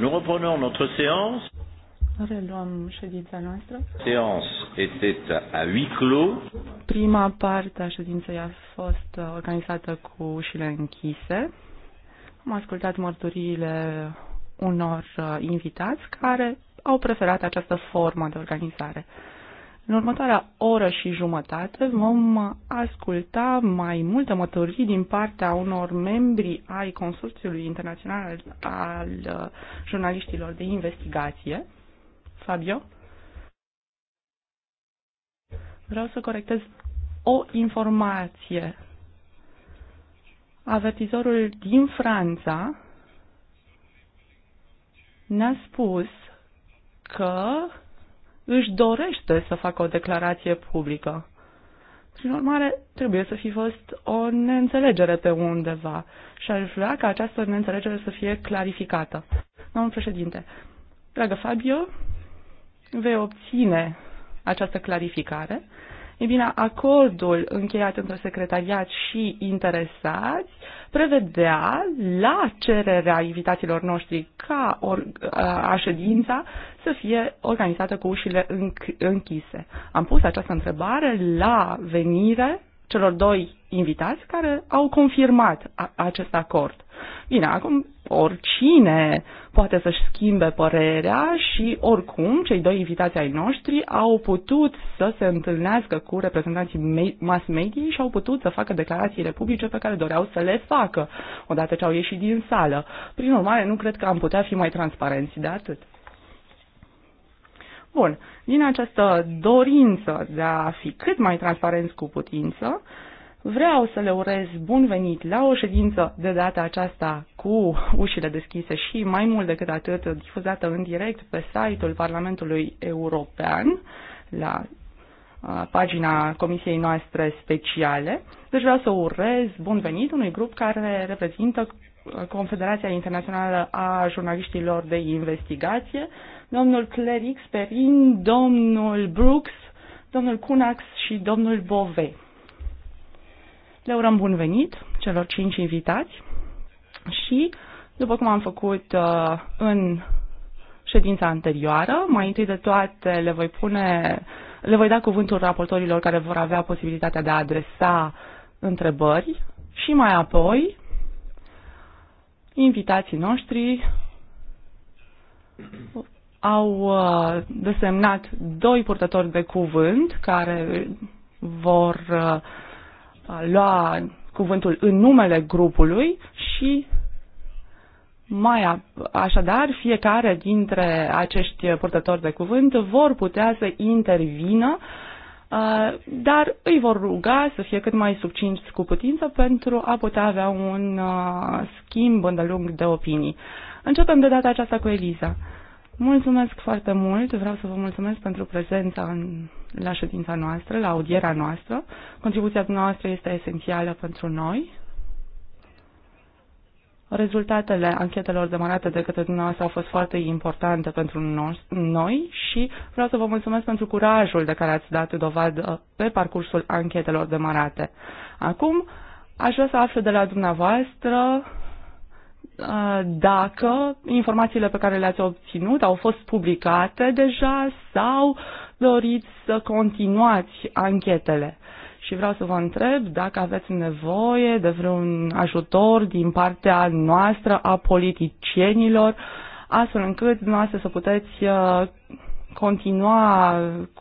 Nous reprenons notre séance. Reluăm ședința noastră. Séance était à huis clos. Prima parte a ședinței a fost uh, organizată cu ușile închise. Am ascultat mărturiile unor uh, invitați care au preferat această formă de organizare. În următoarea oră și jumătate vom asculta mai multe mătorii din partea unor membri ai Consorțiului Internațional al uh, Jurnaliștilor de Investigație. Fabio? Vreau să corectez o informație. Avertizorul din Franța ne-a spus că își dorește să facă o declarație publică. Prin urmare, trebuie să fi fost o neînțelegere pe undeva și aș vrea ca această neînțelegere să fie clarificată. Domnul președinte, dragă Fabio, vei obține această clarificare. E bine, acordul încheiat între secretariat și interesați prevedea la cererea invitațiilor noștri ca or, a ședința să fie organizată cu ușile închise. Am pus această întrebare la venire celor doi invitați care au confirmat acest acord. Bine, acum oricine poate să-și schimbe părerea și oricum cei doi invitați ai noștri au putut să se întâlnească cu reprezentanții mass media și au putut să facă declarațiile publice pe care doreau să le facă odată ce au ieșit din sală. Prin urmare, nu cred că am putea fi mai transparenți de atât. Bun, din această dorință de a fi cât mai transparenți cu putință, vreau să le urez bun venit la o ședință de data aceasta cu ușile deschise și mai mult decât atât difuzată în direct pe site-ul Parlamentului European la pagina comisiei noastre speciale. Deci vreau să urez bun venit unui grup care reprezintă Confederația Internațională a Jurnaliștilor de Investigație, domnul Cleric Sperin, domnul Brooks, domnul Cunax și domnul Bove. Le urăm bun venit celor cinci invitați și, după cum am făcut uh, în ședința anterioară, mai întâi de toate le voi pune, le voi da cuvântul raportorilor care vor avea posibilitatea de a adresa întrebări și mai apoi invitații noștri au uh, desemnat doi purtători de cuvânt care vor uh, lua cuvântul în numele grupului și mai așadar, fiecare dintre acești purtători de cuvânt vor putea să intervină, uh, dar îi vor ruga să fie cât mai subcinți cu putință pentru a putea avea un schimb îndelung de opinii. Începem de data aceasta cu Eliza. Mulțumesc foarte mult, vreau să vă mulțumesc pentru prezența în, la ședința noastră, la audiera noastră. Contribuția noastră este esențială pentru noi. Rezultatele anchetelor demarate de către dumneavoastră au fost foarte importante pentru noi și vreau să vă mulțumesc pentru curajul de care ați dat dovadă pe parcursul anchetelor demarate. Acum, aș vrea să aflu de la dumneavoastră Uh, dacă informațiile pe care le-ați obținut au fost publicate deja sau doriți să continuați anchetele. Și vreau să vă întreb dacă aveți nevoie de vreun ajutor din partea noastră a politicienilor, astfel încât dumneavoastră să puteți uh, continua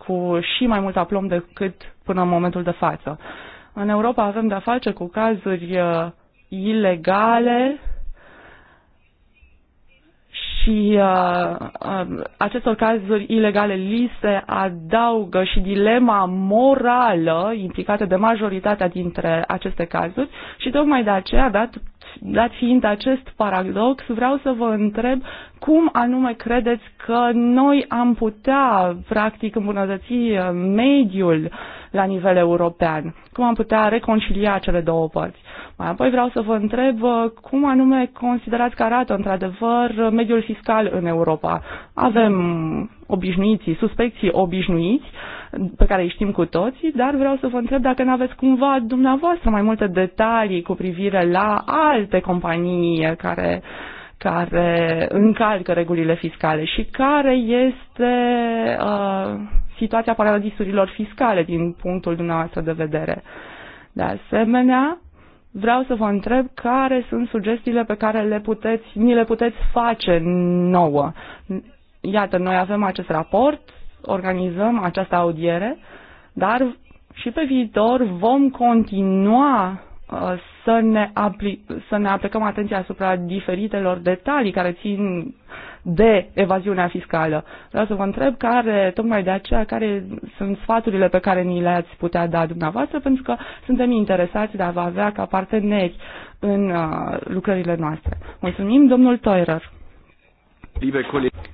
cu și mai mult aplom decât până în momentul de față. În Europa avem de-a face cu cazuri uh, ilegale și uh, uh, acestor cazuri ilegale li se adaugă și dilema morală implicată de majoritatea dintre aceste cazuri și tocmai de aceea, dat, dat fiind acest paradox, vreau să vă întreb cum anume credeți că noi am putea, practic, îmbunătăți uh, mediul la nivel european? Cum am putea reconcilia cele două părți? Mai apoi vreau să vă întreb uh, cum anume considerați că arată într-adevăr mediul fiscal în Europa. Avem obișnuiții, suspecții obișnuiți, pe care îi știm cu toții, dar vreau să vă întreb dacă nu aveți cumva dumneavoastră mai multe detalii cu privire la alte companii care care încalcă regulile fiscale și care este uh, situația paradisurilor fiscale din punctul dumneavoastră de vedere. De asemenea, Vreau să vă întreb care sunt sugestiile pe care le puteți, ni le puteți face nouă. Iată, noi avem acest raport, organizăm această audiere, dar și pe viitor vom continua uh, să ne, apli- să ne aplicăm atenția asupra diferitelor detalii care țin de evaziunea fiscală. Vreau să vă întreb care, tocmai de aceea, care sunt sfaturile pe care ni le-ați putea da dumneavoastră, pentru că suntem interesați de a vă avea ca parteneri în uh, lucrările noastre. Mulțumim, domnul Toirer.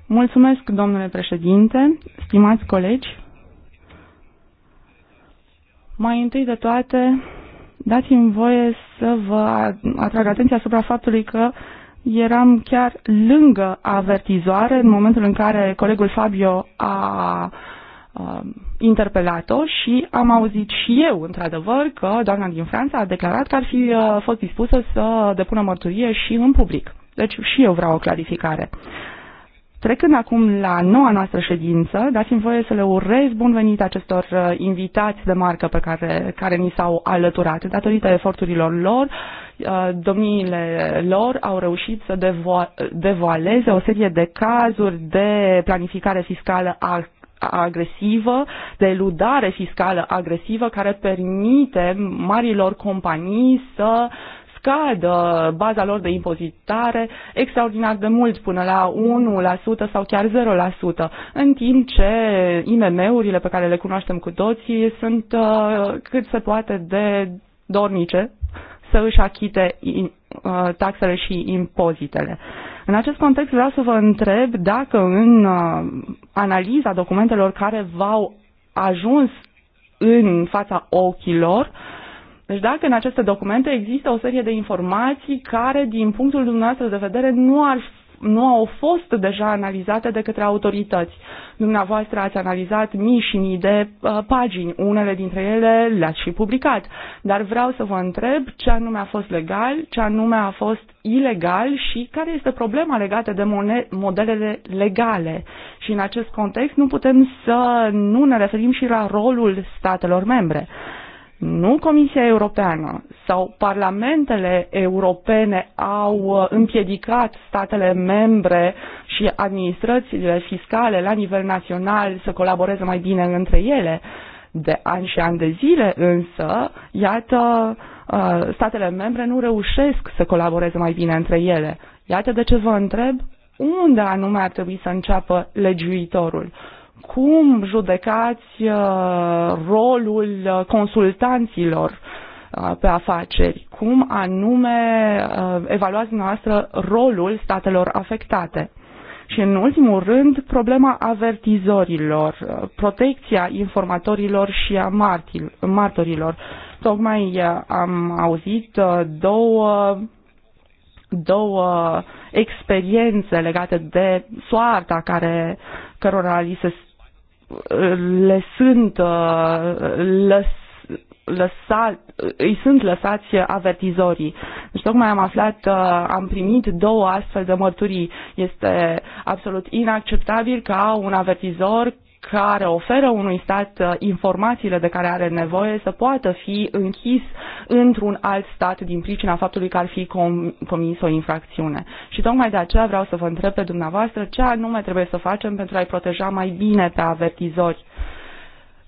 Mulțumesc, domnule președinte, stimați colegi. Mai întâi de toate, dați-mi voie să vă atrag atenția asupra faptului că Eram chiar lângă avertizoare în momentul în care colegul Fabio a interpelat-o și am auzit și eu, într-adevăr, că doamna din Franța a declarat că ar fi uh, fost dispusă să depună mărturie și în public. Deci și eu vreau o clarificare. Trecând acum la noua noastră ședință, dați-mi voie să le urez bun venit acestor uh, invitați de marcă pe care, care ni s-au alăturat. Datorită eforturilor lor, uh, domniile lor au reușit să devo- devoaleze o serie de cazuri de planificare fiscală a agresivă, de eludare fiscală agresivă care permite marilor companii să uh, scadă uh, baza lor de impozitare extraordinar de mult, până la 1% sau chiar 0%, în timp ce IMM-urile pe care le cunoaștem cu toții sunt uh, cât se poate de dornice să își achite uh, taxele și impozitele. În acest context vreau să vă întreb dacă în analiza documentelor care v-au ajuns în fața ochilor, uh, deci dacă în aceste documente există o serie de informații care, din punctul dumneavoastră de vedere, nu ar nu au fost deja analizate de către autorități. Dumneavoastră ați analizat mii și mii de uh, pagini, unele dintre ele le-ați și publicat, dar vreau să vă întreb ce anume a fost legal, ce anume a fost ilegal și care este problema legată de modelele legale. Și în acest context nu putem să nu ne referim și la rolul statelor membre nu Comisia Europeană sau parlamentele europene au uh, împiedicat statele membre și administrațiile fiscale la nivel național să colaboreze mai bine între ele. De ani și ani de zile însă, iată, uh, statele membre nu reușesc să colaboreze mai bine între ele. Iată de ce vă întreb unde anume ar trebui să înceapă legiuitorul. Cum judecați uh, rolul uh, consultanților uh, pe afaceri? Cum anume evaluați noastră rolul statelor afectate? Și în ultimul rând, problema avertizorilor, protecția informatorilor și a martorilor. Tocmai am auzit două două experiențe legate de soarta care, cărora li se le sunt uh, lăs, lăsat, îi sunt lăsați avertizorii. Deci tocmai am aflat, uh, am primit două astfel de mărturii. Este absolut inacceptabil ca un avertizor care oferă unui stat uh, informațiile de care are nevoie să poată fi închis într-un alt stat din pricina faptului că ar fi comis o infracțiune. Și tocmai de aceea vreau să vă întreb pe dumneavoastră ce anume trebuie să facem pentru a-i proteja mai bine pe avertizori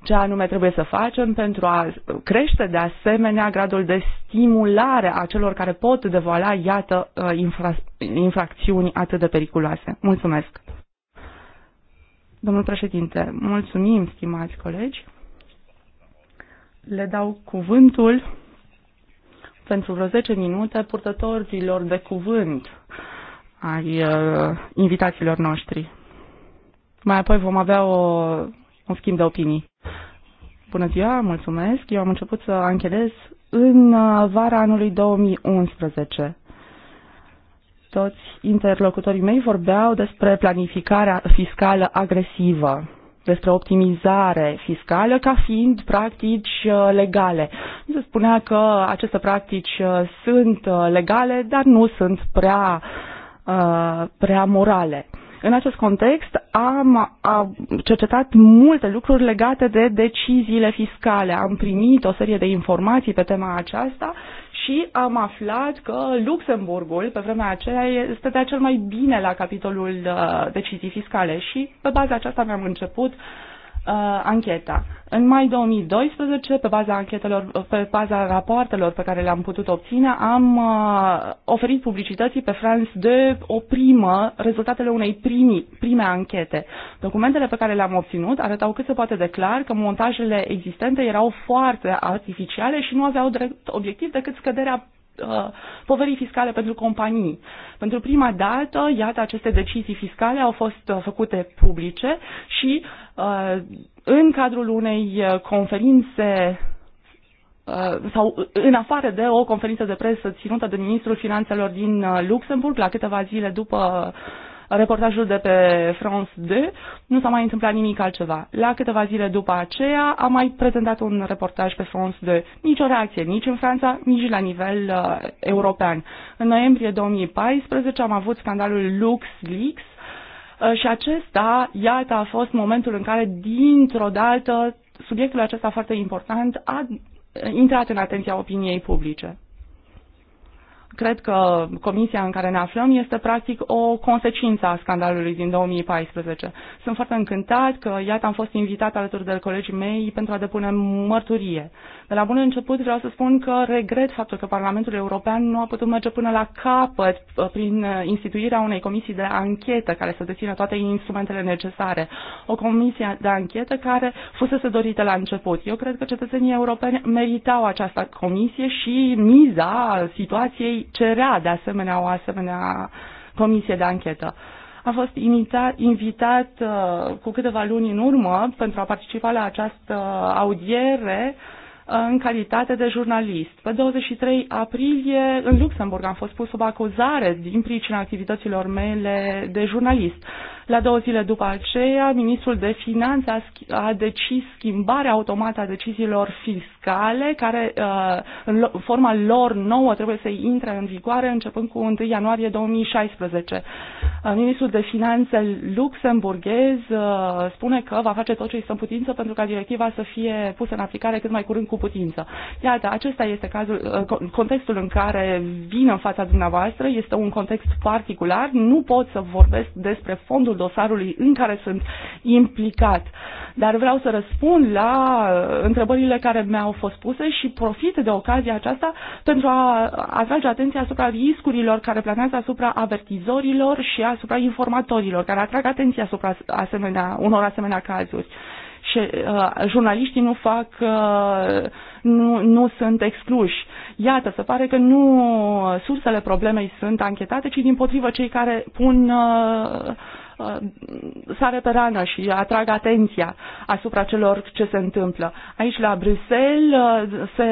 ce anume trebuie să facem pentru a uh, crește de asemenea gradul de stimulare a celor care pot devoala, iată, uh, infra- infracțiuni atât de periculoase. Mulțumesc! Domnul președinte, mulțumim, stimați colegi. Le dau cuvântul pentru vreo 10 minute purtătorilor de cuvânt ai uh, invitațiilor noștri. Mai apoi vom avea o, un schimb de opinii. Bună ziua, mulțumesc. Eu am început să anchedez în uh, vara anului 2011 toți interlocutorii mei vorbeau despre planificarea fiscală agresivă, despre optimizare fiscală ca fiind practici uh, legale. Se spunea că aceste practici uh, sunt uh, legale, dar nu sunt prea, prea morale. În acest context am cercetat multe lucruri legate de deciziile fiscale. Am primit o serie de informații pe tema aceasta și am aflat că Luxemburgul, pe vremea aceea, de cel mai bine la capitolul uh, decizii fiscale și pe baza aceasta mi-am început uh, uh, ancheta. În mai 2012, pe baza anchetelor, uh, pe baza rapoartelor pe care le-am putut obține, am uh, oferit publicității pe France de o primă, rezultatele unei primi, prime anchete. Documentele pe care le-am obținut arătau cât se poate de clar că montajele existente erau foarte artificiale și nu aveau drept obiectiv decât scăderea Uh, poverii fiscale pentru companii. Pentru prima dată, iată, aceste decizii fiscale au fost uh, făcute publice și uh, în cadrul unei conferințe sau în afară de o conferință de presă ținută de ministrul finanțelor din Luxemburg la câteva zile după uh, reportajul de pe France 2, nu s-a mai întâmplat nimic altceva. La câteva zile după aceea am mai prezentat un reportaj pe France 2. Nicio reacție, nici în Franța, nici la nivel uh, european. În noiembrie 2014 am avut scandalul LuxLeaks, uh, și acesta, iată, a fost momentul în care, dintr-o dată, subiectul acesta foarte important a intrat în atenția opiniei publice. Cred că comisia în care ne aflăm este practic o consecință a scandalului din 2014. Sunt foarte încântat că, iată, am fost invitat alături de colegii mei pentru a depune mărturie. De la bun început vreau să spun că regret faptul că Parlamentul European nu a putut merge până la capăt uh, prin uh, instituirea unei comisii de anchetă care să dețină toate instrumentele necesare. O comisie de anchetă care fusese dorită la început. Eu cred că cetățenii europeni meritau această comisie și miza situației cerea de asemenea o asemenea comisie de anchetă. A fost invitat, invitat uh, cu câteva luni în urmă pentru a participa la această audiere uh, în calitate de jurnalist. Pe 23 aprilie, în Luxemburg, am fost pus sub acuzare din pricina activităților mele de jurnalist. La două zile după aceea, ministrul de finanțe a, a decis schimbarea automată a deciziilor fiscale, care uh, în forma lor nouă trebuie să intre în vigoare începând cu 1 ianuarie 2016. Uh, ministrul de finanțe luxemburghez uh, spune că va face tot ce este în putință pentru ca directiva să fie pusă în aplicare cât mai curând cu putință. Iată, acesta este cazul, contextul în care vin în fața dumneavoastră, este un context particular, nu pot să vorbesc despre fondul fondul dosarului în care sunt implicat. Dar vreau să răspund la uh, întrebările care mi-au fost puse și profit de ocazia aceasta pentru a atrage atenția asupra riscurilor care planează asupra avertizorilor și asupra informatorilor, care atrag atenția asupra asemenea, unor asemenea cazuri și uh, jurnaliștii nu fac, uh, nu, nu sunt excluși. Iată, se pare că nu sursele problemei sunt anchetate, ci din potrivă cei care pun uh, Uh, sare pe rană și atrag atenția asupra celor ce se întâmplă. Aici la Bruxelles uh, se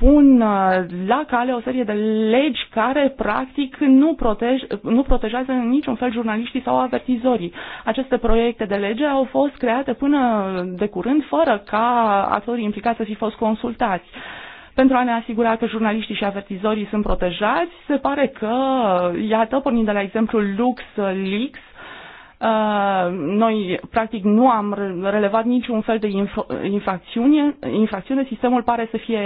pun uh, la cale o serie de legi care practic nu, protej, nu protejează în niciun fel jurnaliștii sau avertizorii. Aceste proiecte de lege au fost create până de curând fără ca actorii implicați să fi fost consultați pentru a ne asigura că jurnaliștii și avertizorii sunt protejați. Se pare că, iată, pornind de la exemplul LuxLeaks, Uh, noi, practic, nu am relevat niciun fel de infracțiune, infracțiune. Sistemul pare să fie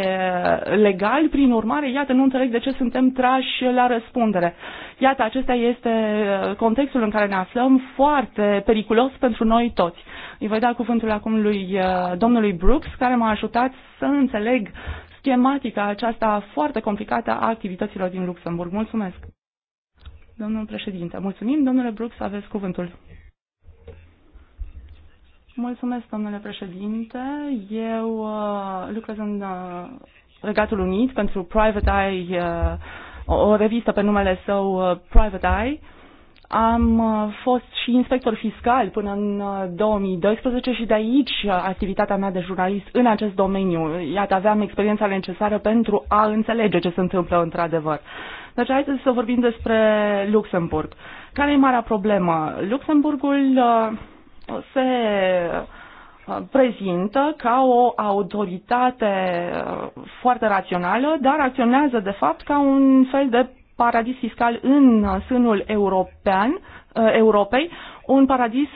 legal, prin urmare, iată, nu înțeleg de ce suntem trași la răspundere. Iată, acesta este uh, contextul în care ne aflăm, foarte periculos pentru noi toți. Îi voi da cuvântul acum lui uh, domnului Brooks, care m-a ajutat să înțeleg schematica aceasta foarte complicată a activităților din Luxemburg. Mulțumesc! Domnul președinte, mulțumim. Domnule Brooks, aveți cuvântul. Mulțumesc, domnule președinte. Eu uh, lucrez în uh, Regatul Unit pentru Private Eye, uh, o revistă pe numele său uh, Private Eye. Am uh, fost și inspector fiscal până în uh, 2012 și de aici uh, activitatea mea de jurnalist în acest domeniu. Iată, aveam experiența necesară pentru a înțelege ce se întâmplă într-adevăr. Uh, deci haideți să vorbim despre Luxemburg. Care e marea problemă? Luxemburgul uh, se uh, prezintă ca o autoritate uh, foarte rațională, dar acționează de fapt ca un fel de paradis fiscal în sânul european, Europei, un paradis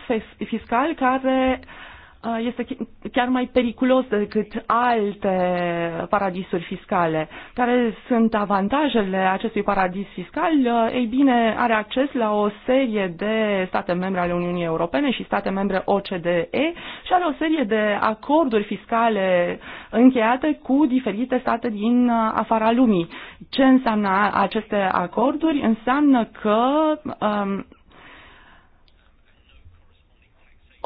fiscal care uh, Uh, este chiar mai periculos decât alte paradisuri fiscale. Care sunt avantajele acestui paradis fiscal? Uh, ei bine, are acces la o serie de state membre ale Uniunii Europene și state membre OCDE și are o serie de acorduri fiscale încheiate cu diferite state din uh, afara lumii. Ce înseamnă aceste acorduri? Înseamnă că um,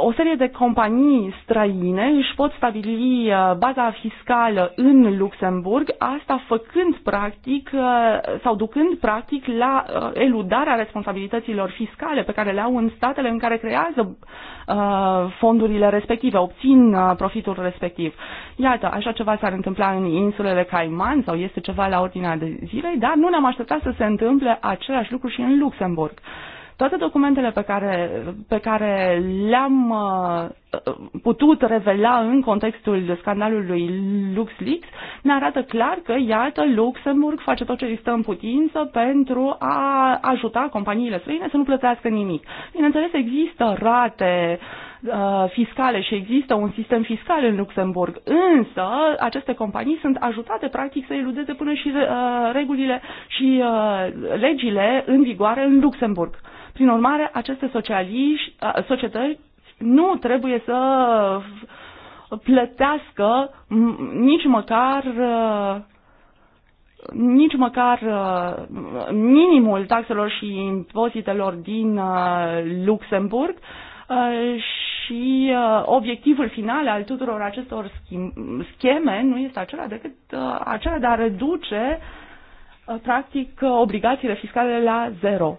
o serie de companii străine își pot stabili uh, baza fiscală în Luxemburg, asta făcând practic uh, sau ducând practic la uh, eludarea responsabilităților fiscale pe care le au în statele în care creează fondurile respective, obțin profitul respectiv. Iată, așa ceva s-ar întâmpla în insulele Caiman sau este ceva la ordinea de zilei, dar nu ne-am așteptat să se întâmple același lucru și în Luxemburg. Toate documentele pe care, pe care le-am uh, putut revela în contextul scandalului LuxLeaks ne arată clar că, iată, Luxemburg face tot ce îi stă în putință pentru a ajuta companiile străine să nu plătească nimic. Bineînțeles, există rate uh, Uh, fiscale și există un sistem fiscal în Luxemburg, însă aceste companii sunt ajutate practic să eludeze până și uh, regulile și uh, legile în vigoare în Luxemburg. Prin urmare, aceste societăți nu trebuie să plătească nici măcar nici măcar minimul taxelor și impozitelor din Luxemburg și uh, obiectivul final al tuturor acestor scheme nu este acela decât uh, acela de a reduce uh, practic obligațiile fiscale la zero.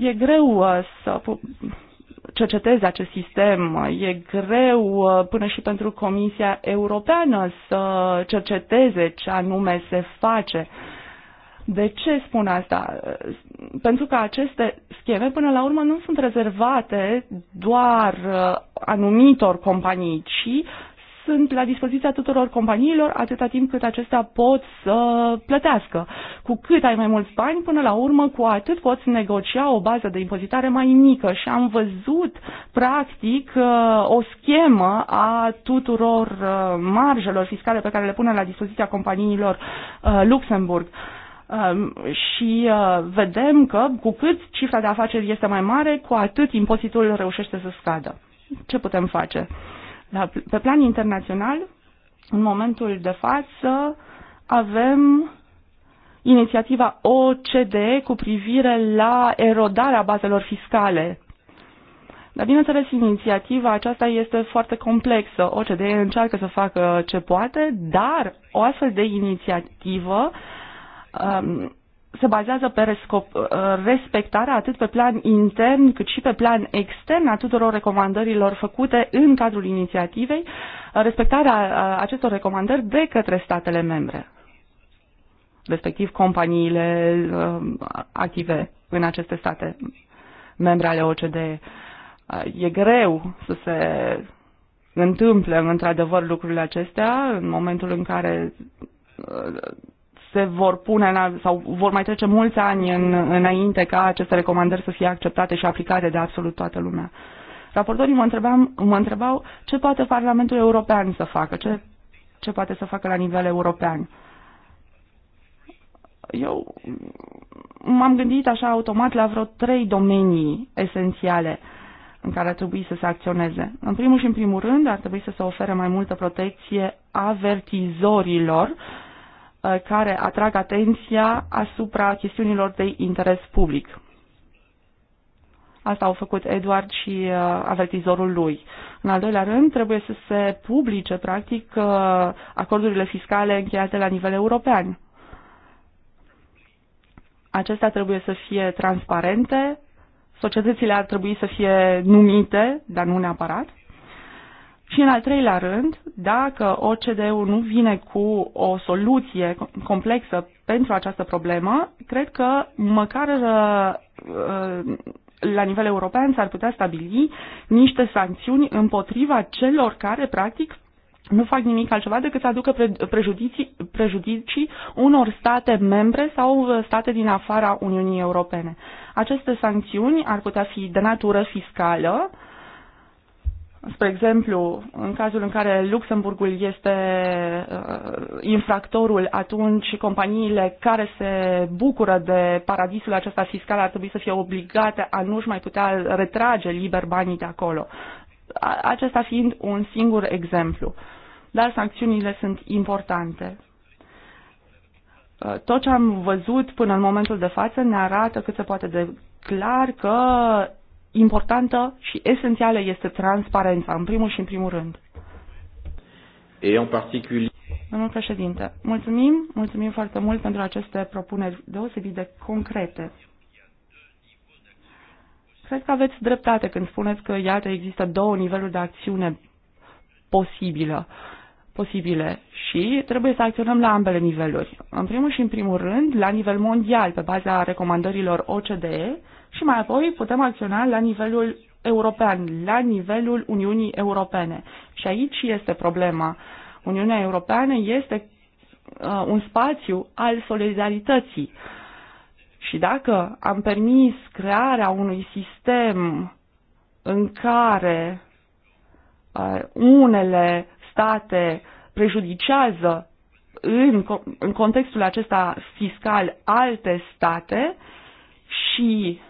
E greu să cercetezi acest sistem. E greu până și pentru Comisia Europeană să cerceteze ce anume se face de ce spun asta? Pentru că aceste scheme, până la urmă, nu sunt rezervate doar uh, anumitor companii, ci sunt la dispoziția tuturor companiilor atâta timp cât acestea pot să plătească. Cu cât ai mai mulți bani, până la urmă, cu atât poți negocia o bază de impozitare mai mică și am văzut, practic, uh, o schemă a tuturor uh, marjelor fiscale pe care le pune la dispoziția companiilor Luxemburg. Um, și uh, vedem că cu cât cifra de afaceri este mai mare, cu atât impozitul reușește să scadă. Ce putem face? La, pe plan internațional, în momentul de față, avem inițiativa OCDE cu privire la erodarea bazelor fiscale. Dar, bineînțeles, inițiativa aceasta este foarte complexă. OCDE încearcă să facă ce poate, dar o astfel de inițiativă uh, Um, se bazează pe uh, respectarea atât pe plan intern cât și pe plan extern a tuturor recomandărilor făcute în cadrul inițiativei, uh, respectarea uh, acestor recomandări de către statele membre, respectiv companiile um, active în aceste state membre ale OCDE. E greu să se întâmple într-adevăr lucrurile acestea în momentul în care se vor pune în, sau vor mai trece mulți ani în, înainte ca aceste recomandări să fie acceptate și aplicate de absolut toată lumea. Raportorii mă, întrebam, mă întrebau ce poate Parlamentul European să facă, ce, ce poate să facă la nivel european. Eu m-am gândit așa automat la vreo trei domenii esențiale în care ar trebui să se acționeze. În primul și în primul rând ar trebui să se ofere mai multă protecție avertizorilor uh, Uh, care atrag atenția asupra chestiunilor de interes public. Asta au făcut Eduard și uh, avertizorul lui. În al doilea rând, trebuie să se publice, practic, uh, acordurile fiscale încheiate la nivel european. Acestea trebuie să fie transparente, societățile ar trebui să fie numite, dar nu neapărat. Și în al treilea rând, dacă OCDE-ul nu vine cu o soluție complexă pentru această problemă, cred că măcar uh, la nivel european s-ar putea stabili niște sancțiuni împotriva celor care, practic, nu fac nimic altceva decât să aducă prejudicii, prejudicii unor state membre sau uh, state din afara Uniunii Europene. Aceste sancțiuni ar putea fi de natură fiscală, Spre exemplu, în cazul în care Luxemburgul este uh, infractorul, atunci companiile care se bucură de paradisul acesta fiscal ar trebui să fie obligate a nu-și mai putea retrage liber banii de acolo. Acesta fiind un singur exemplu. Dar sancțiunile sunt importante. Uh, tot ce am văzut până în momentul de față ne arată cât se poate de clar că importantă și esențială este transparența, în primul și în primul rând. Et en particulier... Domnul președinte, mulțumim, mulțumim foarte mult pentru aceste propuneri deosebit de concrete. Cred că aveți dreptate când spuneți că, iată, există două niveluri de acțiune posibilă, posibile și trebuie să acționăm la ambele niveluri. În primul și în primul rând, la nivel mondial, pe baza recomandărilor OCDE, și mai apoi putem acționa la nivelul european, la nivelul Uniunii Europene. Și aici este problema. Uniunea Europeană este uh, un spațiu al solidarității. Și dacă am permis crearea unui sistem în care uh, unele state prejudicează în, în contextul acesta fiscal alte state și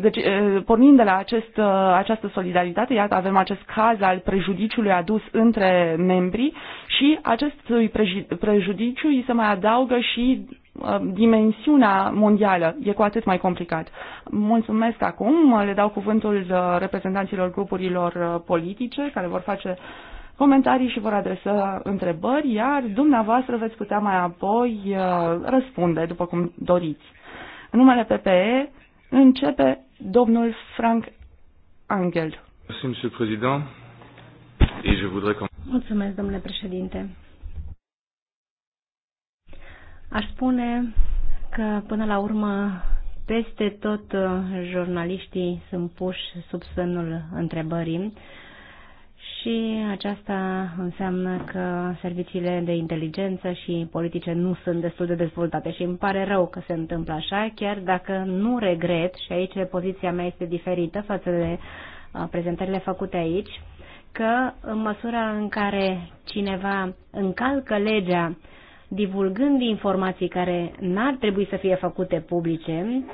deci, pornind de la acest, această solidaritate, iată, avem acest caz al prejudiciului adus între membrii și acestui prejudiciu îi se mai adaugă și dimensiunea mondială. E cu atât mai complicat. Mulțumesc acum, le dau cuvântul reprezentanților grupurilor politice care vor face comentarii și vor adresa întrebări, iar dumneavoastră veți putea mai apoi răspunde după cum doriți. În numele PPE, Începe domnul Frank Angel. Mulțumesc, domnule președinte. Aș spune că, până la urmă, peste tot uh, jurnaliștii sunt puși sub semnul întrebării și aceasta înseamnă că serviciile de inteligență și politice nu sunt destul de dezvoltate și îmi pare rău că se întâmplă așa, chiar dacă nu regret, și aici poziția mea este diferită față de prezentările făcute aici, că în măsura în care cineva încalcă legea divulgând informații care n-ar trebui să fie făcute publice,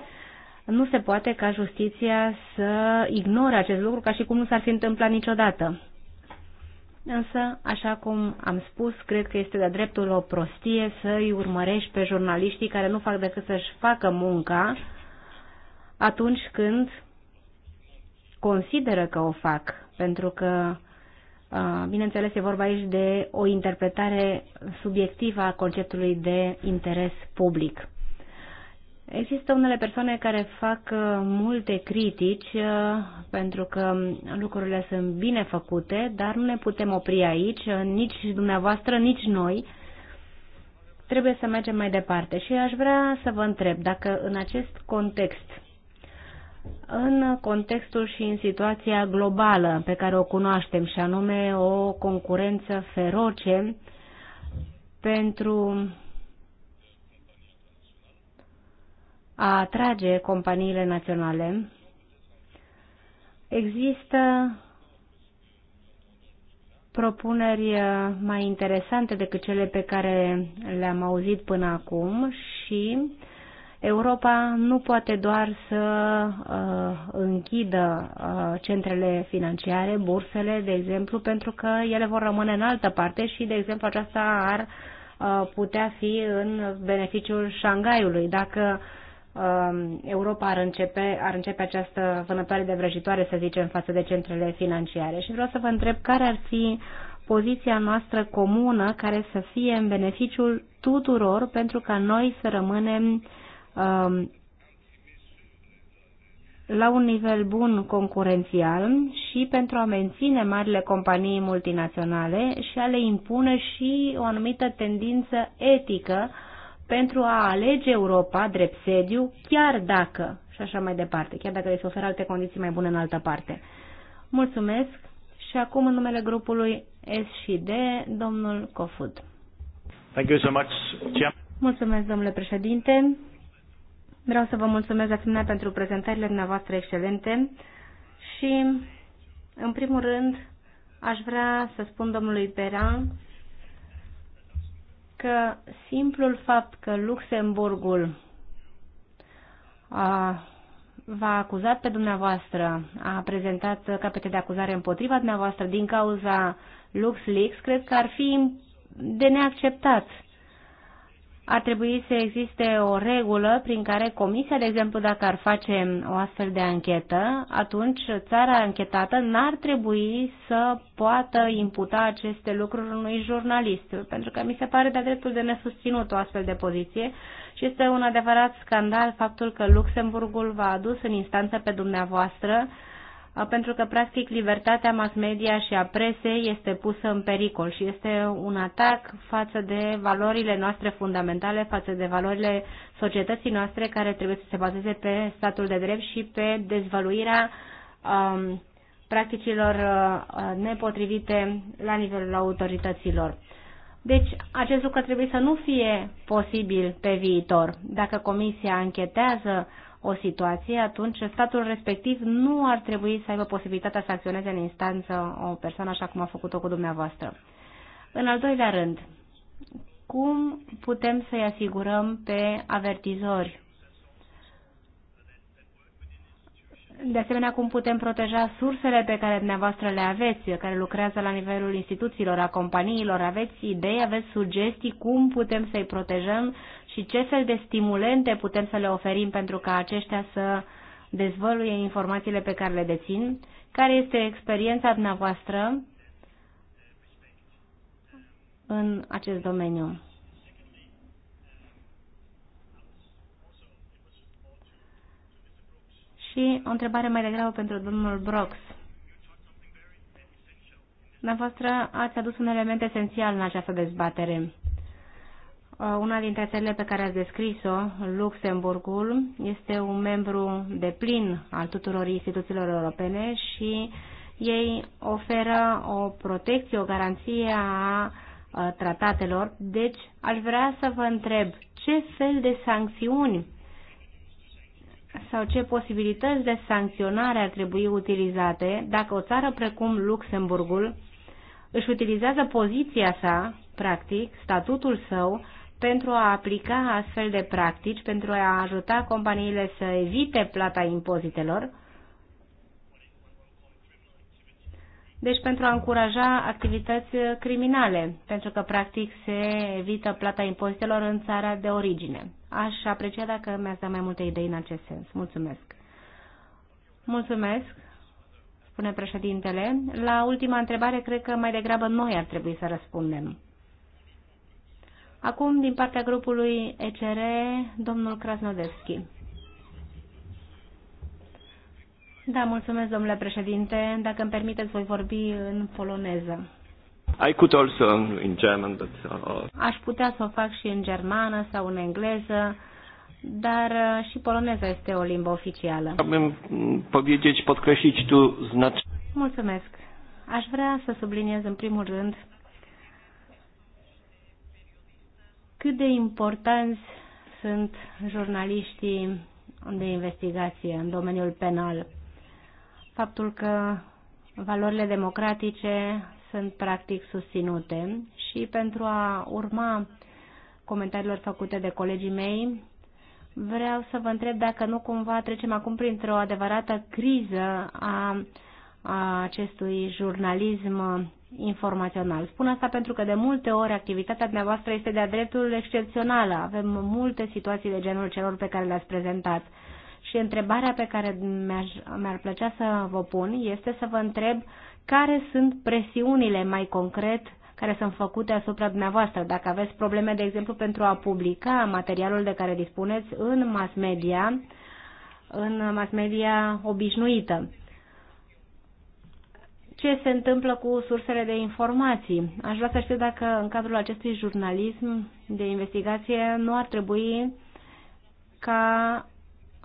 nu se poate ca justiția să ignore acest lucru ca și cum nu s-ar fi întâmplat niciodată. Însă, așa cum am spus, cred că este de-a dreptul o prostie să-i urmărești pe jurnaliștii care nu fac decât să-și facă munca atunci când consideră că o fac, pentru că, bineînțeles, e vorba aici de o interpretare subiectivă a conceptului de interes public. Există unele persoane care fac uh, multe critici uh, pentru că lucrurile sunt bine făcute, dar nu ne putem opri aici, uh, nici dumneavoastră, nici noi. Trebuie să mergem mai departe și aș vrea să vă întreb dacă în acest context, în contextul și în situația globală pe care o cunoaștem și anume o concurență feroce pentru a atrage companiile naționale, există propuneri uh, mai interesante decât cele pe care le-am auzit până acum și Europa nu poate doar să uh, închidă uh, centrele financiare, bursele, de exemplu, pentru că ele vor rămâne în altă parte și, de exemplu, aceasta ar uh, putea fi în beneficiul Shanghaiului. Dacă uh, Um, Europa ar începe, ar începe această vânătoare de vrăjitoare, să zicem, față de centrele financiare. Și vreau să vă întreb care ar fi poziția noastră comună care să fie în beneficiul tuturor pentru ca noi să rămânem um, la un nivel bun concurențial și pentru a menține marile companii multinaționale și a le impune și o anumită tendință etică uh, pentru a alege Europa drept sediu, chiar dacă, și așa mai departe, chiar dacă le se oferă alte condiții mai bune în altă parte. Mulțumesc și acum în numele grupului S și D, domnul Cofud. Thank you so much. Mulțumesc, domnule președinte. Vreau să vă mulțumesc asemenea pentru prezentările dumneavoastră excelente și, în primul rând, aș vrea să spun domnului Peran că simplul fapt că Luxemburgul a, v-a acuzat pe dumneavoastră, a prezentat capete de acuzare împotriva dumneavoastră din cauza LuxLeaks, cred că ar fi de neacceptat ar trebui să existe o regulă prin care comisia, de exemplu, dacă ar face o astfel de anchetă, atunci țara anchetată n-ar trebui să poată imputa aceste lucruri unui jurnalist, pentru că mi se pare de-a dreptul de nesusținut o astfel de poziție și este un adevărat scandal faptul că Luxemburgul v-a adus în instanță pe dumneavoastră pentru că, practic, libertatea mass media și a presei este pusă în pericol și este un atac față de valorile noastre fundamentale, față de valorile societății noastre care trebuie să se bazeze pe statul de drept și pe dezvăluirea um, practicilor uh, uh nepotrivite la nivelul autorităților. Deci, acest lucru trebuie să nu fie posibil pe viitor. Dacă comisia închetează uh, o situație, atunci statul respectiv nu ar trebui să aibă posibilitatea să acționeze în instanță o persoană așa cum a făcut-o cu dumneavoastră. În al doilea rând, cum putem să-i asigurăm pe avertizori? De asemenea, cum putem proteja sursele pe care dumneavoastră le aveți, care lucrează la nivelul instituțiilor, a companiilor? Aveți idei, aveți sugestii cum putem să-i protejăm și ce fel de stimulente putem să le oferim pentru ca aceștia să dezvăluie informațiile pe care le dețin, care este experiența dumneavoastră în acest domeniu. Și o întrebare mai degrabă pentru domnul Brooks. Dumneavoastră ați adus un element esențial în această dezbatere. Uh, una dintre țările pe care ați descris-o, Luxemburgul, este un membru de plin al tuturor instituțiilor europene și ei oferă o protecție, o garanție a uh, tratatelor. Deci, aș vrea să vă întreb ce fel de sancțiuni sau ce posibilități de sancționare ar trebui utilizate dacă o țară precum Luxemburgul își utilizează poziția sa, practic, statutul său, pentru a aplica astfel de practici, pentru a ajuta companiile să evite plata impozitelor, deci pentru a încuraja activități criminale, pentru că practic se evită plata impozitelor în țara de origine. Aș aprecia dacă mi-ați dat mai multe idei în acest sens. Mulțumesc. Mulțumesc, spune președintele. La ultima întrebare, cred că mai degrabă noi ar trebui să răspundem. Acum, din partea grupului ECR, domnul Krasnodevski. Da, mulțumesc, domnule președinte. Dacă îmi permiteți, voi vorbi în poloneză. I could also in German, but... Uh... Aș putea să o fac și în germană sau în engleză, dar uh, și poloneza este o limbă oficială. Mm, tu Mulțumesc. Aș vrea să subliniez în primul rând cât de importanți sunt jurnaliștii de investigație în domeniul penal. Faptul că valorile democratice sunt practic susținute și pentru a urma comentariilor făcute de colegii mei, vreau să vă întreb dacă nu cumva trecem acum printr-o adevărată criză a a acestui jurnalism informațional. Spun asta pentru că de multe ori activitatea dumneavoastră este de-a dreptul excepțională. Avem multe situații de genul celor pe care le-ați prezentat. Și întrebarea pe care mi-ar, mi plăcea să vă pun este să vă întreb care sunt presiunile mai concret care sunt făcute asupra dumneavoastră. Dacă aveți probleme, de exemplu, pentru a publica materialul de care dispuneți în mass media, în mass media obișnuită ce se întâmplă cu sursele de informații. Aș vrea să știu dacă în cadrul acestui jurnalism de investigație nu ar trebui ca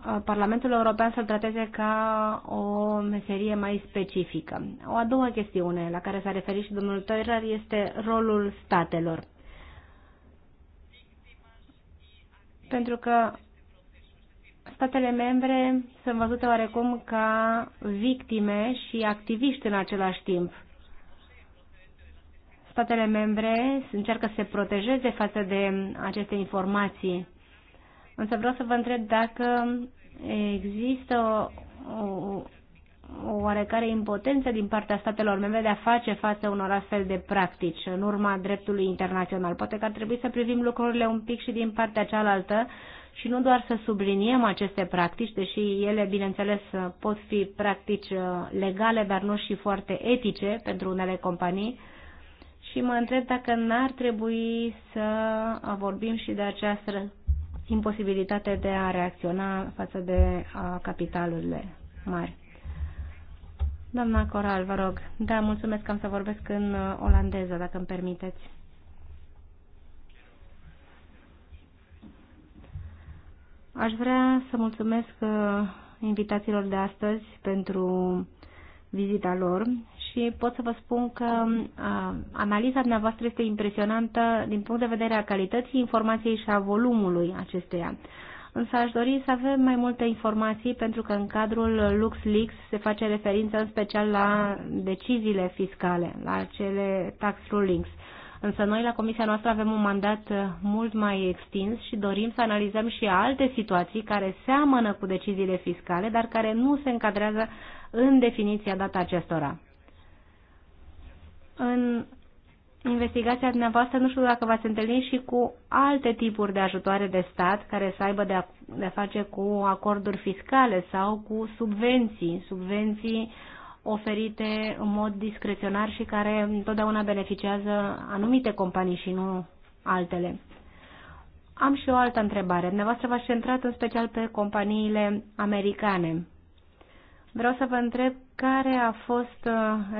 uh, Parlamentul European să-l trateze ca o meserie mai specifică. O a doua chestiune la care s-a referit și domnul Toirer este rolul statelor. Pentru că statele membre sunt văzute oarecum ca victime și activiști în același timp. Statele membre încearcă să se protejeze față de aceste informații. Însă vreau să vă întreb dacă există o, o oarecare impotență din partea statelor membre de a face față unor astfel de practici în urma dreptului internațional. Poate că ar trebui să privim lucrurile un pic și din partea cealaltă, și nu doar să subliniem aceste practici, deși ele, bineînțeles, pot fi practici uh, legale, dar nu și foarte etice pentru unele companii, și mă întreb dacă n-ar trebui să vorbim și de această imposibilitate de a reacționa față de uh, capitalurile mari. Doamna Coral, vă rog. Da, mulțumesc că am să vorbesc în uh, olandeză, dacă îmi permiteți. Aș vrea să mulțumesc uh, invitațiilor de astăzi pentru vizita lor și pot să vă spun că uh, analiza dumneavoastră este impresionantă din punct de vedere a calității informației și a volumului acesteia. Însă aș dori să avem mai multe informații pentru că în cadrul LuxLeaks se face referință în special la deciziile fiscale, la cele tax rulings. Însă noi la comisia noastră avem un mandat uh, mult mai extins și dorim să analizăm și alte situații care seamănă cu deciziile fiscale, dar care nu se încadrează în definiția dată acestora. În investigația dumneavoastră, nu știu dacă v-ați întâlnit și cu alte tipuri de ajutoare de stat care să aibă de a, de a face cu acorduri fiscale sau cu subvenții, subvenții oferite în mod discreționar și care întotdeauna beneficiază anumite companii și nu altele. Am și o altă întrebare. Dumneavoastră v-ați centrat în special pe companiile americane. Vreau să vă întreb care a fost uh,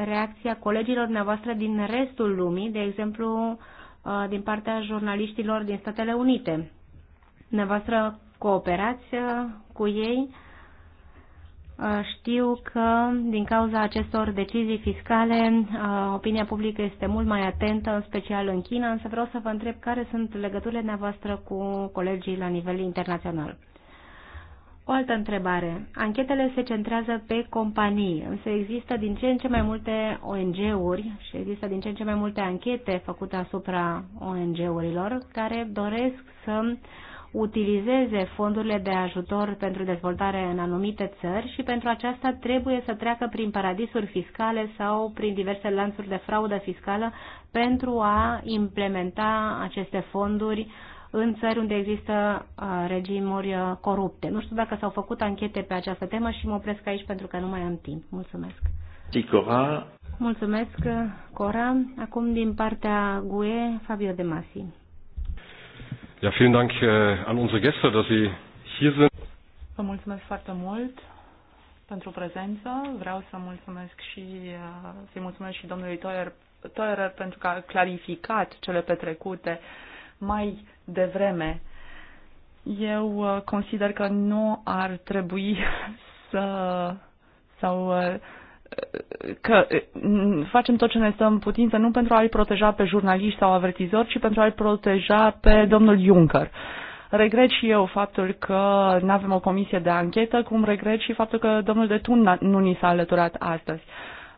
reacția colegilor dumneavoastră din restul lumii, de exemplu uh, din partea jurnaliștilor din Statele Unite. Dumneavoastră cooperați uh, cu ei Uh, știu că din cauza acestor decizii fiscale uh, opinia publică este mult mai atentă, în special în China, însă vreau să vă întreb care sunt legăturile dumneavoastră cu colegii la nivel internațional. O altă întrebare. Anchetele se centrează pe companii, însă există din ce în ce mai multe ONG-uri și există din ce în ce mai multe anchete făcute asupra ONG-urilor care doresc să uh, utilizeze fondurile de ajutor pentru dezvoltare în anumite țări și pentru aceasta trebuie să treacă prin paradisuri fiscale sau prin diverse lanțuri de fraudă fiscală pentru a implementa aceste fonduri în țări unde există uh, regimuri uh, corupte. Nu știu dacă s-au făcut anchete pe această temă și mă opresc aici pentru că nu mai am timp. Mulțumesc. Cora. Mulțumesc, Cora. Acum din partea GUE, Fabio De Masi. Ja, vielen Dank äh, an unsere Gäste, dass Sie hier sind. Vă mulțumesc foarte mult pentru prezență. Vreau să mulțumesc și uh, să mulțumesc și domnului Toier, Toier pentru că a clarificat cele petrecute mai devreme. Eu uh, consider că nu ar trebui să sau uh, că facem tot ce ne stăm în putință nu pentru a-i proteja pe jurnaliști sau avertizori, ci pentru a-i proteja pe domnul Juncker. Regret și eu faptul că nu avem o comisie de anchetă, cum regret și faptul că domnul de Tun nu ni s-a alăturat astăzi.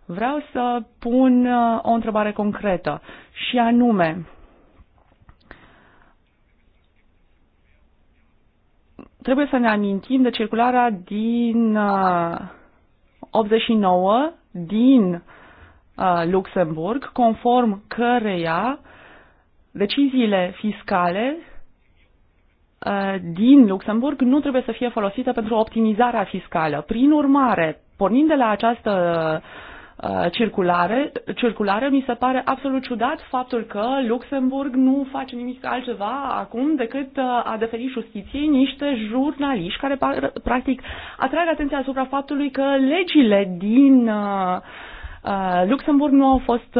Vreau să pun uh, o întrebare concretă și anume, trebuie să ne amintim de circularea din uh, 89 din uh, Luxemburg, conform căreia deciziile fiscale uh, din Luxemburg nu trebuie să fie folosite pentru optimizarea fiscală. Prin urmare, pornind de la această uh, Uh, circulare, circulare, mi se pare absolut ciudat faptul că Luxemburg nu face nimic altceva acum decât uh, a deferi justiției niște jurnaliști care practic atrag atenția asupra faptului că legile din uh, Luxemburg nu au fost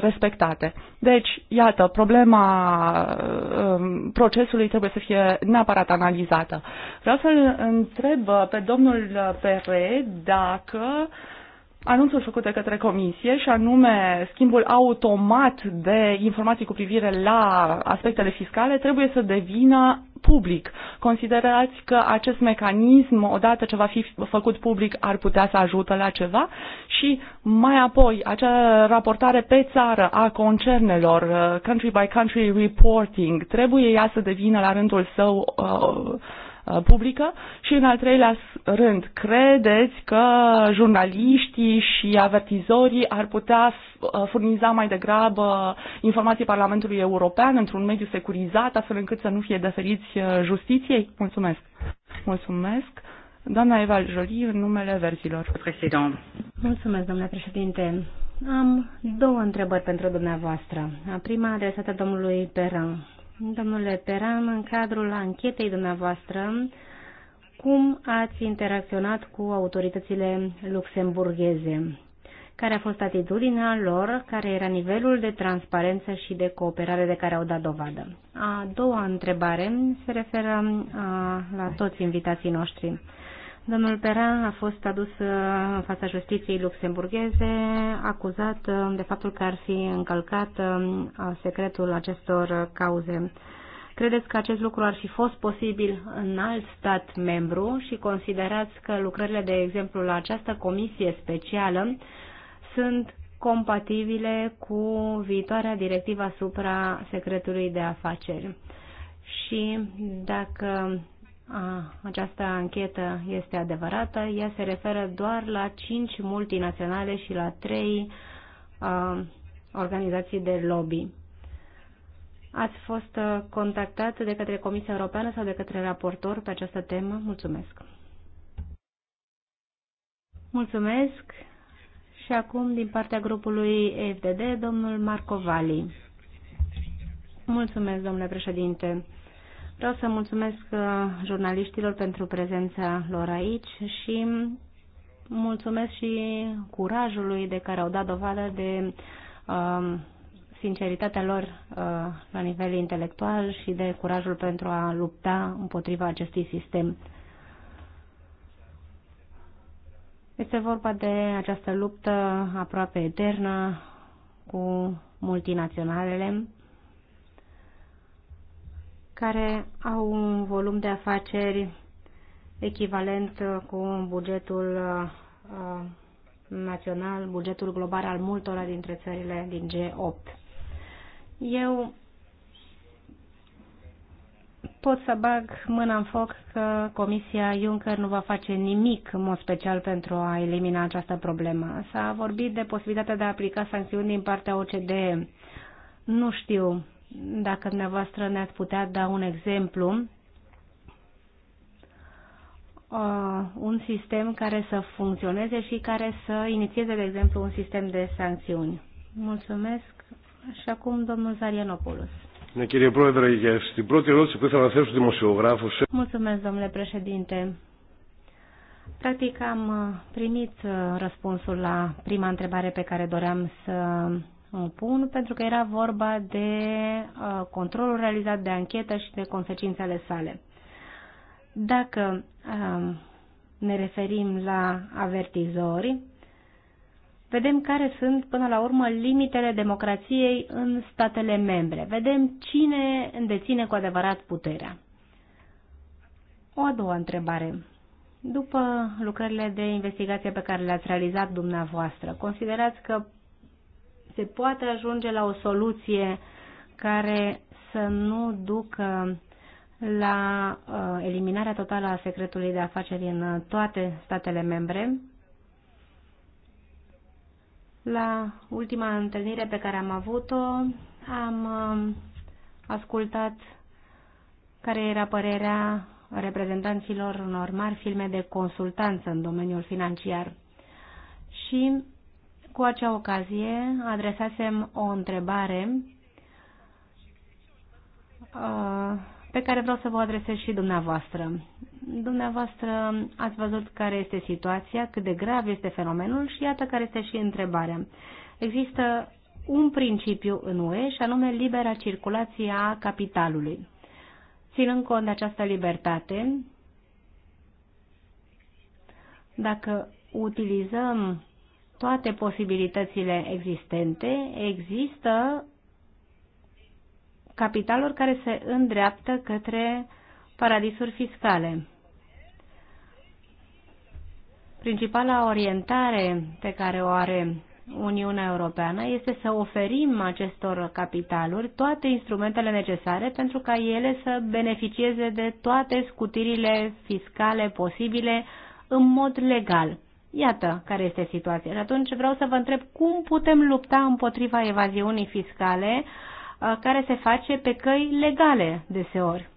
respectate. Deci, iată, problema um, procesului trebuie să fie neapărat analizată. Vreau să întreb pe domnul Pere dacă uh, anunțul făcut de către comisie și anume schimbul automat de informații cu privire la aspectele fiscale trebuie să devină public. Considerați că acest mecanism, odată ce va fi făcut public, ar putea să ajută la ceva? Și mai apoi, acea raportare pe țară a concernelor, uh, country by country reporting, trebuie ea să devină la rândul său uh, Uh, publică și în al treilea rând, credeți că jurnaliștii și avertizorii ar putea uh, furniza mai degrabă informații Parlamentului European într-un mediu securizat, astfel încât să nu fie deferiți uh, justiției? Mulțumesc! Mulțumesc! Doamna Eva Jolie, în numele verzilor. Mulțumesc, domnule președinte. Am două întrebări pentru dumneavoastră. A prima adresată domnului Peran. Domnule Peram, în cadrul anchetei dumneavoastră, cum ați interacționat cu autoritățile luxemburgheze? Care a fost atitudinea lor? Care era nivelul de transparență și de cooperare de care au dat dovadă? A doua întrebare se referă a, la toți invitații noștri. Domnul Peran a fost adus uh, în fața justiției luxemburgheze, acuzat uh, de faptul că ar fi încălcat um, secretul acestor cauze. Credeți că acest lucru ar fi fost posibil în alt stat membru și considerați că lucrările, de exemplu, la această comisie specială sunt compatibile cu viitoarea directivă asupra secretului de afaceri? Și dacă această anchetă este adevărată. Ea se referă doar la cinci multinaționale și la trei organizații de lobby. Ați fost contactat de către Comisia Europeană sau de către raportor pe această temă? Mulțumesc! Mulțumesc! Și acum, din partea grupului EFDD, domnul Marco Vali. Mulțumesc, domnule președinte. Vreau să mulțumesc uh, jurnaliștilor pentru prezența lor aici și mulțumesc și curajului de care au dat dovadă de uh, sinceritatea lor uh, la nivel intelectual și de curajul pentru a lupta împotriva acestui sistem. Este vorba de această luptă aproape eternă cu multinaționalele care au un volum de afaceri echivalent uh, cu bugetul uh, uh, național, bugetul global al multora dintre țările din G8. Eu pot să bag mâna în foc că Comisia Juncker nu va face nimic în mod special pentru a elimina această problemă. S-a vorbit de posibilitatea de a aplica sancțiuni din partea OCDE. Nu știu dacă dumneavoastră ne-ați putea da un exemplu, uh, un sistem care să funcționeze și care să inițieze, de exemplu, un sistem de sancțiuni. Mulțumesc. Și acum domnul Zarianopoulos. Mulțumesc, domnule președinte. Practic am uh, primit uh, răspunsul la prima întrebare pe care doream să Uh, pun, pentru că era vorba de uh, controlul realizat de anchetă și de consecințele sale. Dacă uh, ne referim la avertizori, vedem care sunt, până la urmă, limitele democrației în statele membre. Vedem cine îndeține cu adevărat puterea. O a doua întrebare. După lucrările de investigație pe care le-ați realizat dumneavoastră, considerați că se poate ajunge la o soluție care să nu ducă la uh, eliminarea totală a secretului de afaceri în uh, toate statele membre. La ultima întâlnire pe care am avut-o, am uh, ascultat care era părerea reprezentanților unor mari filme de consultanță în domeniul financiar. Și cu acea ocazie adresasem o întrebare uh, pe care vreau să vă adresez și dumneavoastră. Dumneavoastră ați văzut care este situația, cât de grav este fenomenul și iată care este și întrebarea. Există un principiu în UE și anume libera circulație a capitalului. Ținând cont de această libertate, dacă utilizăm toate posibilitățile existente, există capitaluri care se îndreaptă către paradisuri fiscale. Principala orientare pe care o are Uniunea Europeană este să oferim acestor capitaluri toate instrumentele necesare pentru ca ele să beneficieze de toate scutirile fiscale posibile în mod legal. Iată care este situația. Și atunci vreau să vă întreb cum putem lupta împotriva evaziunii fiscale uh, care se face pe căi legale deseori.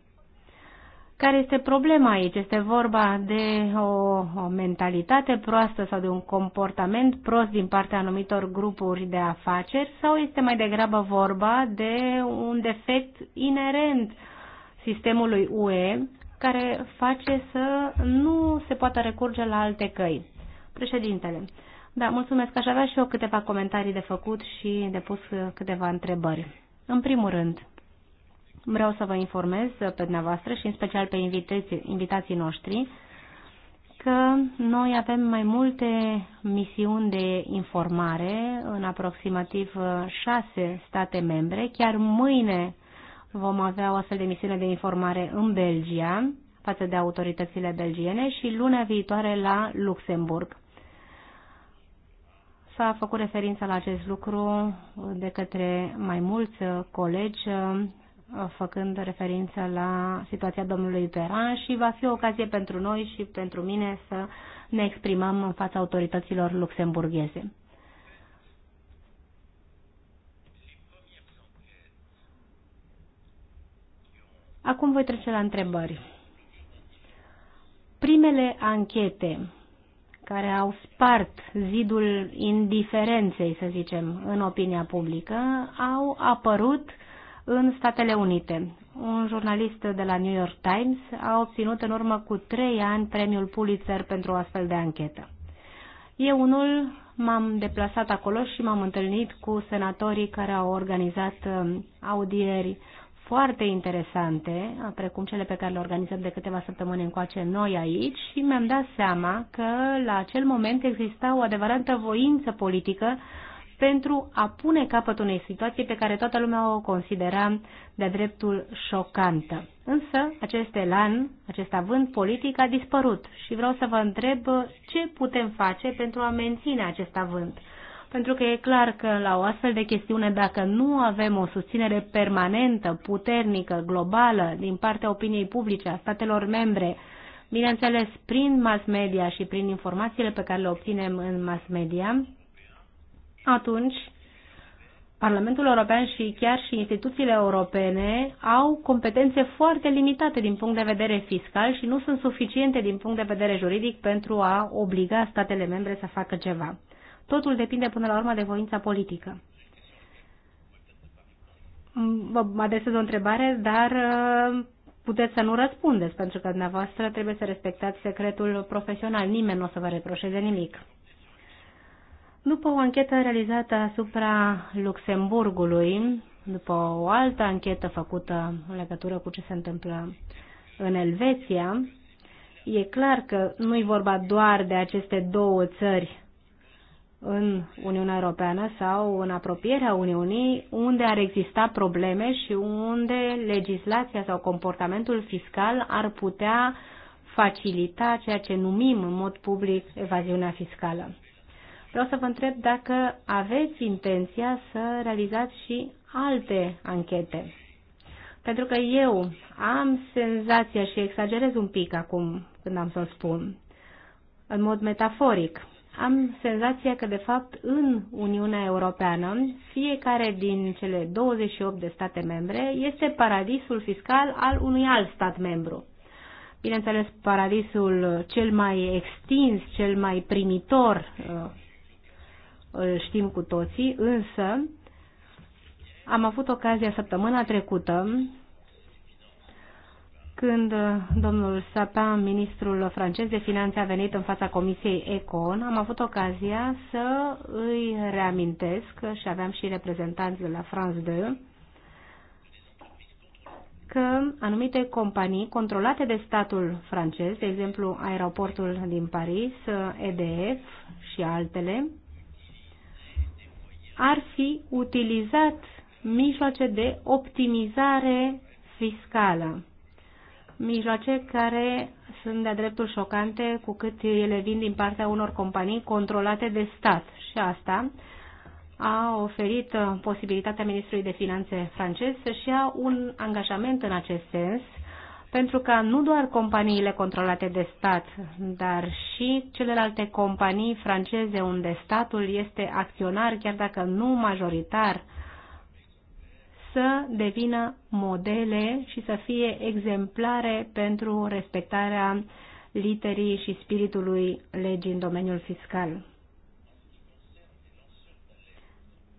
Care este problema aici? Este vorba de o, o mentalitate proastă sau de un comportament prost din partea anumitor grupuri de afaceri sau este mai degrabă vorba de un defect inerent sistemului UE care face să nu se poată recurge la alte căi? Președintele, da, mulțumesc. Aș avea și eu câteva comentarii de făcut și de pus uh, câteva întrebări. În primul rând, vreau să vă informez uh, pe dumneavoastră și în special pe invitații, invitații noștri că noi avem mai multe misiuni de informare în aproximativ uh, șase state membre. Chiar mâine vom avea o astfel de misiune de informare în Belgia față de autoritățile belgiene și luna viitoare la Luxemburg. S-a făcut referință la acest lucru de către mai mulți uh, colegi, uh, făcând referință la situația domnului Peran și va fi o ocazie pentru noi și pentru mine să ne exprimăm în fața autorităților luxemburgheze. Acum voi trece la întrebări. Primele anchete care au spart zidul indiferenței, să zicem, în opinia publică, au apărut în Statele Unite. Un jurnalist de la New York Times a obținut în urmă cu trei ani premiul Pulitzer pentru o astfel de anchetă. Eu unul m-am deplasat acolo și m-am întâlnit cu senatorii care au organizat uh, audieri foarte interesante, precum cele pe care le organizăm de câteva săptămâni încoace noi aici și mi-am dat seama că la acel moment exista o adevărată voință politică pentru a pune capăt unei situații pe care toată lumea o considera de dreptul șocantă. Însă, acest elan, acest avânt politic a dispărut și vreau să vă întreb ce putem face pentru a menține acest avânt pentru că e clar că la o astfel de chestiune, dacă nu avem o susținere permanentă, puternică, globală, din partea opiniei publice, a statelor membre, bineînțeles, prin mass media și prin informațiile pe care le obținem în mass media, atunci Parlamentul European și chiar și instituțiile europene au competențe foarte limitate din punct de vedere fiscal și nu sunt suficiente din punct de vedere juridic pentru a obliga statele membre să facă ceva. Totul depinde până la urmă de voința politică. Vă adresez o întrebare, dar uh, puteți să nu răspundeți, pentru că dumneavoastră trebuie să respectați secretul profesional. Nimeni nu o să vă reproșeze nimic. După o anchetă realizată asupra Luxemburgului, după o altă anchetă făcută în legătură cu ce se întâmplă în Elveția, e clar că nu-i vorba doar de aceste două țări în Uniunea Europeană sau în apropierea Uniunii, unde ar exista probleme și unde legislația sau comportamentul fiscal ar putea facilita ceea ce numim în mod public evaziunea fiscală. Vreau să vă întreb dacă aveți intenția să realizați și alte anchete. Pentru că eu am senzația și exagerez un pic acum când am să o spun, în mod metaforic, am senzația că, de fapt, în Uniunea Europeană, fiecare din cele 28 de state membre este paradisul fiscal al unui alt stat membru. Bineînțeles, paradisul cel mai extins, cel mai primitor, uh, îl știm cu toții, însă am avut ocazia săptămâna trecută când uh, domnul Sapin, ministrul francez de finanțe, a venit în fața Comisiei Econ, am avut ocazia să îi reamintesc și aveam și reprezentanți de la France 2, că anumite companii controlate de statul francez, de exemplu aeroportul din Paris, EDF și altele, ar fi utilizat mijloace de optimizare fiscală mijloace care sunt de-a dreptul șocante cu cât ele vin din partea unor companii controlate de stat. Și asta a oferit uh, posibilitatea ministrului de finanțe francez să-și ia un angajament în acest sens, pentru ca nu doar companiile controlate de stat, dar și celelalte companii franceze unde statul este acționar, chiar dacă nu majoritar, să devină modele și să fie exemplare pentru respectarea literii și spiritului legii în domeniul fiscal.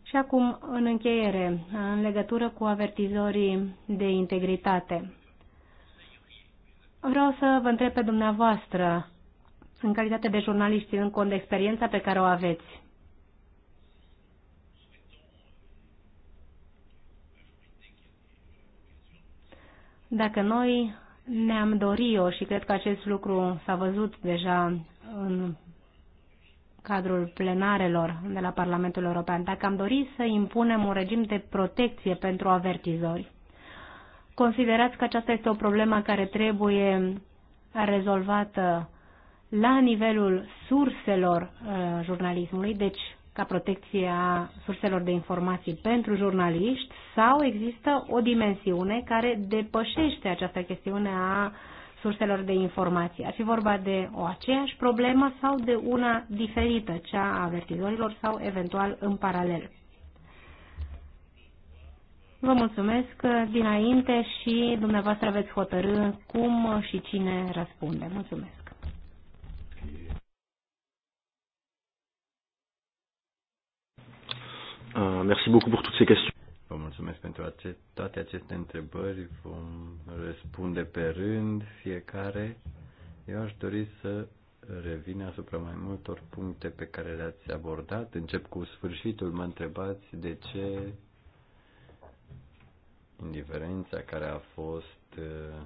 Și acum, în încheiere, în legătură cu avertizorii de integritate. Vreau să vă întreb pe dumneavoastră, în calitate de jurnaliști, în cont de experiența pe care o aveți, Dacă noi ne-am dorit-o și cred că acest lucru s-a văzut deja în cadrul plenarelor de la Parlamentul European, dacă am dorit să impunem un regim de protecție pentru avertizori, considerați că aceasta este o problemă care trebuie rezolvată la nivelul surselor uh, jurnalismului, deci ca protecția surselor de informații pentru jurnaliști sau există o dimensiune care depășește această chestiune a surselor de informații? Ar fi vorba de o aceeași problemă sau de una diferită, cea a avertizorilor sau eventual în paralel? Vă mulțumesc dinainte și dumneavoastră veți hotărâ cum și cine răspunde. Mulțumesc! Euh, merci beaucoup pour toutes ces questions. Vă mulțumesc pentru ace- toate aceste întrebări. Vom răspunde pe rând fiecare. Eu aș dori să revin asupra mai multor puncte pe care le-ați abordat. Încep cu sfârșitul. Mă întrebați de ce indiferența care a fost uh,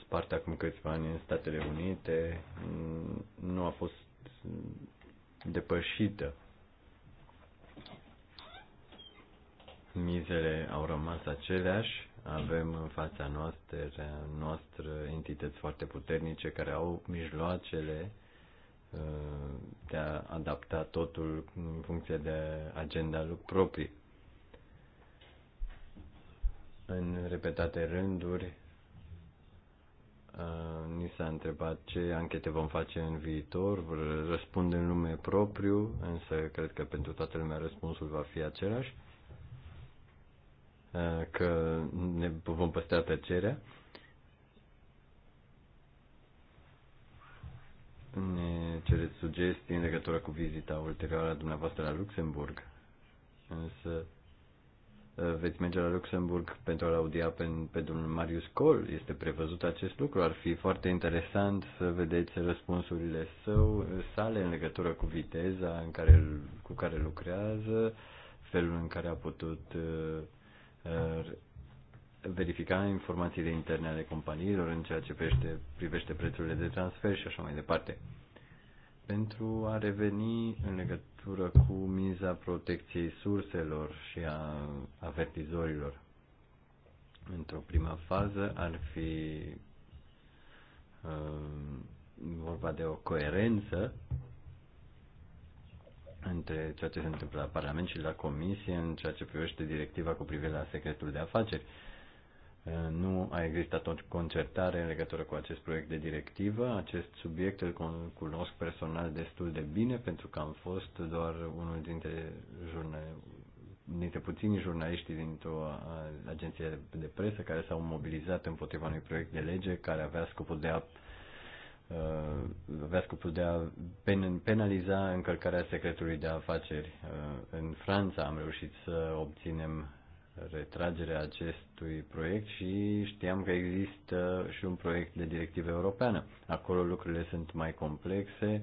spartă acum câțiva ani în Statele Unite nu a fost uh, depășită mizele au rămas aceleași, avem în fața noastră, noastră entități foarte puternice care au mijloacele uh, de a adapta totul în funcție de agenda lor proprii. În repetate rânduri, uh, ni s-a întrebat ce anchete vom face în viitor, răspund în lume propriu, însă cred că pentru toată lumea răspunsul va fi același că ne vom păstra tăcerea. Ne cereți sugestii în legătură cu vizita ulterioară a dumneavoastră la Luxemburg. Însă veți merge la Luxemburg pentru a-l audia pe, pe domnul Marius Col. Este prevăzut acest lucru. Ar fi foarte interesant să vedeți răspunsurile său, sale în legătură cu viteza în care, cu care lucrează, felul în care a putut uh, Uh, verifica informațiile interne ale companiilor în ceea ce privește, privește prețurile de transfer și așa mai departe. Pentru a reveni în legătură cu miza protecției surselor și a avertizorilor, într-o primă fază ar fi uh, vorba de o coerență între ceea ce se întâmplă la Parlament și la Comisie în ceea ce privește directiva cu privire la secretul de afaceri. Uh, nu a existat o concertare în legătură cu acest proiect de directivă. Acest subiect îl cunosc personal destul de bine pentru că am fost doar unul dintre, jurna, dintre puținii jurnaliști dintr-o uh, agenție de presă care s-au mobilizat împotriva unui proiect de lege care avea scopul de a avea scopul de a penaliza încălcarea secretului de afaceri. Uh, în Franța am reușit să obținem retragerea acestui proiect și știam că există și un proiect de directivă europeană. Acolo lucrurile sunt mai complexe.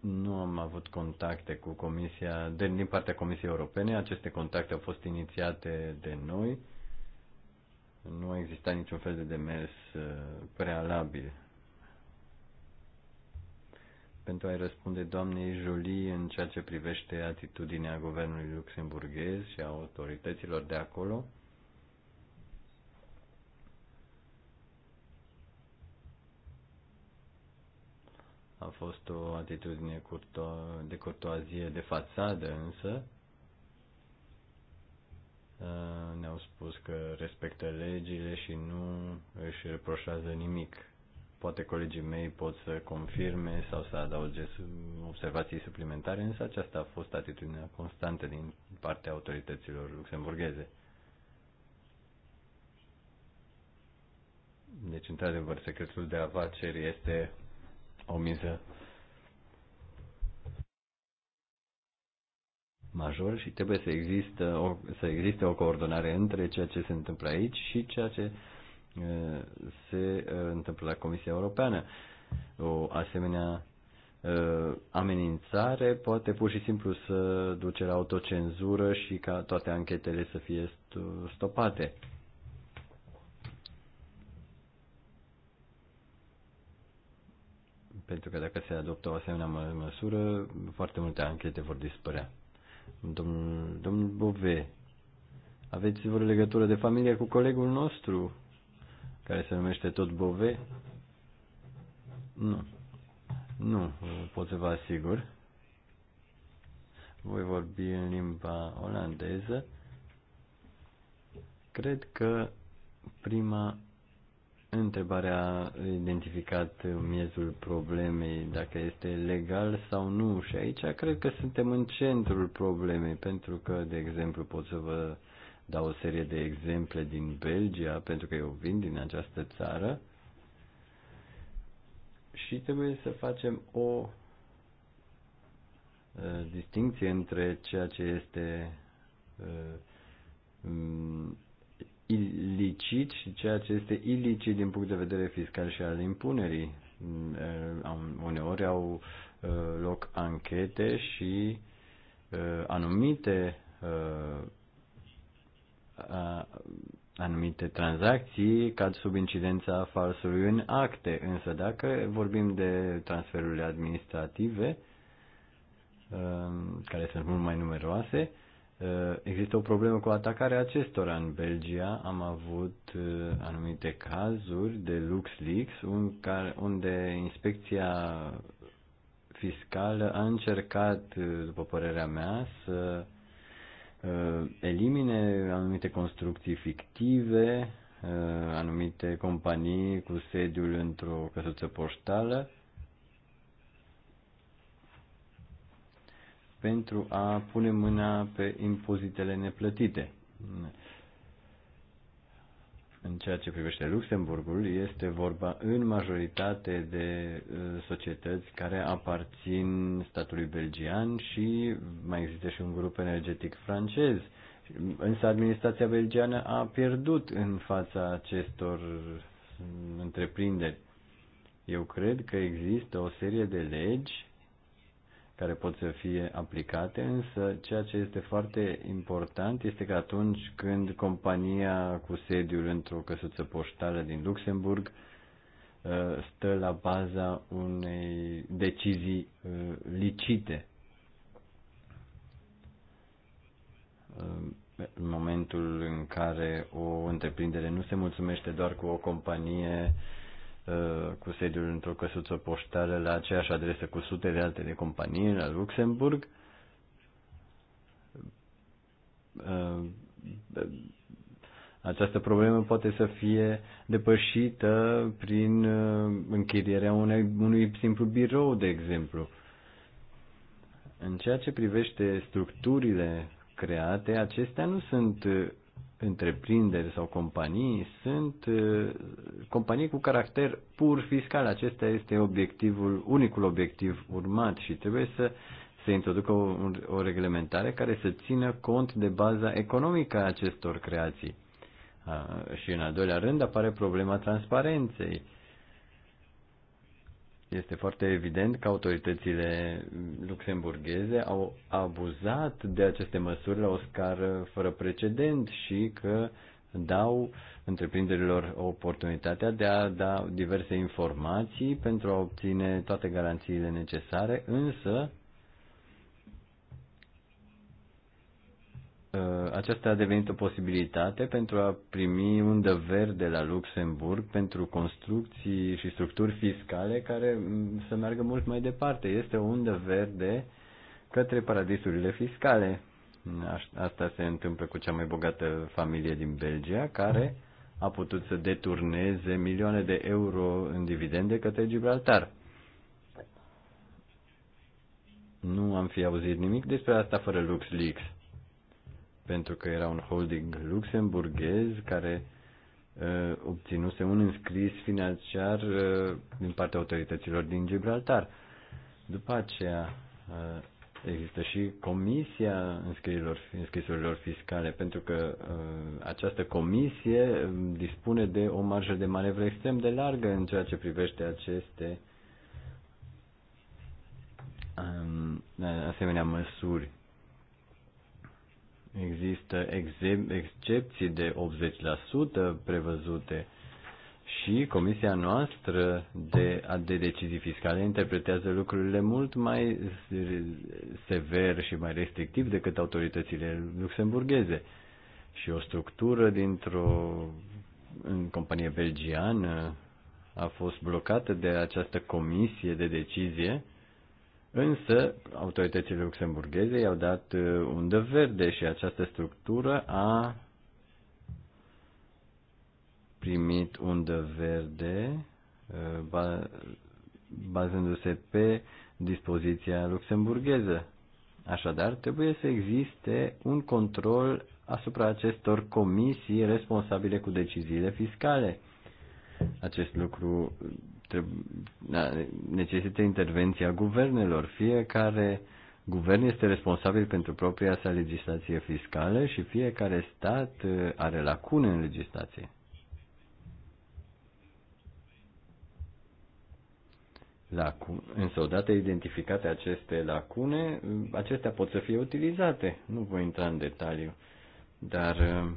Nu am avut contacte cu Comisia, de, din partea Comisiei Europene. Aceste contacte au fost inițiate de noi nu a existat niciun fel de demers uh, prealabil. Pentru a-i răspunde doamnei Jolie în ceea ce privește atitudinea guvernului luxemburghez și a autorităților de acolo, a fost o atitudine de curtoazie de fațadă însă, Eh, ne-au spus că respectă legile și nu își reproșează nimic. Poate colegii mei pot să confirme sau să adauge observații suplimentare, însă aceasta a fost atitudinea constantă din partea autorităților luxemburgheze. Deci, într-adevăr, secretul de afaceri este o miză major și trebuie să, există o, să existe o coordonare între ceea ce se întâmplă aici și ceea ce se întâmplă la Comisia Europeană. O asemenea amenințare poate pur și simplu să duce la autocenzură și ca toate anchetele să fie stopate. Pentru că dacă se adoptă o asemenea măsură, foarte multe anchete vor dispărea. Domnul, domnul Bove, aveți vreo legătură de familie cu colegul nostru, care se numește tot Bove? Nu. Nu pot să vă asigur. Voi vorbi în limba olandeză. Cred că prima Întrebarea identificat miezul problemei, dacă este legal sau nu. Și aici cred că suntem în centrul problemei, pentru că, de exemplu, pot să vă dau o serie de exemple din Belgia, pentru că eu vin din această țară. Și trebuie să facem o uh, distinție între ceea ce este uh, ilicit și ceea ce este ilicit din punct de vedere fiscal și al impunerii. Eh, uneori au eh, loc anchete și eh, anumite anumite tranzacții cad sub incidența falsului în acte, însă dacă vorbim de transferurile administrative, care sunt mult mai numeroase, Uh, există o problemă cu atacarea acestora. În Belgia am avut uh, anumite cazuri de LuxLeaks unde inspecția fiscală a încercat, uh, după părerea mea, să elimine anumite construcții fictive, anumite companii cu sediul într-o căsuță poștală pentru a pune mâna pe impozitele neplătite. În ceea ce privește Luxemburgul, este vorba în majoritate de uh, societăți care aparțin statului belgian și mai există și un grup energetic francez. Însă administrația belgiană a pierdut în fața acestor uh, întreprinderi. Eu cred că există o serie de legi care pot să fie aplicate, însă ceea ce este foarte important este că atunci când compania cu sediul într-o căsuță poștală din Luxemburg uh, stă la baza unei decizii uh, licite. Uh, în momentul în care o întreprindere nu se mulțumește doar cu o companie Uh, cu sediul într-o căsuță poștală la aceeași adresă cu sute de alte de companii la Luxemburg. Uh, uh, această problemă poate să fie depășită prin închirierea unei, unui simplu birou, de exemplu. În ceea ce privește structurile create, acestea nu sunt întreprinderi sau companii sunt uh, companii cu caracter pur fiscal. Acesta este obiectivul, unicul obiectiv urmat și trebuie să se introducă o, o reglementare care să țină cont de baza economică a acestor creații. A, uh, și în al doilea rând apare problema transparenței. Este foarte evident că autoritățile luxemburgheze au abuzat de aceste măsuri la o scară fără precedent și că dau întreprinderilor oportunitatea de a da diverse informații pentru a obține toate garanțiile necesare, însă Uh, aceasta a devenit o posibilitate pentru a primi undă verde la Luxemburg pentru construcții și structuri fiscale care mm, să meargă mult mai departe. Este o undă verde către paradisurile fiscale. Asta se întâmplă cu cea mai bogată familie din Belgia, care a putut să deturneze milioane de euro în dividende către Gibraltar. Nu am fi auzit nimic despre asta fără LuxLeaks pentru că era un holding luxemburghez care uh, obținuse un înscris financiar uh, din partea autorităților din Gibraltar. După aceea uh, există și comisia înscrierilor, înscrisurilor fiscale, pentru că uh, această comisie um, dispune de o marjă de manevră extrem de largă în ceea ce privește aceste um, asemenea măsuri Există excepții de 80% prevăzute și comisia noastră de, de decizii fiscale interpretează lucrurile mult mai sever și mai restrictiv decât autoritățile luxemburgheze. Și o structură dintr-o în companie belgiană a fost blocată de această comisie de decizie Însă, autoritățile luxemburgheze i-au dat uh, undă verde și această structură a primit undă verde uh, bazându-se pe dispoziția luxemburgheză. Așadar, trebuie să existe un control asupra acestor comisii responsabile cu deciziile fiscale. Acest lucru trebuie da, necesită intervenția guvernelor. Fiecare guvern este responsabil pentru propria sa legislație fiscală și fiecare stat uh, are lacune în legislație. lacune, însă odată identificate aceste lacune, uh, acestea pot să fie utilizate. Nu voi intra în detaliu, dar uh,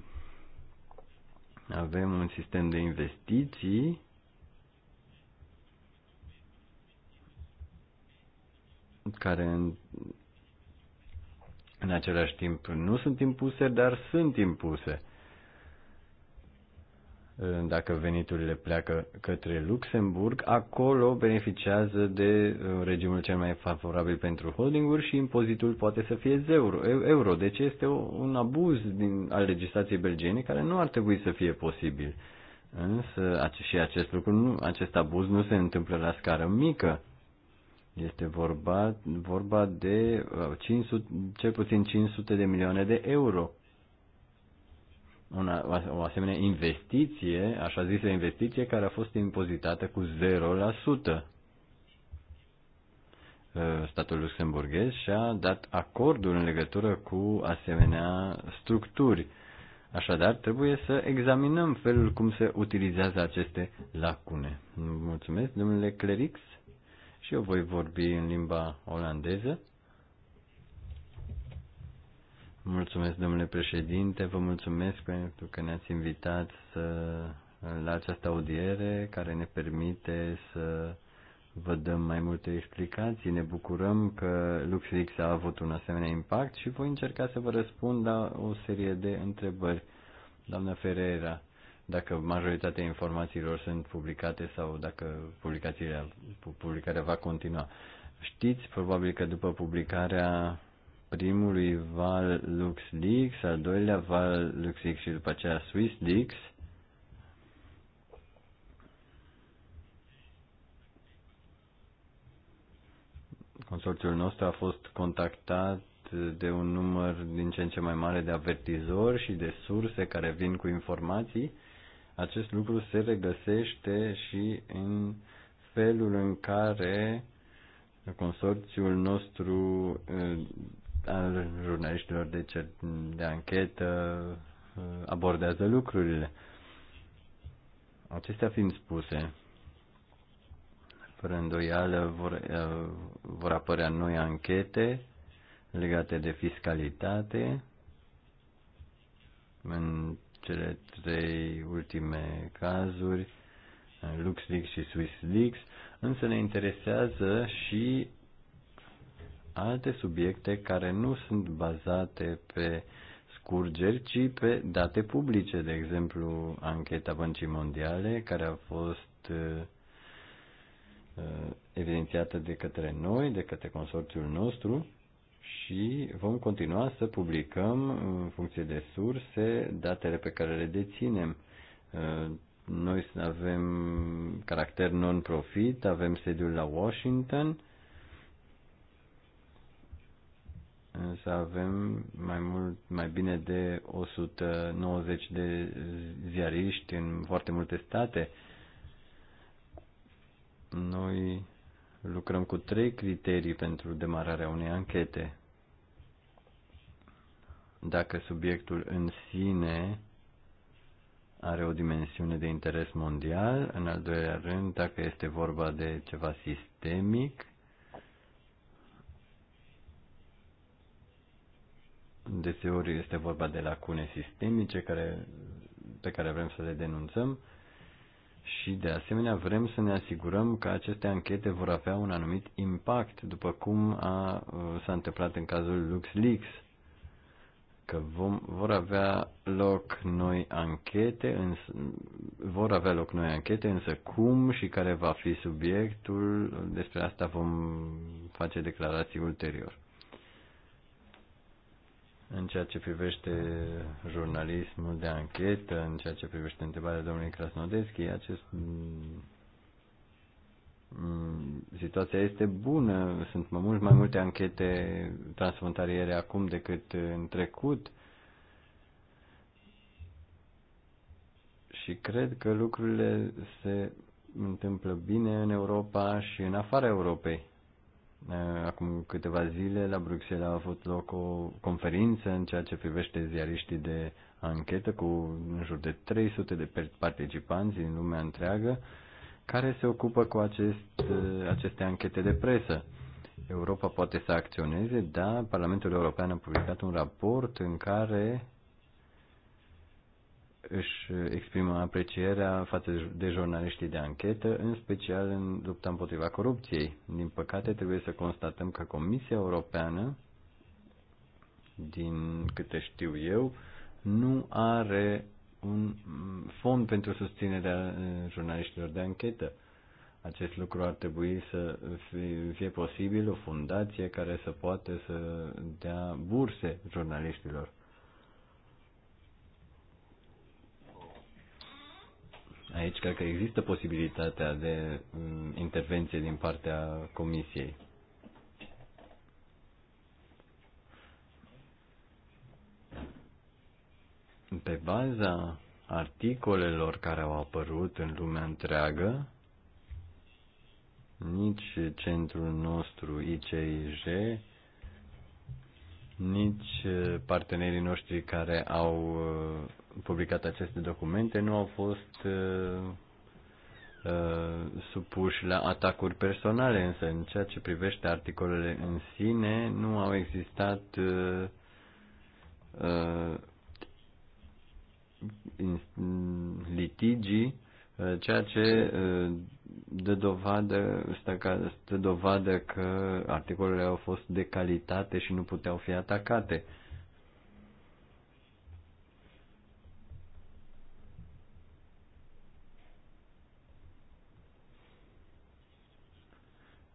avem un sistem de investiții care în, în același timp nu sunt impuse, dar sunt impuse. Dacă veniturile pleacă către Luxemburg, acolo beneficiază de uh, regimul cel mai favorabil pentru holdinguri și impozitul poate să fie zero euro. Deci este un abuz din, al legislației belgiene care nu ar trebui să fie posibil. Însă și acest lucru nu, acest abuz nu se întâmplă la scară mică. Este vorba, vorba de 500, uh, cel puțin 500 de milioane de euro. Una, o asemenea investiție, așa zisă investiție, care a fost impozitată cu 0%. Uh, statul luxemburghez și-a dat acordul în legătură cu asemenea structuri. Așadar, trebuie să examinăm felul cum se utilizează aceste lacune. Mulțumesc, domnule Clerix și eu voi vorbi în limba olandeză. Mulțumesc, domnule președinte, vă mulțumesc pentru că ne-ați invitat să, la această audiere care ne permite să vă dăm mai multe explicații. Ne bucurăm că LuxLeaks a avut un asemenea impact și voi încerca să vă răspund la o serie de întrebări. Doamna Ferreira, dacă majoritatea informațiilor sunt publicate sau dacă publicațiile, publicarea va continua. Știți probabil că după publicarea primului val LuxLeaks, al doilea val LuxLeaks și după aceea SwissLeaks, consorțiul nostru a fost contactat de un număr din ce în ce mai mare de avertizori și de surse care vin cu informații acest lucru se regăsește și în felul în care consorțiul nostru eh, al jurnaliștilor de, cer- de anchetă eh, abordează lucrurile. Acestea fiind spuse, fără îndoială vor, eh, vor apărea noi anchete legate de fiscalitate în cele trei ultime cazuri, LuxLeaks și SwissLeaks, însă ne interesează și alte subiecte care nu sunt bazate pe scurgeri, ci pe date publice, de exemplu, ancheta Băncii Mondiale, care a fost uh, uh, evidențiată de către noi, de către consorțiul nostru, și vom continua să publicăm în funcție de surse datele pe care le deținem. Uh, noi avem caracter non-profit, avem sediul la Washington, însă avem mai mult, mai bine de 190 de ziariști în foarte multe state. Noi lucrăm cu trei criterii pentru demararea unei anchete dacă subiectul în sine are o dimensiune de interes mondial, în al doilea rând, dacă este vorba de ceva sistemic, deseori este vorba de lacune sistemice care, pe care vrem să le denunțăm și, de asemenea, vrem să ne asigurăm că aceste anchete vor avea un anumit impact, după cum a, s-a întâmplat în cazul LuxLeaks că vom, vor avea loc noi anchete, însă, vor avea loc noi anchete, însă cum și care va fi subiectul, despre asta vom face declarații ulterior. În ceea ce privește jurnalismul de anchetă, în ceea ce privește întrebarea domnului Krasnodeschi, acest Mm, situația este bună, sunt mai mult mai multe anchete transfrontaliere acum decât în trecut și cred că lucrurile se întâmplă bine în Europa și în afara Europei. Eh, acum câteva zile la Bruxelles a avut loc o conferință în ceea ce privește ziariștii de anchetă cu în jur de 300 de participanți din lumea întreagă care se ocupă cu acest, uh, aceste anchete de presă. Europa poate să acționeze, da, Parlamentul European a publicat un raport în care își exprimă aprecierea față de jurnaliștii de anchetă, în special în lupta împotriva corupției. Din păcate, trebuie să constatăm că Comisia Europeană, din câte știu eu, nu are un fond pentru susținerea uh, jurnaliștilor de anchetă. Acest lucru ar trebui să fie, fie posibil o fundație care să poată să dea burse jurnaliștilor. Aici cred că există posibilitatea de uh, intervenție din partea Comisiei. Pe baza articolelor care au apărut în lumea întreagă, nici centrul nostru ICIJ, nici partenerii noștri care au uh, publicat aceste documente nu au fost uh, uh, supuși la atacuri personale, însă în ceea ce privește articolele în sine nu au existat litigii, uh, ceea ce uh, dă dovadă, stă dovadă că articolele au fost de calitate și nu puteau fi atacate.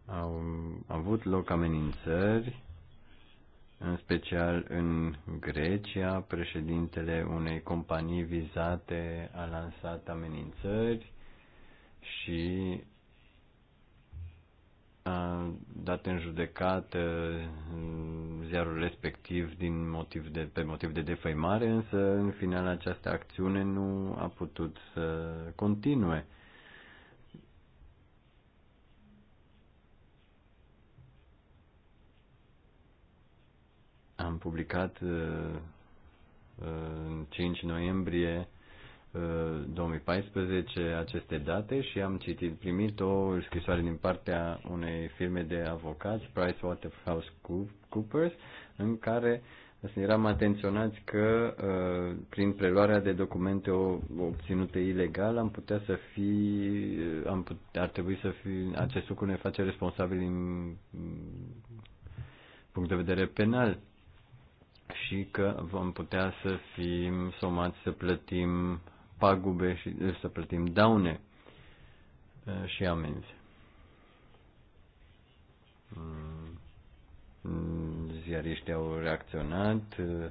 Au, au avut loc amenințări în special în Grecia, președintele unei companii vizate a lansat amenințări și a dat în judecată ziarul respectiv din motiv de, pe motiv de defăimare, însă în final această acțiune nu a putut să continue. Am publicat uh, uh, în 5 noiembrie 2014 uh, aceste date și am citit, primit o scrisoare din partea unei firme de avocați, PricewaterhouseCoopers, în care eram atenționați că prin preluarea de documente obținute ilegal am putea să fi, am putea, ar trebui să fi, acest lucru ne face responsabil din mm, punct de vedere penal și că vom putea să fim somați să plătim pagube și eh, să plătim daune eh, și amenzi. Mm. Mm, ziariștii au reacționat, eh,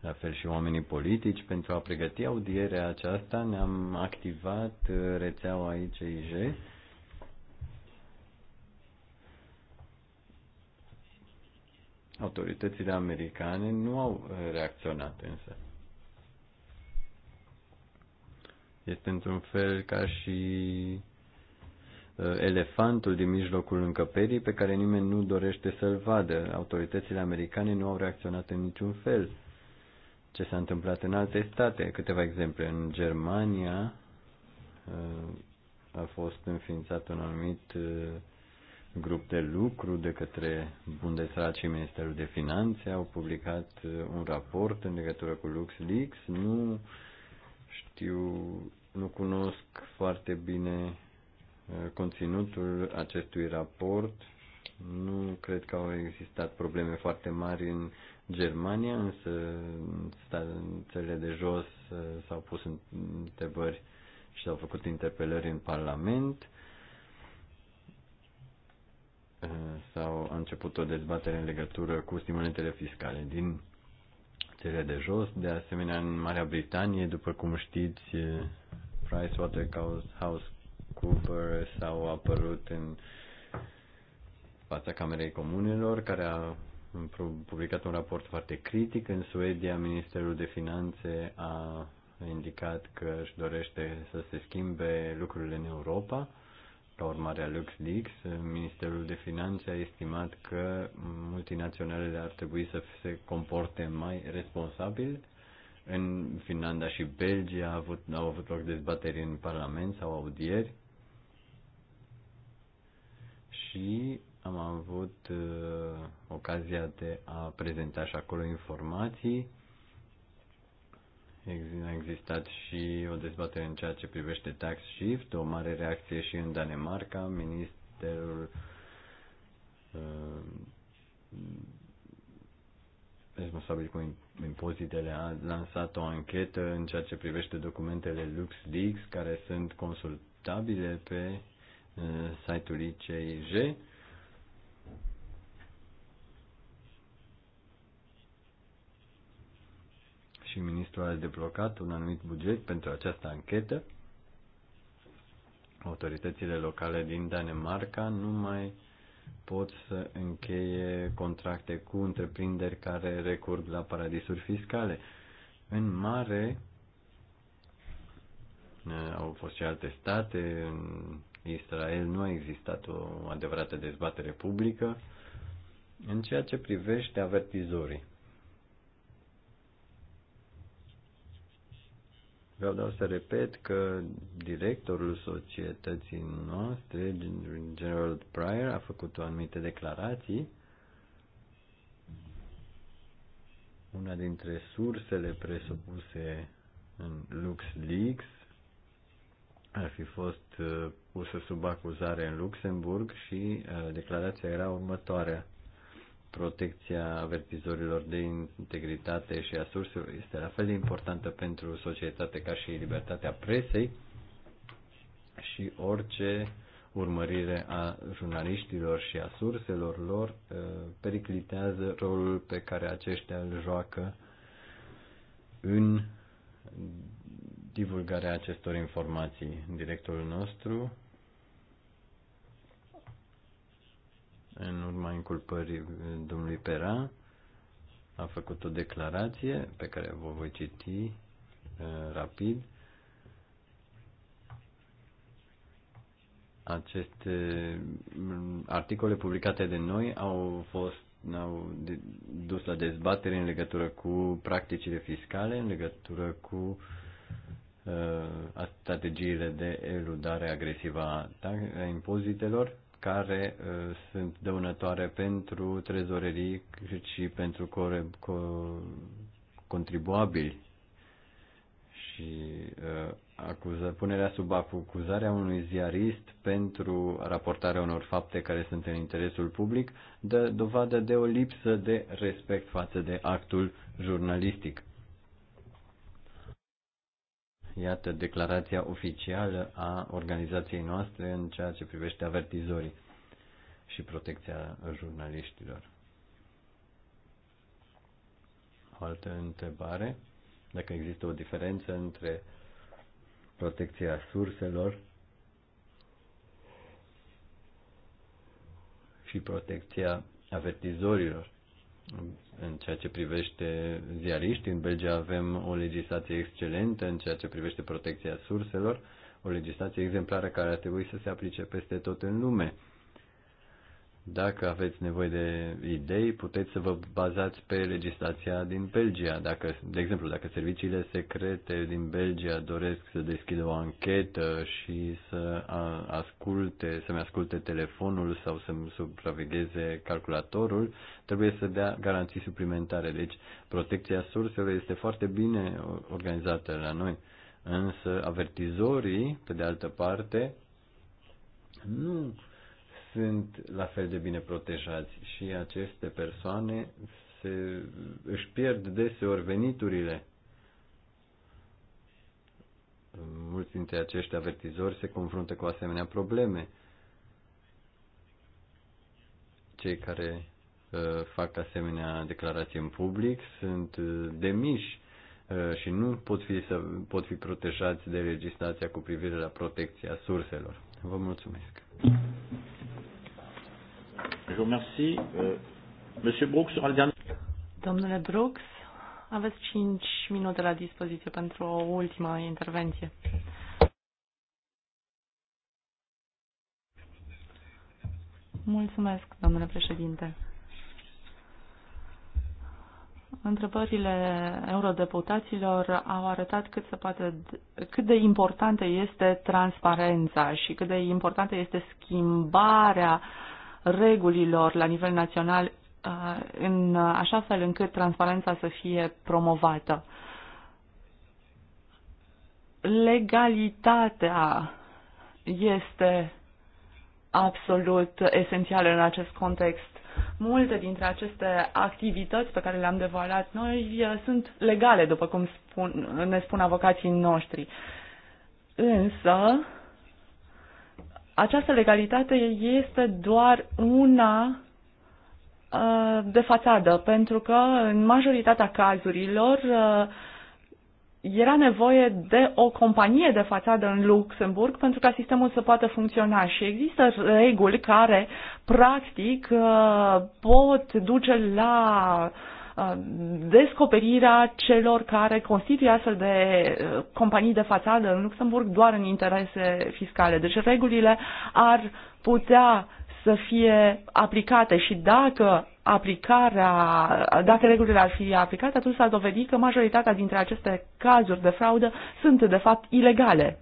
la fel și oamenii politici, pentru a pregăti audierea aceasta ne-am activat rețeaua ICIJ Autoritățile americane nu au uh, reacționat însă. Este într-un fel ca și uh, elefantul din mijlocul încăperii pe care nimeni nu dorește să-l vadă. Autoritățile americane nu au reacționat în niciun fel. Ce s-a întâmplat în alte state? Câteva exemple. În Germania uh, a fost înființat un anumit grup de lucru de către Bundesrat și Ministerul de Finanțe au publicat uh, un raport în legătură cu LuxLeaks. Nu știu, nu cunosc foarte bine uh, conținutul acestui raport. Nu cred că au existat probleme foarte mari în Germania, însă în țările de jos uh, s-au pus întrebări și s-au făcut interpelări în Parlament Uh, sau a început o dezbatere în legătură cu stimulentele fiscale din țările de jos. De asemenea, în Marea Britanie, după cum știți, uh, PricewaterhouseCoopers s-au apărut în fața Camerei Comunelor, care a publicat un raport foarte critic. În Suedia, Ministerul de Finanțe a indicat că își dorește să se schimbe lucrurile în Europa la urmare a LuxLeaks, Ministerul de Finanțe a estimat că multinaționalele ar trebui să se comporte mai responsabil. În Finlanda și Belgia au avut, au avut loc dezbateri în Parlament sau audieri și am avut uh, ocazia de a prezenta și acolo informații a existat și o dezbatere în ceea ce privește tax shift, o mare reacție și în Danemarca, ministerul uh, responsabil cu impozitele a lansat o anchetă în ceea ce privește documentele LuxLeaks care sunt consultabile pe uh, site-ul ICIJ și ministrul a deblocat un anumit buget pentru această anchetă. Autoritățile locale din Danemarca nu mai pot să încheie contracte cu întreprinderi care recurg la paradisuri fiscale. În mare, eh, au fost și alte state, în Israel nu a existat o adevărată dezbatere publică în ceea ce privește avertizorii. Vreau doar să repet că directorul societății noastre, Gerald Pryor, a făcut o anumite declarații. Una dintre sursele presupuse în LuxLeaks ar fi fost uh, pusă sub acuzare în Luxemburg și uh, declarația era următoarea protecția avertizorilor de integritate și a surselor este la fel de importantă pentru societate ca și libertatea presei și orice urmărire a jurnaliștilor și a surselor lor uh, periclitează rolul pe care aceștia îl joacă în divulgarea acestor informații. Directorul nostru în urma inculpării domnului Pera, a făcut o declarație pe care vă voi citi uh, rapid. Aceste mm, articole publicate de noi au fost au dus la dezbatere în legătură cu practicile fiscale, în legătură cu uh, strategiile de eludare agresivă a da, impozitelor care uh, sunt dăunătoare pentru trezorerii cât și pentru co, contribuabili și uh, acuză, punerea sub acuzarea unui ziarist pentru raportarea unor fapte care sunt în interesul public dă dovadă de o lipsă de respect față de actul jurnalistic. Iată declarația oficială a organizației noastre în ceea ce privește avertizorii și protecția jurnaliștilor. O altă întrebare, dacă există o diferență între protecția surselor și protecția avertizorilor în ceea ce privește ziariștii. În Belgia avem o legislație excelentă în ceea ce privește protecția surselor, o legislație exemplară care ar trebui să se aplice peste tot în lume. Dacă aveți nevoie de idei, puteți să vă bazați pe legislația din Belgia. Dacă, de exemplu, dacă serviciile secrete din Belgia doresc să deschidă o anchetă și să asculte, să-mi asculte telefonul sau să-mi supravegheze calculatorul, trebuie să dea garanții suplimentare. Deci, protecția surselor este foarte bine organizată la noi. Însă, avertizorii, pe de altă parte, nu sunt la fel de bine protejați și aceste persoane se, își pierd deseori veniturile. Mulți dintre acești avertizori se confruntă cu asemenea probleme. Cei care uh, fac asemenea declarații în public sunt uh, demiși uh, și nu pot fi, să, pot fi protejați de legislația cu privire la protecția surselor. Vă mulțumesc! vous remercie. Euh, Monsieur Brooks sera le dernier. Domnule Brooks, aveți 5 minute la dispoziție pentru o ultimă intervenție. Mulțumesc, domnule președinte. Întrebările eurodeputaților au arătat cât, se poate, cât de importantă este transparența și cât de importantă este schimbarea uh, regulilor la nivel național uh, în așa fel încât transparența să fie promovată. Legalitatea este absolut esențială în acest context. Multe dintre aceste activități pe care le-am devoalat noi uh, sunt legale, după cum spun, ne spun avocații noștri. Însă, această legalitate este doar una uh, de fațadă, pentru că în majoritatea cazurilor uh, era nevoie de o companie de fațadă în Luxemburg pentru ca sistemul să poată funcționa și există reguli care practic uh, pot duce la uh, Uh, descoperirea celor care constituie astfel de uh, companii de fațadă în Luxemburg doar în interese fiscale. Deci regulile ar putea să fie aplicate și dacă aplicarea, dacă regulile ar fi aplicate, atunci s-ar dovedi că majoritatea dintre aceste cazuri de fraudă sunt de fapt ilegale.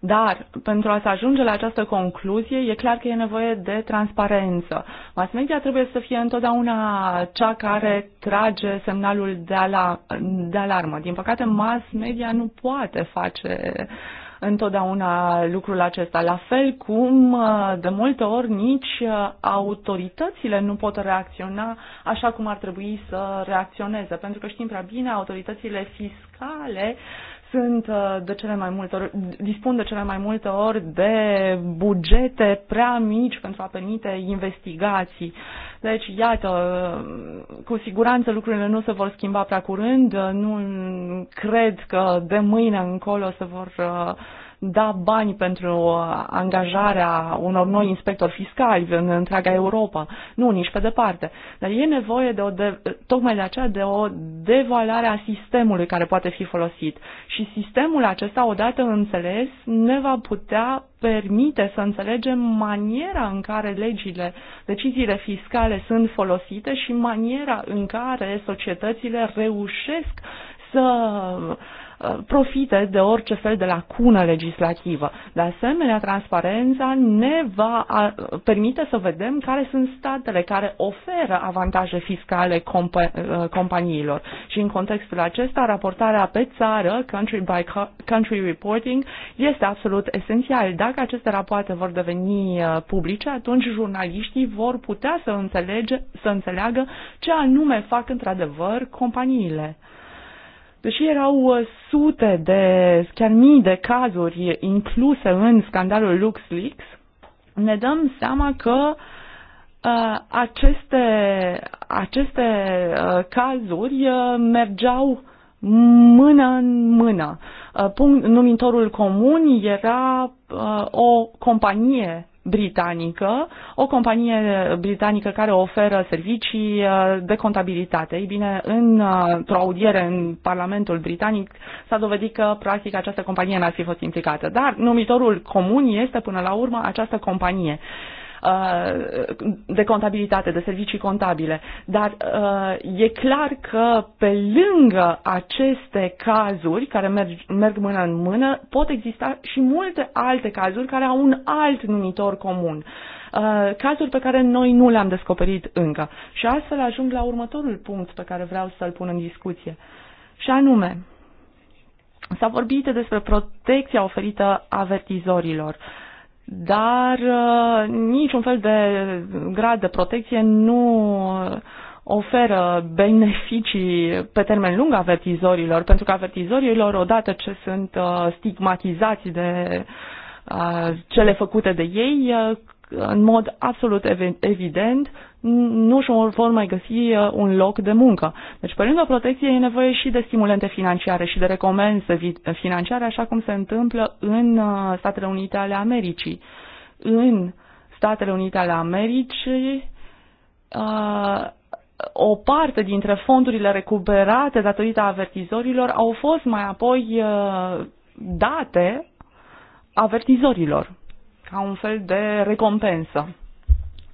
Dar pentru a se ajunge la această concluzie, e clar că e nevoie de transparență. Mass media trebuie să fie întotdeauna cea care trage semnalul de, ala, de alarmă. Din păcate, mass media nu poate face întotdeauna lucrul acesta. La fel cum de multe ori nici autoritățile nu pot reacționa așa cum ar trebui să reacționeze, pentru că știm prea bine autoritățile fiscale sunt uh, de cele mai multe ori, dispun de cele mai multe ori de bugete prea mici pentru a permite investigații. Deci, iată, uh, cu siguranță lucrurile nu se vor schimba prea curând, uh, nu cred că de mâine încolo se vor uh, da bani pentru uh, angajarea unor noi inspectori fiscali în întreaga Europa. Nu, nici pe departe. Dar e nevoie de o de, tocmai de aceea de o devaluare a sistemului care poate fi folosit. Și sistemul acesta, odată înțeles, ne va putea permite să înțelegem maniera în care legile, deciziile fiscale sunt folosite și maniera în care societățile reușesc să profite de orice fel de lacună legislativă. De asemenea, transparența ne va permite să vedem care sunt statele care oferă avantaje fiscale compa- uh, companiilor. Și în contextul acesta, raportarea pe țară, country by country reporting, este absolut esențial. Dacă aceste rapoarte vor deveni uh, publice, atunci jurnaliștii vor putea să, înțelege, să înțeleagă ce anume fac într-adevăr companiile. Deși erau uh, sute de, chiar mii de cazuri incluse în scandalul LuxLeaks, ne dăm seama că uh, aceste, aceste uh, cazuri uh, mergeau mână în mână. Uh, punct, numitorul comun era uh, o companie britanică, o companie britanică care oferă servicii uh, de contabilitate. Ei bine, uh, într-o audiere în Parlamentul Britanic s-a dovedit că, practic, această companie n-ar fi fost implicată. Dar numitorul comun este, până la urmă, această companie. Uh, de contabilitate, de servicii contabile. Dar uh, e clar că pe lângă aceste cazuri care merg, merg mână în mână, pot exista și multe alte cazuri care au un alt numitor comun. Uh, cazuri pe care noi nu le-am descoperit încă. Și astfel ajung la următorul punct pe care vreau să-l pun în discuție. Și anume, S-a vorbit despre protecția oferită avertizorilor. Uh, dar uh, niciun fel de grad de protecție nu oferă beneficii pe termen lung avertizorilor, pentru că avertizorilor, odată ce sunt uh, stigmatizați de uh, cele făcute de ei, în mod absolut evident, nu și vor mai găsi uh, un loc de muncă. Deci, pe lângă protecție, e nevoie și de stimulente financiare și de recomenzi financiare, așa cum se întâmplă în uh, Statele Unite ale Americii. În Statele Unite ale Americii, uh, o parte dintre fondurile recuperate datorită avertizorilor au fost mai apoi date avertizorilor, ca un fel de recompensă.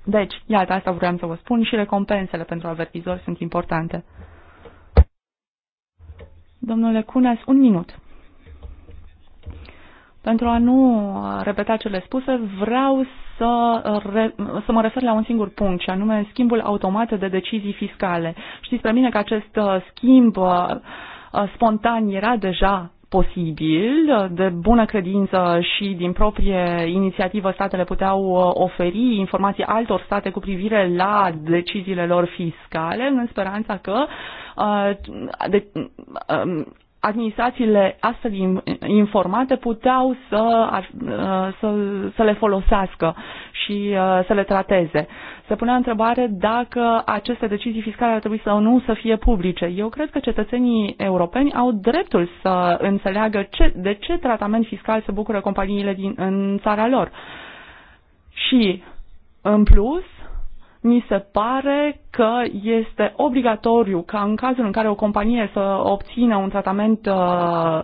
Deci, iată, asta vreau să vă spun și recompensele pentru avertizori sunt importante. Domnule Cunes, un minut. Pentru a nu repeta cele spuse, vreau să, re, să mă refer la un singur punct, și anume schimbul automat de decizii fiscale. Știți pe mine că acest schimb uh, spontan era deja posibil, de bună credință și din proprie inițiativă statele puteau uh, oferi informații altor state cu privire la deciziile lor fiscale, în speranța că uh, de, um, administrațiile astfel informate puteau să, uh, să, să le folosească și uh, să le trateze. Se punea întrebare dacă aceste decizii fiscale ar trebui sau nu să fie publice. Eu cred că cetățenii europeni au dreptul să înțeleagă ce, de ce tratament fiscal se bucură companiile din, în țara lor. Și, în plus, mi se pare că este obligatoriu ca în cazul în care o companie să obțină un tratament uh,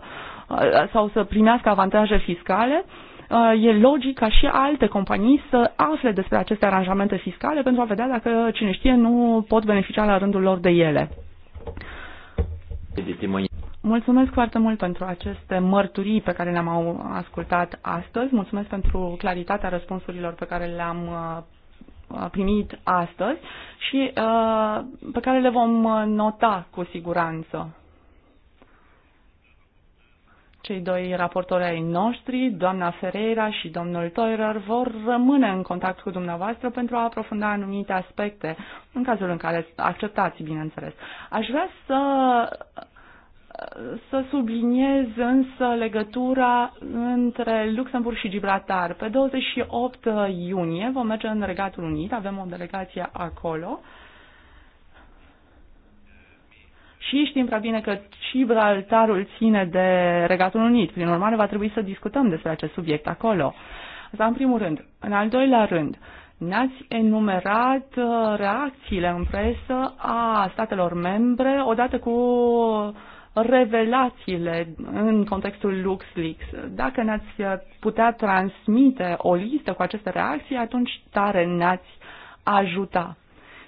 uh, sau să primească avantaje fiscale, uh, e logic ca și alte companii să afle despre aceste aranjamente fiscale pentru a vedea dacă, cine știe, nu pot beneficia la rândul lor de ele. Mulțumesc foarte mult pentru aceste mărturii pe care le-am ascultat astăzi. Mulțumesc pentru claritatea răspunsurilor pe care le-am primit astăzi și uh, pe care le vom uh, nota cu siguranță. Cei doi raportori ai noștri, doamna Ferreira și domnul Toirer, vor rămâne în contact cu dumneavoastră pentru a aprofunda anumite aspecte, în cazul în care acceptați, bineînțeles. Aș vrea să să subliniez însă legătura între Luxemburg și Gibraltar. Pe 28 iunie vom merge în Regatul Unit, avem o delegație acolo. Și știm prea bine că Gibraltarul ține de Regatul Unit. Prin urmare, va trebui să discutăm despre acest subiect acolo. Asta în primul rând. În al doilea rând, ne-ați enumerat uh, reacțiile în presă a statelor membre odată cu uh, revelațiile în contextul LuxLeaks. Dacă ne-ați putea transmite o listă cu aceste reacții, atunci tare ne-ați ajuta.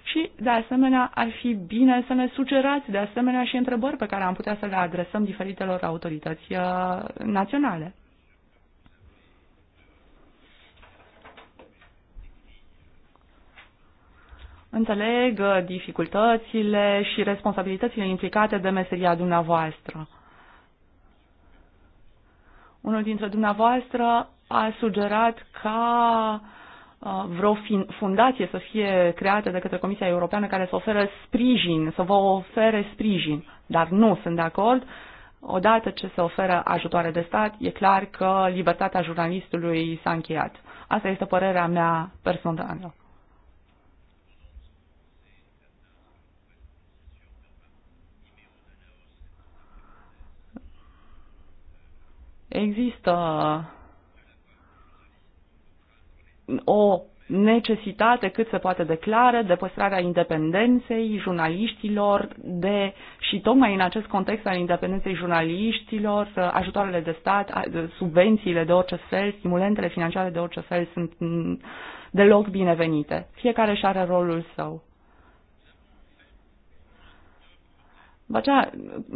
Și, de asemenea, ar fi bine să ne sugerați, de asemenea, și întrebări pe care am putea să le adresăm diferitelor autorități uh, naționale. Înțeleg uh, dificultățile și responsabilitățile implicate de meseria dumneavoastră. Unul dintre dumneavoastră a sugerat ca uh, vreo fundație să fie creată de către Comisia Europeană care să ofere sprijin, să vă ofere sprijin, dar nu sunt de acord. Odată ce se oferă ajutoare de stat, e clar că libertatea jurnalistului s-a încheiat. Asta este părerea mea personală. Există o necesitate cât se poate declară de păstrarea independenței jurnaliștilor de, și tocmai în acest context al independenței jurnaliștilor, ajutoarele de stat, subvențiile de orice fel, stimulentele financiare de orice fel sunt mm, deloc binevenite. Fiecare și are rolul său. După aceea,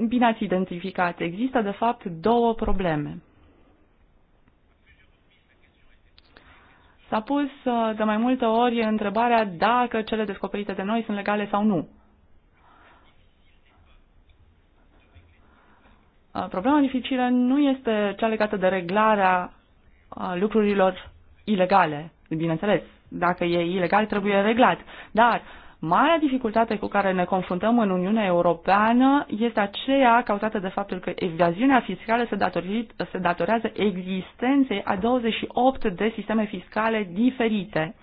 bine ați identificat, există de fapt două probleme. S-a pus uh, de mai multe ori întrebarea dacă cele descoperite de noi sunt legale sau nu. Uh, problema dificilă nu este cea legată de reglarea uh, lucrurilor ilegale, bineînțeles. Dacă e ilegal, trebuie reglat. Dar Marea dificultate cu care ne confruntăm în Uniunea Europeană este aceea cauzată de faptul că evaziunea fiscală se, datori, se datorează existenței a 28 de sisteme fiscale diferite.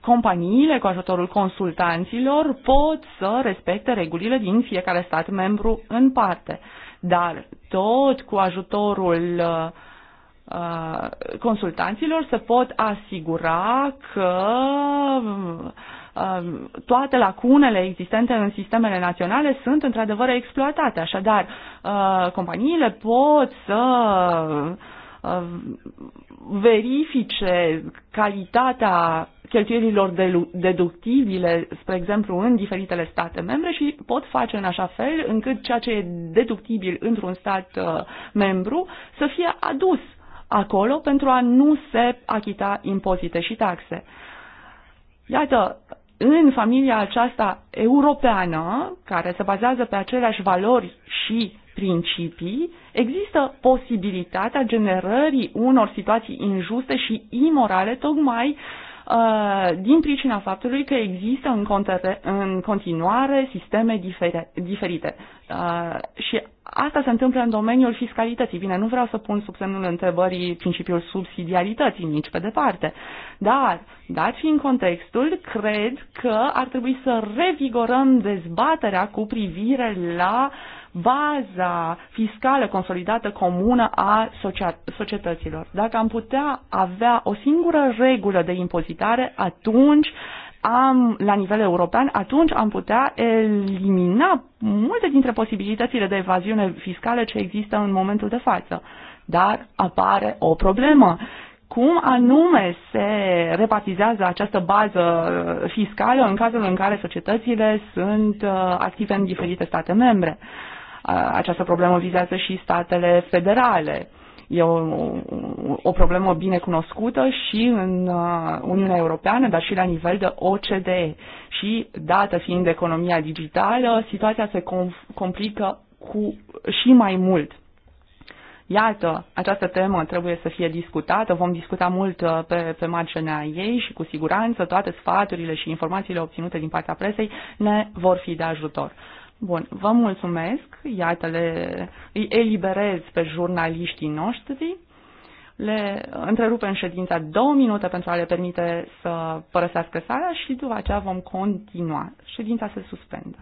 companiile cu ajutorul consultanților pot să respecte regulile din fiecare stat membru în parte, dar tot cu ajutorul uh, Uh, consultanților se pot asigura că uh, toate lacunele existente în sistemele naționale sunt într-adevăr exploatate. Așadar, uh, companiile pot să verifice calitatea cheltuielilor deductibile, spre exemplu, în diferitele state membre și pot face în așa fel încât ceea ce e deductibil într-un stat membru să fie adus acolo pentru a nu se achita impozite și taxe. Iată, în familia aceasta europeană, care se bazează pe aceleași valori și principii, există posibilitatea generării unor situații injuste și imorale, tocmai uh, din pricina faptului că există în, contere, în continuare sisteme diferite. Uh, și Asta se întâmplă în domeniul fiscalității. Bine, nu vreau să pun sub semnul întrebării principiul subsidiarității nici pe departe, dar, dat fiind contextul, cred că ar trebui să revigorăm dezbaterea cu privire la baza fiscală consolidată comună a societăților. Dacă am putea avea o singură regulă de impozitare, atunci am la nivel european, atunci am putea elimina multe dintre posibilitățile de evaziune fiscală ce există în momentul de față. Dar apare o problemă. Cum anume se repartizează această bază fiscală în cazul în care societățile sunt uh, active în diferite state membre? Această problemă vizează și statele federale. E o, o problemă bine cunoscută și în uh, Uniunea Europeană, dar și la nivel de OCDE. Și, dată fiind economia digitală, situația se complică cu și mai mult. Iată, această temă trebuie să fie discutată, vom discuta mult uh, pe, pe marginea ei și cu siguranță toate sfaturile și informațiile obținute din partea presei ne vor fi de ajutor. Bun, vă mulțumesc, iată, le, îi eliberez pe jurnaliștii noștri, le întrerupem ședința două minute pentru a le permite să părăsească sala și după aceea vom continua. Ședința se suspendă.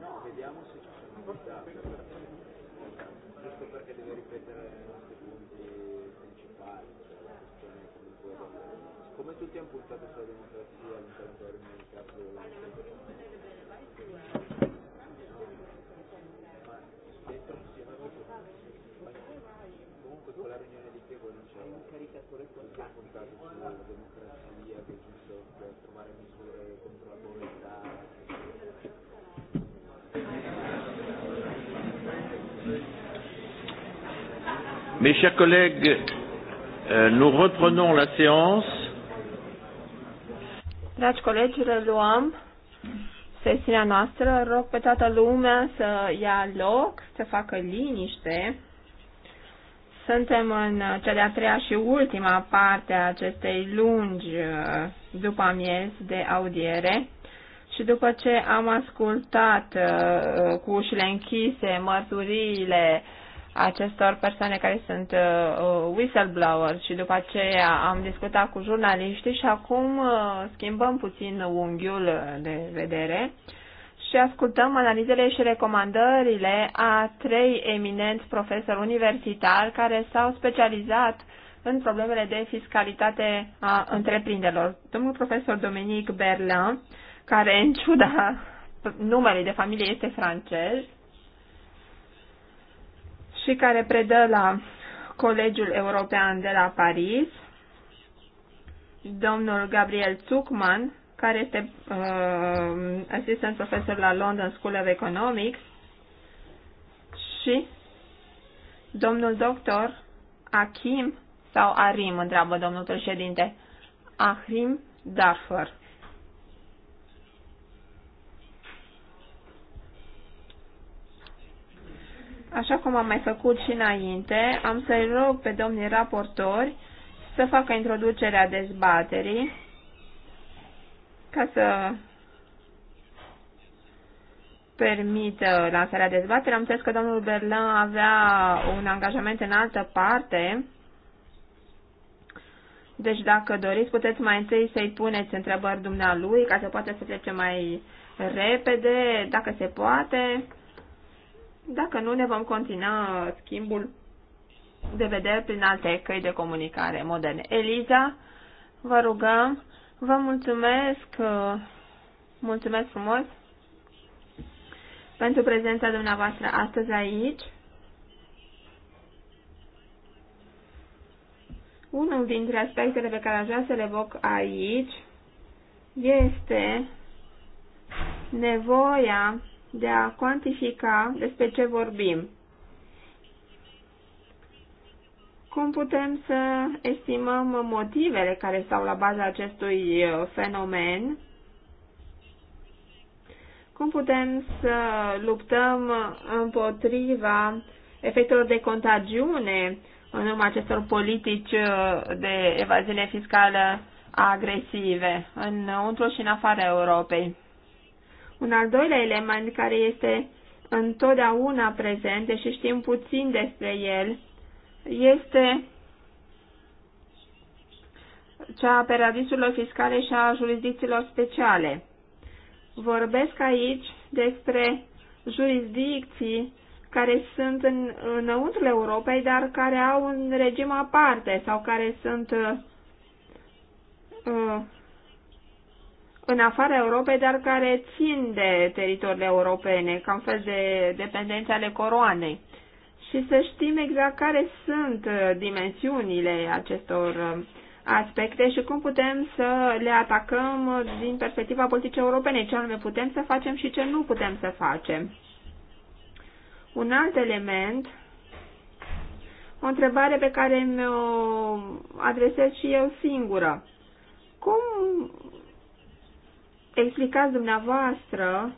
No, vediamo se ci sono novità. Giusto perché deve ripetere i tutti hanno puntato sulla democrazia all'interno della Repubblica Slovacca. corect că adică a da. contat cu democrația, pe cum să observare da. Mes chers collègues, euh, nous reprenons la séance. Dragi colegi, reluăm sesiunea noastră. Rog pe toată lumea să ia loc, să facă liniște. Suntem în uh, cea de-a treia și ultima parte a acestei lungi uh, după amiez de audiere și după ce am ascultat uh, cu ușile închise mărturiile acestor persoane care sunt whistleblowers și după aceea am discutat cu jurnaliștii și acum schimbăm puțin unghiul de vedere și ascultăm analizele și recomandările a trei eminenți profesori universitari care s-au specializat în problemele de fiscalitate a întreprinderilor. Domnul profesor Dominic Berlin, care în ciuda numelui de familie este francez și care predă la Colegiul European de la Paris, domnul Gabriel Zuckman, care este uh, assistant professor la London School of Economics și domnul doctor Achim sau Arim, întreabă domnul președinte. Ahrim Darfur. Așa cum am mai făcut și înainte, am să-i rog pe domnii raportori să facă introducerea dezbaterii ca să permită lansarea dezbaterii. Am înțeles că domnul Berlin avea un angajament în altă parte. Deci dacă doriți, puteți mai întâi să-i puneți întrebări dumnealui, ca să poată să plece mai repede, dacă se poate. Dacă nu, ne vom continua schimbul de vedere prin alte căi de comunicare moderne. Eliza, vă rugăm Vă mulțumesc, uh, mulțumesc frumos pentru prezența dumneavoastră astăzi aici. Unul dintre aspectele pe care aș vrea să le evoc aici este nevoia de a cuantifica despre ce vorbim. Cum putem să estimăm motivele care stau la baza acestui uh, fenomen? Cum putem să luptăm împotriva efectelor de contagiune în urma acestor politici uh, de evaziune fiscală agresive, înăuntru și în afara Europei? Un al doilea element care este întotdeauna prezent, deși știm puțin despre el, este cea a paradisurilor fiscale și a jurisdicțiilor speciale. Vorbesc aici despre jurisdicții care sunt în, înăuntrul Europei, dar care au un regim aparte sau care sunt uh, în afara Europei, dar care țin de teritoriile europene, ca un fel de dependențe ale coroanei și să știm exact care sunt uh, dimensiunile acestor um, aspecte și cum putem să le atacăm uh, din perspectiva politicii europene, ce anume putem să facem și ce nu putem să facem. Un alt element, o întrebare pe care mi-o adresez și eu singură. Cum explicați dumneavoastră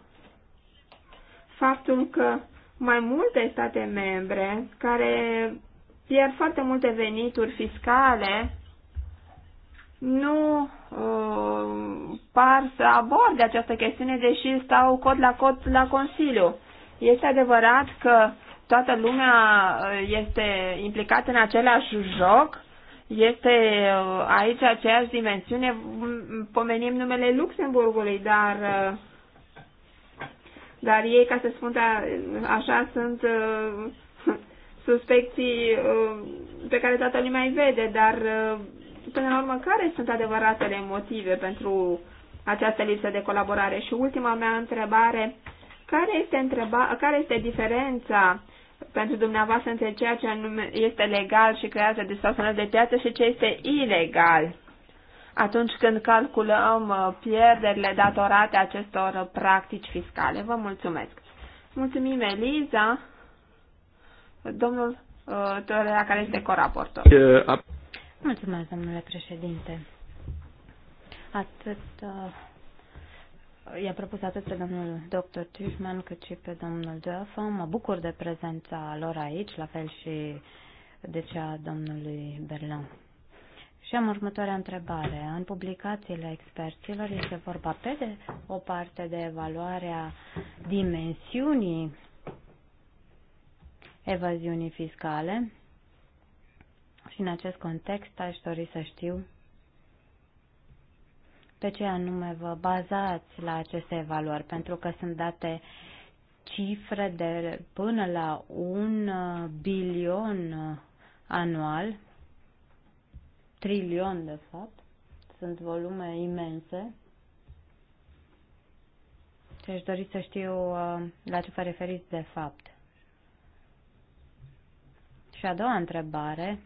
faptul că mai multe state membre care pierd foarte multe venituri fiscale nu uh, par să aborde această chestiune, deși stau cot la cot la Consiliu. Este adevărat că toată lumea uh, este implicată în același joc, este uh, aici aceeași dimensiune, pomenim numele Luxemburgului, dar uh, dar ei, ca să spun da, așa, sunt uh, suspecții uh, pe care toată lumea îi vede, dar uh, până la urmă, care sunt adevăratele motive pentru această lipsă de colaborare? Și ultima mea întrebare, care este, întreba, care este diferența pentru dumneavoastră între ceea ce este legal și creează distorsionări de piață și ce este ilegal? atunci când calculăm uh, pierderile datorate acestor uh, practici fiscale. Vă mulțumesc! Mulțumim, Eliza! Domnul Torea, uh, care este coraportor. Mulțumesc, domnule președinte. Atât i-a propus atât pe domnul dr. Tishman cât și pe domnul Deafa. Mă bucur de prezența lor aici, la fel și de cea a domnului Berlin. Și am următoarea întrebare. În publicațiile experților este vorba pe de o parte de evaluarea dimensiunii evaziunii fiscale și în acest context aș dori să știu pe ce anume vă bazați la aceste evaluări, pentru că sunt date cifre de până la un uh, bilion uh, anual trilion de fapt, sunt volume imense. Și aș dori să știu uh, la ce vă referiți de fapt. Și a doua întrebare,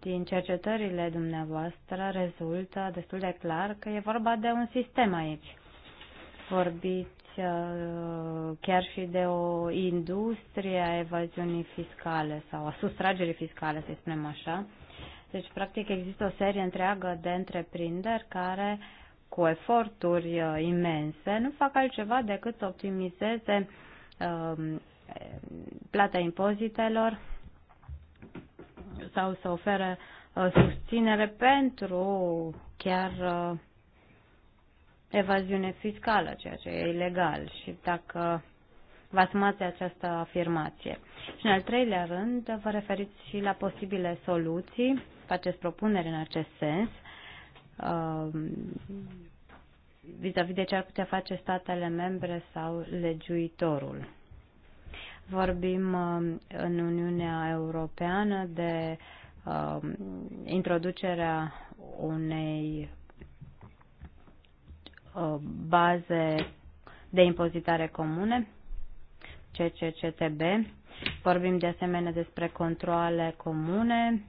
din cercetările dumneavoastră rezultă destul de clar că e vorba de un sistem aici. Vorbiți uh, chiar și de o industrie a evaziunii fiscale sau a sustragerii fiscale, să spunem așa. Deci, practic, există o serie întreagă de întreprinderi care, cu eforturi uh, imense, nu fac altceva decât să optimizeze uh, plata impozitelor sau să ofere uh, susținere pentru chiar uh, evaziune fiscală, ceea ce e ilegal. Și dacă vă asumați această afirmație. Și în al treilea rând, vă referiți și la posibile soluții faceți propuneri în acest sens uh, vis-a-vis -vis de ce ar putea face statele membre sau legiuitorul. Vorbim uh, în Uniunea Europeană de uh, introducerea unei baze de impozitare comune, CCCTB. Vorbim de asemenea despre controle comune,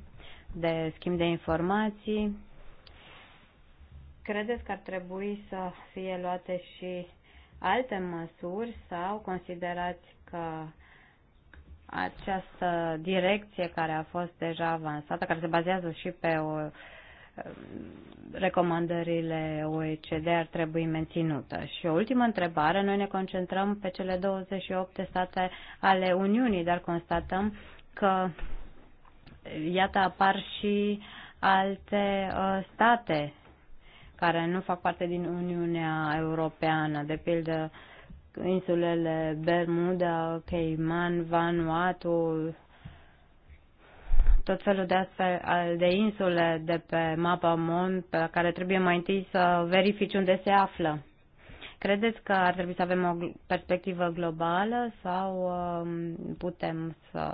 de schimb de informații. Credeți că ar trebui să fie luate și alte măsuri sau considerați că această direcție care a fost deja avansată, care se bazează și pe uh, o, recomandările OECD ar trebui menținută. Și o ultimă întrebare, noi ne concentrăm pe cele 28 de state ale Uniunii, dar constatăm că iată apar și alte uh, state care nu fac parte din Uniunea Europeană, de pildă insulele Bermuda, Cayman, Vanuatu, tot felul de astfel de insule de pe mapa mond pe care trebuie mai întâi să verifici unde se află. Credeți că ar trebui să avem o perspectivă globală sau um, putem să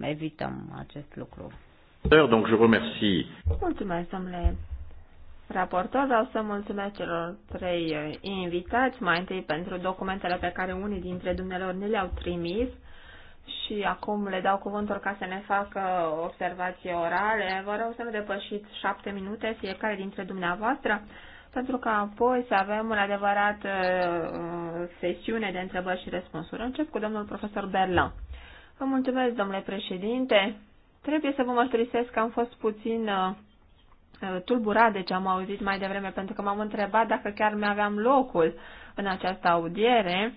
evităm acest lucru? Donc je remercie. Mulțumesc, domnule raportor. Vreau să mulțumesc celor trei uh, invitați, mai întâi pentru documentele pe care unii dintre dumnealor ne le-au trimis și acum le dau cuvântul ca să ne facă observații orale. Vă rog să nu depășiți șapte minute fiecare dintre dumneavoastră pentru că apoi să avem un adevărat uh, sesiune de întrebări și răspunsuri. Încep cu domnul profesor Berlan. Vă mulțumesc, domnule președinte. Trebuie să vă mărturisesc că am fost puțin uh, uh tulburat de ce am auzit mai devreme, pentru că m-am întrebat dacă chiar mi-aveam locul în această audiere,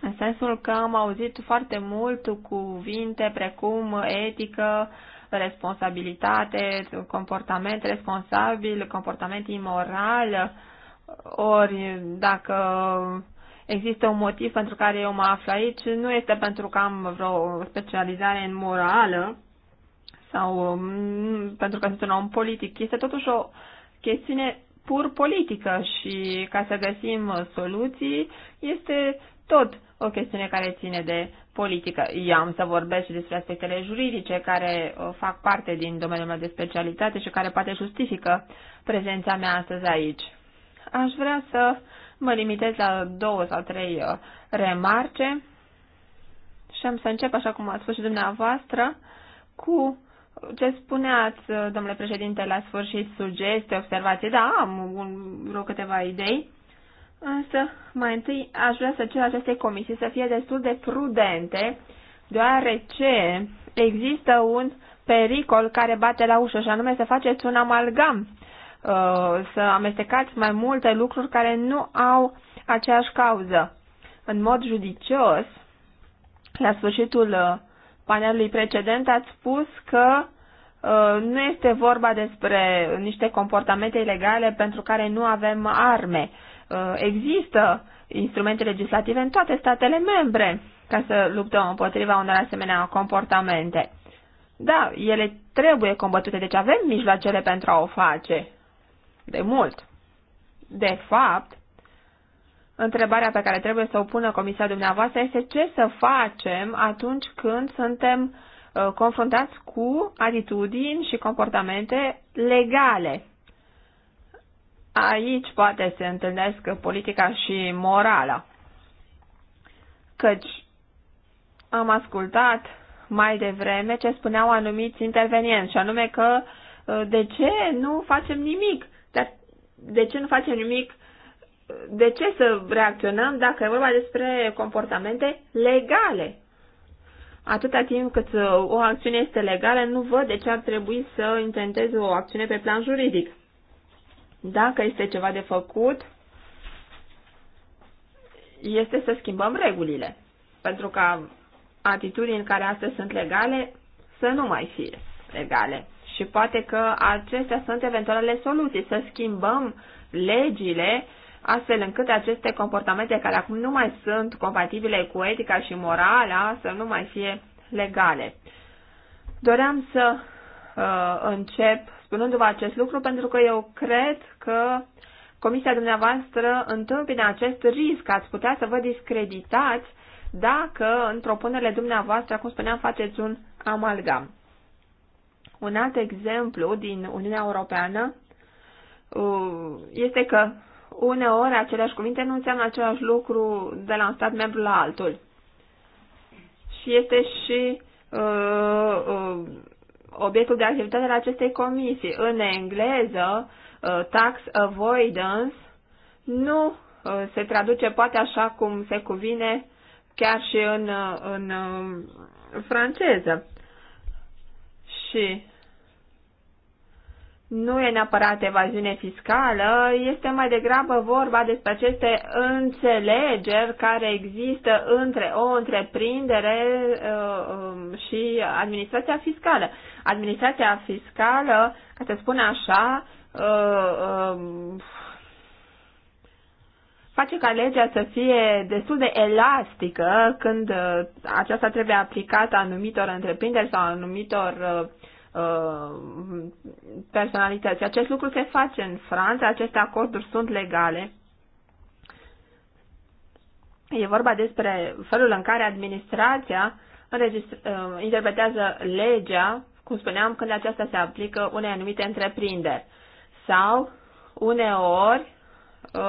în sensul că am auzit foarte mult cuvinte precum etică, uh, responsabilitate, comportament responsabil, comportament imoral, ori dacă există un motiv pentru care eu mă aflu aici, nu este pentru că am vreo specializare în morală sau mm, pentru că sunt un om politic. Este totuși o chestiune pur politică și ca să găsim soluții este tot o chestiune care ține de politică. Eu am să vorbesc și despre aspectele juridice care uh, fac parte din domeniul meu de specialitate și care poate justifică prezența mea astăzi aici. Aș vrea să mă limitez la două sau trei uh, remarce și am să încep, așa cum a spus și dumneavoastră, cu ce spuneați, uh, domnule președinte, la sfârșit, sugestii, observații. Da, am un, vreo câteva idei. Însă, mai întâi aș vrea să cer aceste comisii să fie destul de prudente, deoarece există un pericol care bate la ușă, și anume să faceți un amalgam, uh, să amestecați mai multe lucruri care nu au aceeași cauză. În mod judicios, la sfârșitul uh, panelului precedent ați spus că uh, nu este vorba despre niște comportamente ilegale pentru care nu avem arme, Uh, există instrumente legislative în toate statele membre ca să luptăm împotriva unor asemenea comportamente. Da, ele trebuie combătute, deci avem mijloacele pentru a o face. De mult. De fapt, întrebarea pe care trebuie să o pună comisia dumneavoastră este ce să facem atunci când suntem uh, confruntați cu atitudini și comportamente legale. Aici poate se întâlnesc politica și morala, căci am ascultat mai devreme ce spuneau anumiți intervenienți, și anume că ă, de ce nu facem nimic? Dar de ce nu facem nimic? De ce să reacționăm dacă e vorba despre comportamente legale? Atâta timp cât ă, o acțiune este legală, nu văd de ce ar trebui să intentez o acțiune pe plan juridic. Dacă este ceva de făcut, este să schimbăm regulile, pentru ca atitudini care astăzi sunt legale să nu mai fie legale. Și poate că acestea sunt eventualele soluții, să schimbăm legile astfel încât aceste comportamente care acum nu mai sunt compatibile cu etica și morala să nu mai fie legale. Doream să uh, încep spunându-vă acest lucru pentru că eu cred că comisia dumneavoastră întâmpină acest risc. Ați putea să vă discreditați dacă în propunerile dumneavoastră, cum spuneam, faceți un amalgam. Un alt exemplu din Uniunea Europeană uh, este că uneori aceleași cuvinte nu înseamnă același lucru de la un stat membru la altul. Și este și uh, uh, obiectul de activitate al acestei comisii. În engleză, Uh, tax avoidance nu uh, se traduce poate așa cum se cuvine chiar și în, uh, în franceză. Și nu e neapărat evaziune fiscală, este mai degrabă vorba despre aceste înțelegeri care există între o întreprindere um, și administrația fiscală. Administrația fiscală, ca să spun așa, uh, um, face ca legea să fie destul de elastică când uh, aceasta trebuie aplicată anumitor întreprinderi sau anumitor uh, uh, personalități. Acest lucru se face în Franța, aceste acorduri sunt legale. E vorba despre felul în care administrația uh, interpretează legea, cum spuneam, când aceasta se aplică unei anumite întreprinderi sau uneori ă,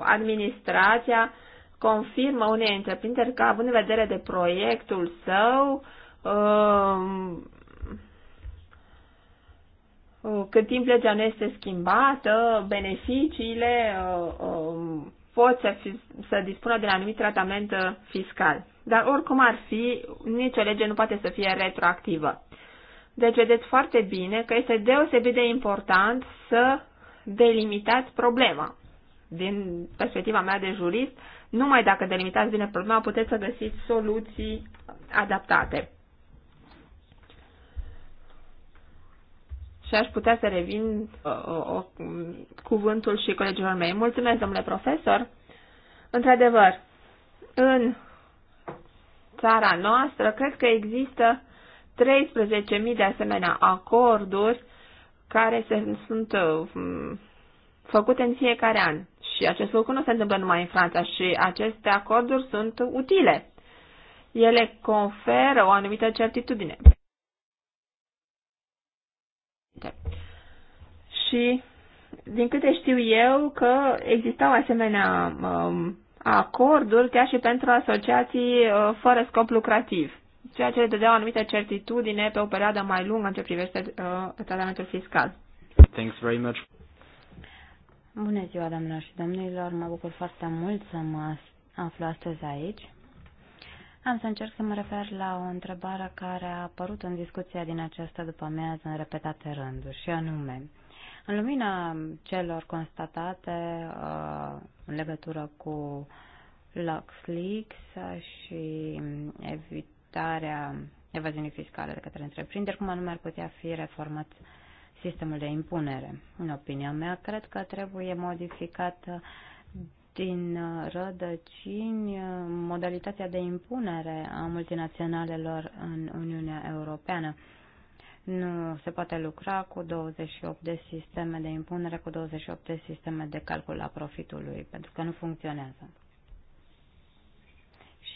administrația confirmă unei întreprinderi că, având în vedere de proiectul său, ă, ă, cât timp legea nu este schimbată, beneficiile pot să, fi, să dispună de un anumit tratament fiscal. Dar oricum ar fi, nicio lege nu poate să fie retroactivă. Deci vedeți foarte bine că este deosebit de important să delimitați problema. Din perspectiva mea de jurist, numai dacă delimitați bine problema, puteți să găsiți soluții adaptate. și aș putea să revin o, o, cuvântul și colegilor mei. Mulțumesc, domnule profesor. Într-adevăr, în țara noastră cred că există 13.000 de asemenea acorduri care se, sunt uh, făcute în fiecare an. Și acest lucru nu se întâmplă numai în Franța și aceste acorduri sunt utile. Ele conferă o anumită certitudine. Și din câte știu eu că existau asemenea um, acorduri chiar și pentru asociații uh, fără scop lucrativ ceea ce le dădea o anumită certitudine pe o perioadă mai lungă în ce privește uh, tratamentul fiscal. Thanks very much. Bună ziua, doamnelor și domnilor. Mă bucur foarte mult să mă aflu astăzi aici. Am să încerc să mă refer la o întrebare care a apărut în discuția din această după amiază în repetate rânduri, și anume, în lumina celor constatate uh, în legătură cu LuxLeaks și evit evitarea evaziunii fiscale de către întreprinderi, cum anume ar putea fi reformat sistemul de impunere. În opinia mea, cred că trebuie modificat din rădăcini modalitatea de impunere a multinaționalelor în Uniunea Europeană. Nu se poate lucra cu 28 de sisteme de impunere, cu 28 de sisteme de calcul a profitului, pentru că nu funcționează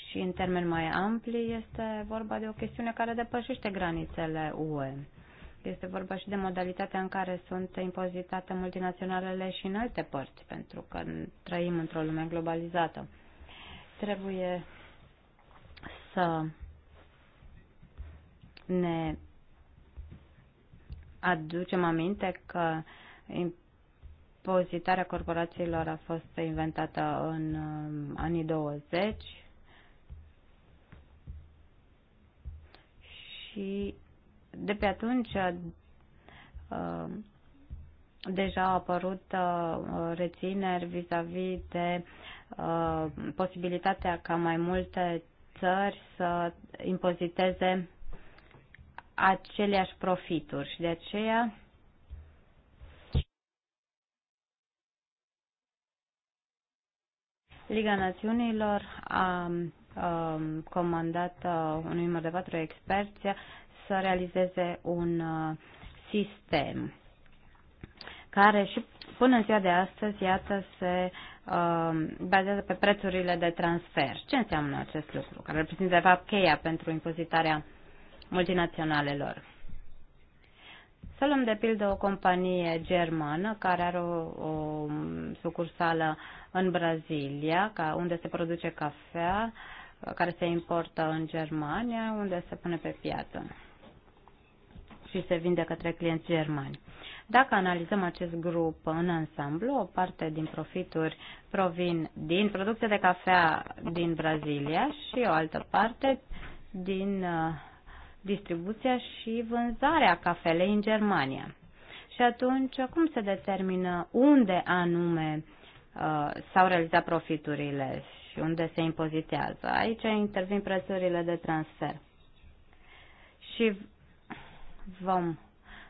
și în termeni mai ampli este vorba de o chestiune care depășește granițele UE. Este vorba și de modalitatea în care sunt impozitate multinaționalele și în alte părți, pentru că trăim într-o lume globalizată. Trebuie să ne aducem aminte că impozitarea corporațiilor a fost inventată în uh, anii 20 și de pe atunci uh, deja au apărut uh, rețineri vis-a-vis -vis de uh, posibilitatea ca mai multe țări să impoziteze aceleași profituri și de aceea Liga Națiunilor a Um, comandat uh, unui număr de patru experți să realizeze un uh, sistem care și până în ziua de astăzi, iată, se um, bazează pe prețurile de transfer. Ce înseamnă acest lucru? Care reprezintă, de fapt, cheia pentru impozitarea multinaționalelor. Să luăm de pildă o companie germană care are o, o sucursală în Brazilia, ca, unde se produce cafea, care se importă în Germania, unde se pune pe piață și se vinde către clienți germani. Dacă analizăm acest grup în ansamblu, o parte din profituri provin din producția de cafea din Brazilia și o altă parte din uh, distribuția și vânzarea cafelei în Germania. Și atunci, cum se determină unde anume uh, s-au realizat profiturile și unde se impozitează. Aici intervin prețurile de transfer. Și vom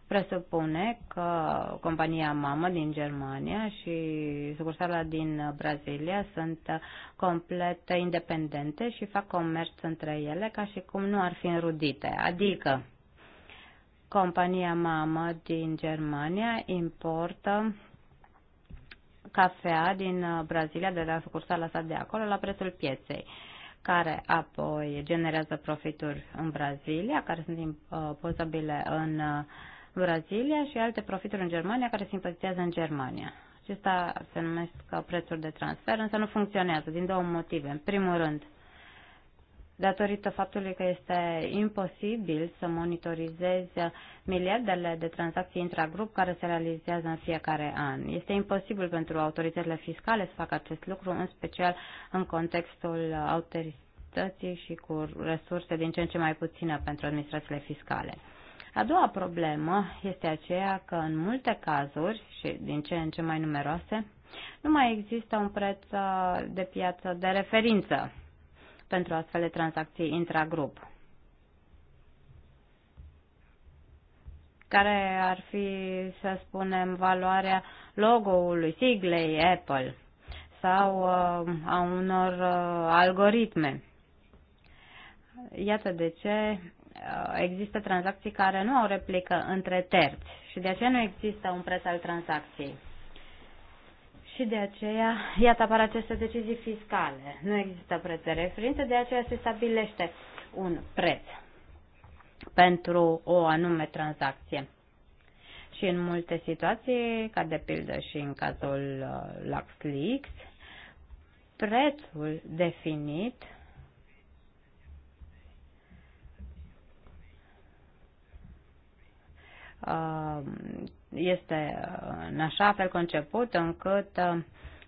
presupune că compania mamă din Germania și sucursala din Brazilia sunt complet independente și fac comerț între ele ca și cum nu ar fi înrudite. Adică compania mamă din Germania importă cafea din uh, Brazilia, de la sucursala sa de acolo, la prețul pieței, care apoi generează profituri în Brazilia, care sunt impozabile în uh, Brazilia și alte profituri în Germania, care se impozitează în Germania. Acesta se numesc uh, prețuri de transfer, însă nu funcționează din două motive. În primul rând, datorită faptului că este imposibil să monitorizezi miliardele de tranzacții intragrup care se realizează în fiecare an. Este imposibil pentru autoritățile fiscale să facă acest lucru, în special în contextul autorității și cu resurse din ce în ce mai puține pentru administrațiile fiscale. A doua problemă este aceea că în multe cazuri și din ce în ce mai numeroase, nu mai există un preț uh, de piață de referință pentru astfel de tranzacții intragrup. Care ar fi, să spunem, valoarea logo-ului, siglei Apple sau uh, a unor uh, algoritme. Iată de ce uh, există tranzacții care nu au replică între terți și de aceea nu există un preț al tranzacției. Și de aceea, iată, apar aceste decizii fiscale. Nu există preț de referință, de aceea se stabilește un preț pentru o anume tranzacție. Și în multe situații, ca de pildă și în cazul uh, LuxLeaks, prețul definit este uh, în așa fel conceput încât uh,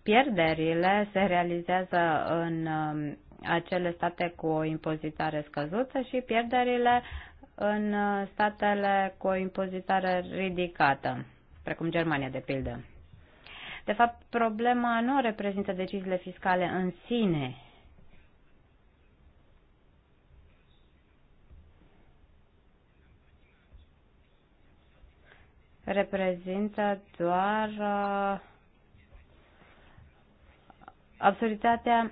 pierderile se realizează în uh, acele state cu o impozitare scăzută și pierderile în statele cu o impozitare ridicată, precum Germania, de pildă. De fapt, problema nu reprezintă deciziile fiscale în sine, reprezintă doar uh, autoritatea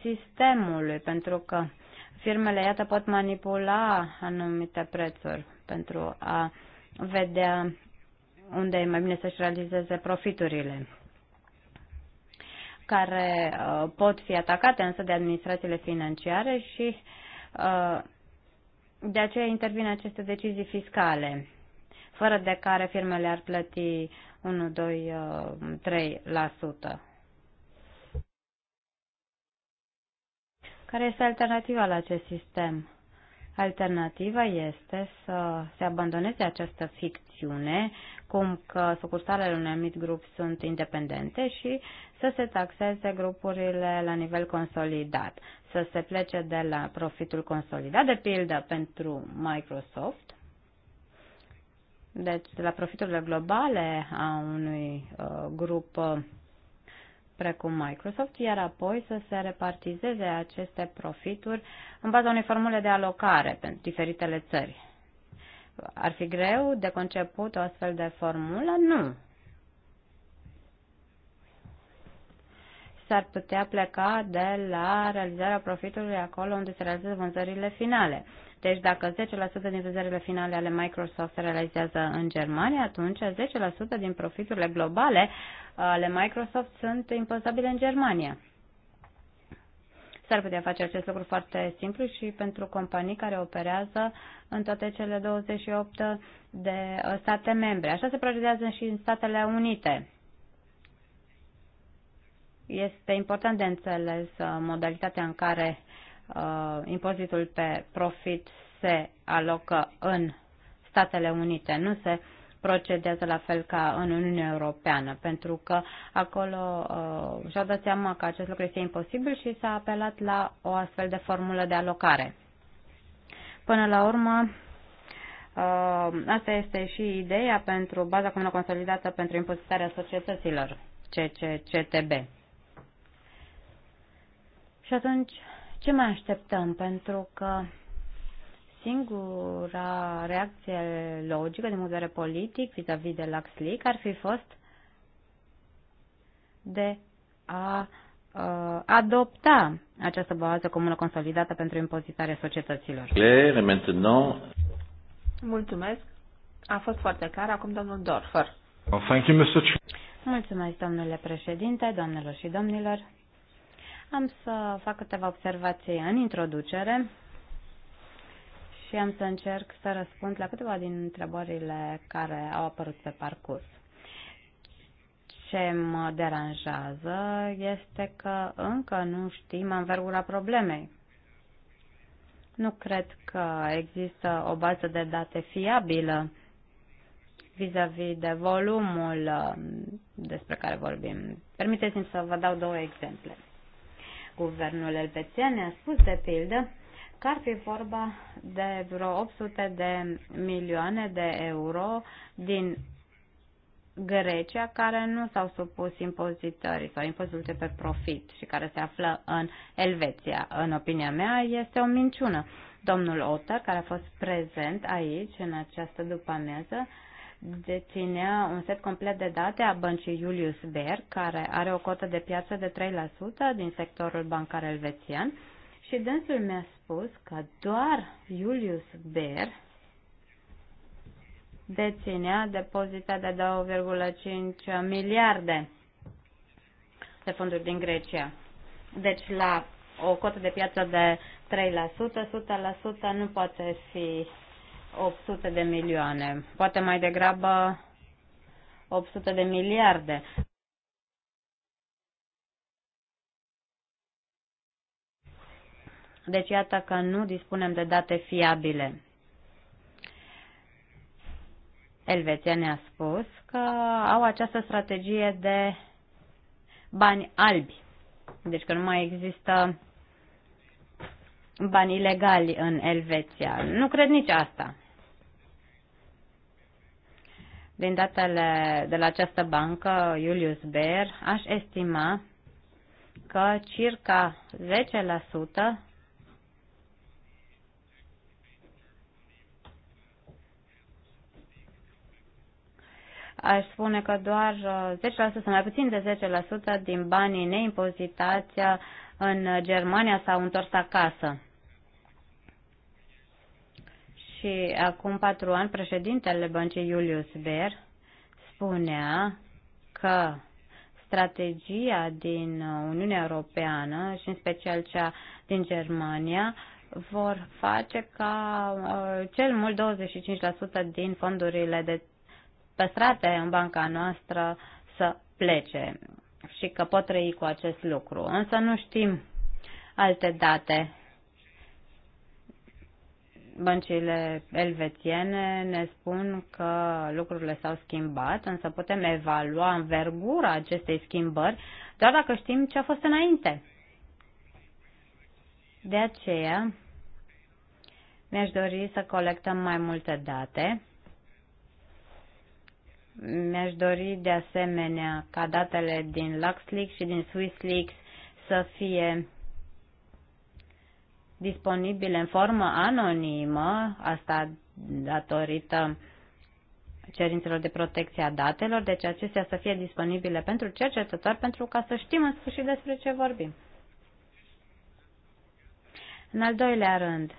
sistemului, pentru că firmele, iată, pot manipula anumite prețuri pentru a vedea unde e mai bine să-și realizeze profiturile care uh, pot fi atacate însă de administrațiile financiare și uh, de aceea intervin aceste decizii fiscale fără de care firmele ar plăti 1, 2, 3%. Care este alternativa la acest sistem? Alternativa este să se abandoneze această ficțiune, cum că sucursalele unui anumit grup sunt independente și să se taxeze grupurile la nivel consolidat, să se plece de la profitul consolidat, de pildă pentru Microsoft, deci, de la profiturile globale a unui uh, grup uh, precum Microsoft, iar apoi să se repartizeze aceste profituri în baza unei formule de alocare pentru diferitele țări. Ar fi greu de conceput o astfel de formulă? Nu. S-ar putea pleca de la realizarea profitului acolo unde se realizează vânzările finale. Uh, deci dacă 10% din vânzările finale ale Microsoft se realizează în Germania, atunci 10% din profiturile globale ale Microsoft sunt impozabile în Germania. S-ar putea face acest lucru foarte simplu și pentru companii care operează în toate cele 28 de uh, state membre. Așa se procedează și în Statele Unite. Este important de înțeles uh, modalitatea în care uh, impozitul pe profit se alocă în Statele Unite, nu se procedează la fel ca în Uniunea Europeană, pentru că acolo uh, și-au dat seama că acest lucru este imposibil și s-a apelat la o astfel de formulă de alocare. Până la urmă, uh, asta este și ideea pentru baza comună consolidată pentru impozitarea societăților, CCCTB. Și atunci ce mai așteptăm? Pentru că singura reacție logică din punct de vedere politic vis-a-vis -vis de League ar fi fost de a uh, adopta această bază comună consolidată pentru impozitarea societăților. maintenant... Mulțumesc. A fost foarte clar. Acum domnul Dorfer. Thank you, Mr. Mulțumesc, domnule președinte, doamnelor și domnilor. Am să fac câteva observații în introducere și am să încerc să răspund la câteva din întrebările care au apărut pe parcurs. Ce mă deranjează este că încă nu știm anvergura problemei. Nu cred că există o bază de date fiabilă vis-a-vis -vis de volumul um, despre care vorbim. Permiteți-mi să vă dau două exemple. Guvernul elvețian ne-a spus, de pildă, că ar fi vorba de vreo 800 de milioane de euro din Grecia care nu s-au supus impozitării sau impozitului pe profit și care se află în Elveția. În opinia mea este o minciună. Domnul Otter, care a fost prezent aici în această după-amiază, deținea un set complet de date a băncii Julius Baer, care are o cotă de piață de 3% din sectorul bancar elvețian și dânsul mi-a spus că doar Julius Baer deținea depozita de 2,5 miliarde de fonduri din Grecia. Deci la o cotă de piață de 3%, 100% nu poate fi 800 de milioane, poate mai degrabă 800 de miliarde. Deci iată că nu dispunem de date fiabile. Elveția ne-a spus că au această strategie de bani albi. Deci că nu mai există bani ilegali în Elveția. Nu cred nici asta. Din datele de la această bancă, Julius Baer, aș estima că circa 10% aș spune că doar 10%, uh, sau mai puțin de 10% din banii neimpozitați uh, în Germania s-au întors acasă. Și acum patru ani, președintele băncii Julius Ber spunea că strategia din Uniunea Europeană și în special cea din Germania vor face ca uh, cel mult 25% din fondurile de păstrate în banca noastră să plece și că pot trăi cu acest lucru. Însă nu știm alte date Băncile elvețiene ne spun că lucrurile s-au schimbat, însă putem evalua învergura acestei schimbări doar dacă știm ce a fost înainte. De aceea, mi-aș dori să colectăm mai multe date. Mi-aș dori de asemenea ca datele din LuxLeaks și din SwissLeaks să fie disponibile în formă anonimă, asta datorită cerințelor de protecție a datelor, deci acestea să fie disponibile pentru cercetători, pentru ca să știm în sfârșit despre ce vorbim. În al doilea rând,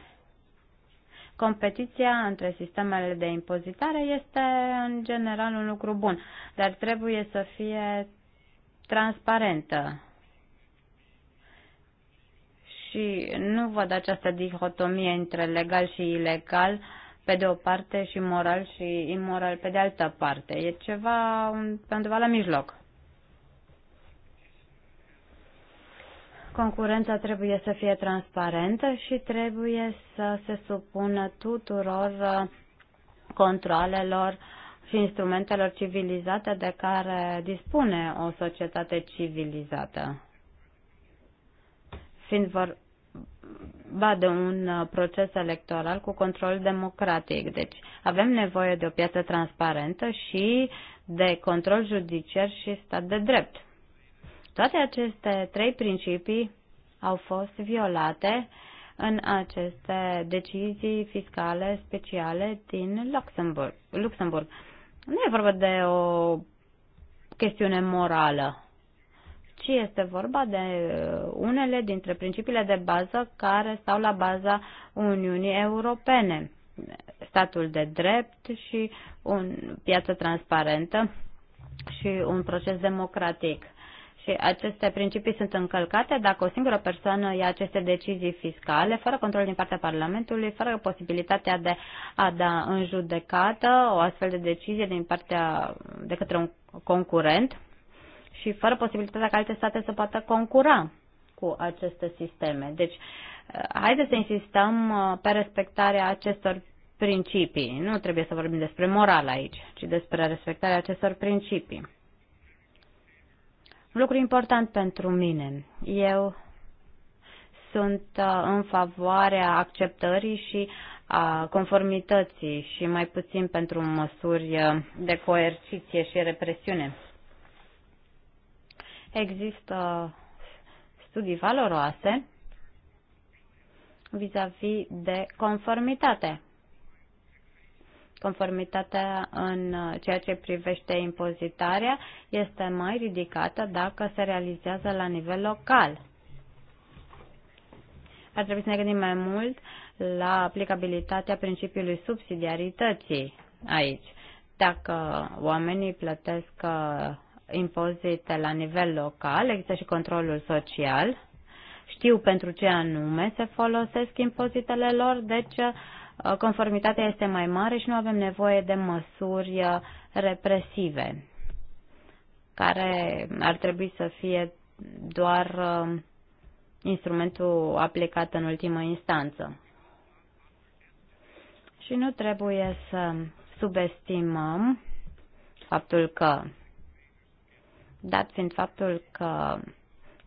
competiția între sistemele de impozitare este în general un lucru bun, dar trebuie să fie transparentă și nu văd această dihotomie între legal și ilegal pe de o parte și moral și imoral pe de altă parte. E ceva pe undeva la mijloc. Concurența trebuie să fie transparentă și trebuie să se supună tuturor uh, controlelor și instrumentelor civilizate de care dispune o societate civilizată fiind vorba de un uh, proces electoral cu control democratic. Deci avem nevoie de o piață transparentă și de control judiciar și stat de drept. Toate aceste trei principii au fost violate în aceste decizii fiscale speciale din Luxemburg. Luxemburg. Nu e vorba de o chestiune morală ci este vorba de uh, unele dintre principiile de bază care stau la baza Uniunii Europene. Statul de drept și o piață transparentă și un proces democratic. Și aceste principii sunt încălcate dacă o singură persoană ia aceste decizii fiscale, fără control din partea Parlamentului, fără posibilitatea de a da în judecată o astfel de decizie din partea de către un concurent și fără posibilitatea ca alte state să poată concura cu aceste sisteme. Deci, haideți să insistăm uh, pe respectarea acestor principii. Nu trebuie să vorbim despre moral aici, ci despre respectarea acestor principii. Un lucru important pentru mine. Eu sunt uh, în favoarea acceptării și a conformității și mai puțin pentru măsuri uh, de coerciție și represiune. Există studii valoroase vis-a-vis -vis de conformitate. Conformitatea în ceea ce privește impozitarea este mai ridicată dacă se realizează la nivel local. Ar trebui să ne gândim mai mult la aplicabilitatea principiului subsidiarității aici. Dacă oamenii plătesc uh, impozite la nivel local, există și controlul social, știu pentru ce anume se folosesc impozitele lor, deci uh, conformitatea este mai mare și nu avem nevoie de măsuri uh, represive, care ar trebui să fie doar uh, instrumentul aplicat în ultimă instanță. Și nu trebuie să subestimăm faptul că dat fiind faptul că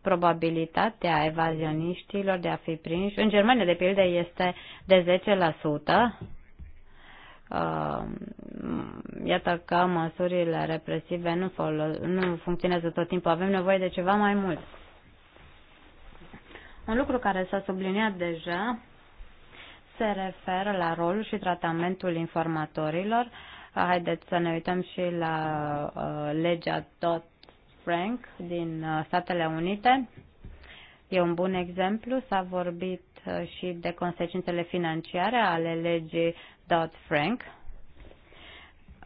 probabilitatea evazioniștilor de a fi prinși, în Germania, de pildă, este de 10%. Uh, iată că măsurile represive nu, nu funcționează tot timpul, avem nevoie de ceva mai mult. Un lucru care s-a subliniat deja se referă la rolul și tratamentul informatorilor. Haideți să ne uităm și la uh, legea tot Frank din uh, Statele Unite. E un bun exemplu. S-a vorbit uh, și de consecințele financiare ale legii Dodd-Frank.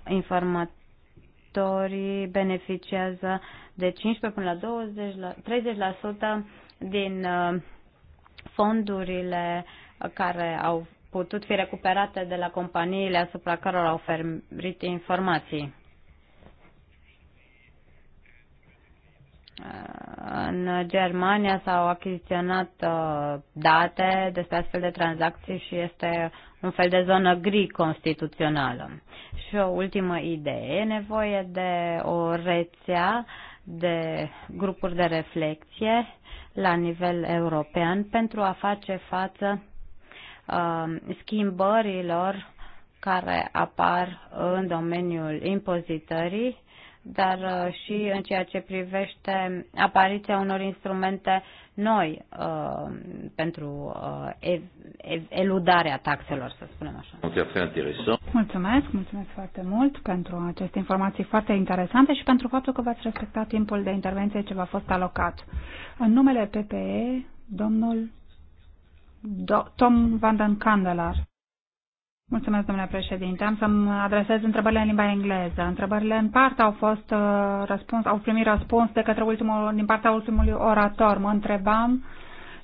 Informatorii beneficiază de 15 până la 20, la 30% din uh, fondurile care au putut fi recuperate de la companiile asupra cărora au oferit informații. în Germania s-au achiziționat uh, date despre astfel de tranzacții și este un fel de zonă gri constituțională. Și o ultimă idee, e nevoie de o rețea de grupuri de reflexie la nivel european pentru a face față uh, schimbărilor care apar în domeniul impozitării dar uh, și în ceea ce privește apariția unor instrumente noi uh, pentru uh, eludarea taxelor, să spunem așa. Mulțumesc, mulțumesc foarte mult pentru aceste informații foarte interesante și pentru faptul că v-ați respectat timpul de intervenție ce v-a fost alocat. În numele PPE, domnul Do Tom Van den Candelar. Mulțumesc, domnule președinte. Am să-mi adresez întrebările în limba engleză. Întrebările în parte au fost uh, răspuns, au primit răspuns de către ultimul, din partea ultimului orator. Mă întrebam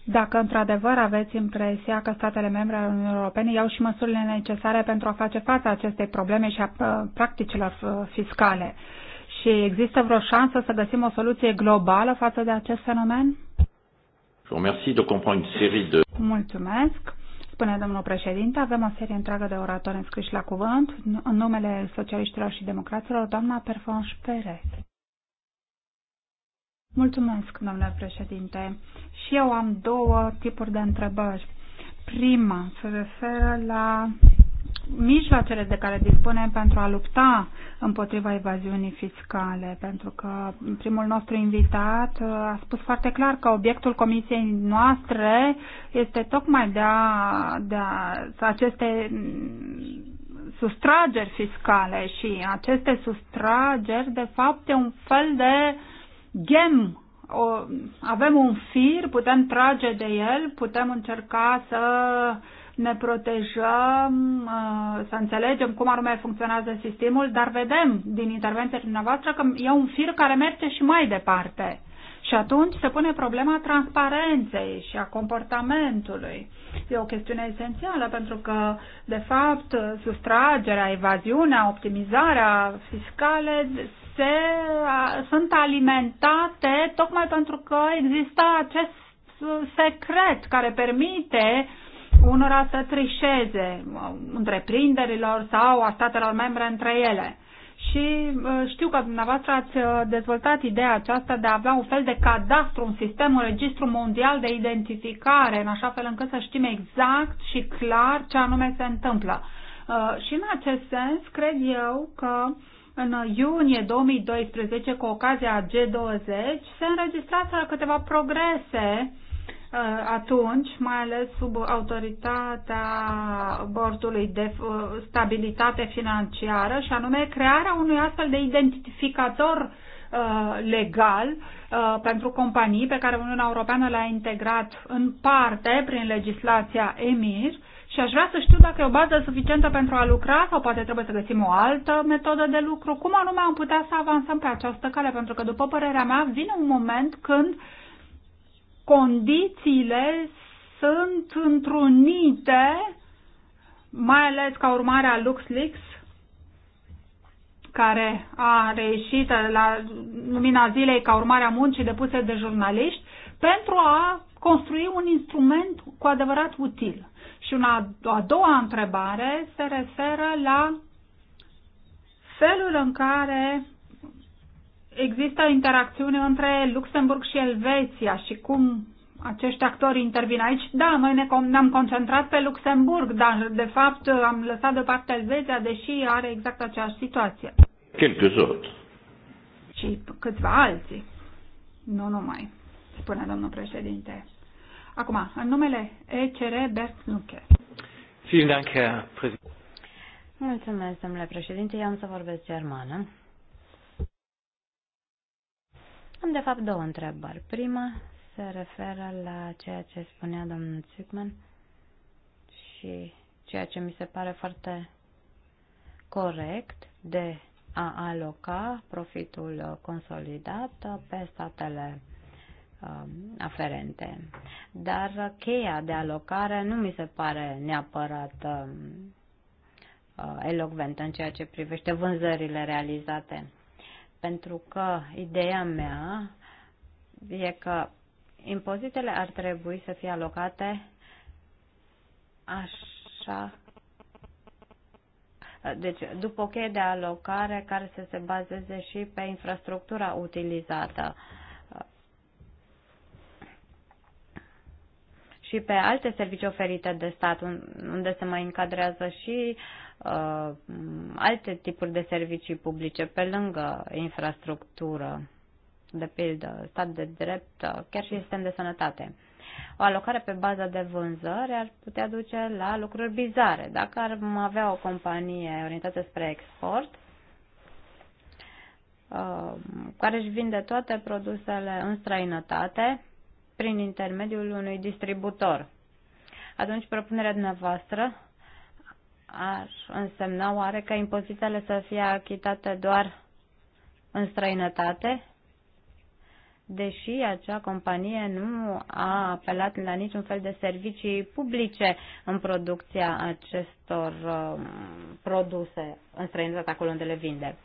dacă într-adevăr aveți impresia că statele membre ale Uniunii Europene iau și măsurile necesare pentru a face față acestei probleme și a uh, practicilor uh, fiscale. Și există vreo șansă să găsim o soluție globală față de acest fenomen? Mulțumesc. Spune domnul președinte, avem o serie întreagă de oratori înscriși la cuvânt. În numele socialiștilor și democraților, doamna Perfonș Perez. Mulțumesc, domnule președinte. Și eu am două tipuri de întrebări. Prima se referă la mijloacele de care dispunem pentru a lupta împotriva evaziunii fiscale, pentru că primul nostru invitat uh, a spus foarte clar că obiectul comisiei noastre este tocmai de a, de a aceste mm, sustrageri fiscale și aceste sustrageri, de fapt, e un fel de gem o, avem un fir, putem trage de el, putem încerca să ne protejăm, uh, să înțelegem cum anume funcționează sistemul, dar vedem din intervenția dumneavoastră că e un fir care merge și mai departe. Și atunci se pune problema transparenței și a comportamentului. E o chestiune esențială pentru că, de fapt, sustragerea, evaziunea, optimizarea fiscale se, sunt alimentate tocmai pentru că există acest secret care permite unora să trișeze întreprinderilor sau a statelor membre între ele. Și știu că dumneavoastră ați uh, dezvoltat ideea aceasta de a avea un fel de cadastru, un sistem, un registru mondial de identificare, în așa fel încât să știm exact și clar ce anume se întâmplă. Uh, și în acest sens, cred eu că în iunie 2012, cu ocazia G20, se înregistraseră câteva progrese Uh, atunci, mai ales sub autoritatea bordului de uh, stabilitate financiară și anume crearea unui astfel de identificator uh, legal pentru companii pe care Uniunea Europeană l-a integrat în parte prin legislația EMIR și aș vrea să știu dacă e o bază suficientă pentru a lucra sau poate trebuie să găsim o altă metodă de lucru. Cum anume am putea să avansăm pe această cale? Pentru că, după părerea mea, vine un moment când uh, condițiile sunt întrunite, mai ales ca urmare a LuxLeaks, care a reieșit la lumina zilei ca urmare a muncii depuse de jurnaliști, pentru a construi un instrument cu adevărat util. Și una, a doua întrebare se referă la felul în care există interacțiune între Luxemburg și Elveția și cum acești actori intervin aici. Da, noi ne, ne-am concentrat pe Luxemburg, dar de fapt am lăsat deoparte Elveția, deși are exact aceeași situație. Quelques Și câțiva alții. Nu numai, spune domnul președinte. Acum, în numele ECR Bert Nuche. Mulțumesc, domnule președinte. Eu am să vorbesc germană. Am de fapt două întrebări. Prima se referă la ceea ce spunea domnul Zygmunt și ceea ce mi se pare foarte corect de a aloca profitul consolidat pe statele um, aferente. Dar cheia de alocare nu mi se pare neapărat um, uh, elocventă în ceea ce privește vânzările realizate pentru că ideea mea e că impozitele ar trebui să fie alocate așa deci, după o cheie de alocare care să se bazeze și pe infrastructura utilizată și pe alte servicii oferite de stat, unde se mai încadrează și Uh, alte tipuri de servicii publice pe lângă infrastructură, de pildă stat de drept, uh, chiar și sistem de sănătate. O alocare pe baza de vânzări ar putea duce la lucruri bizare. Dacă ar avea o companie orientată spre export, uh, care își vinde toate produsele în străinătate prin intermediul unui distributor. Atunci propunerea dumneavoastră ar însemna oare că impozitele să fie achitate doar în străinătate, deși acea companie nu a apelat la niciun fel de servicii publice în producția acestor um, produse în străinătate, acolo unde le vinde.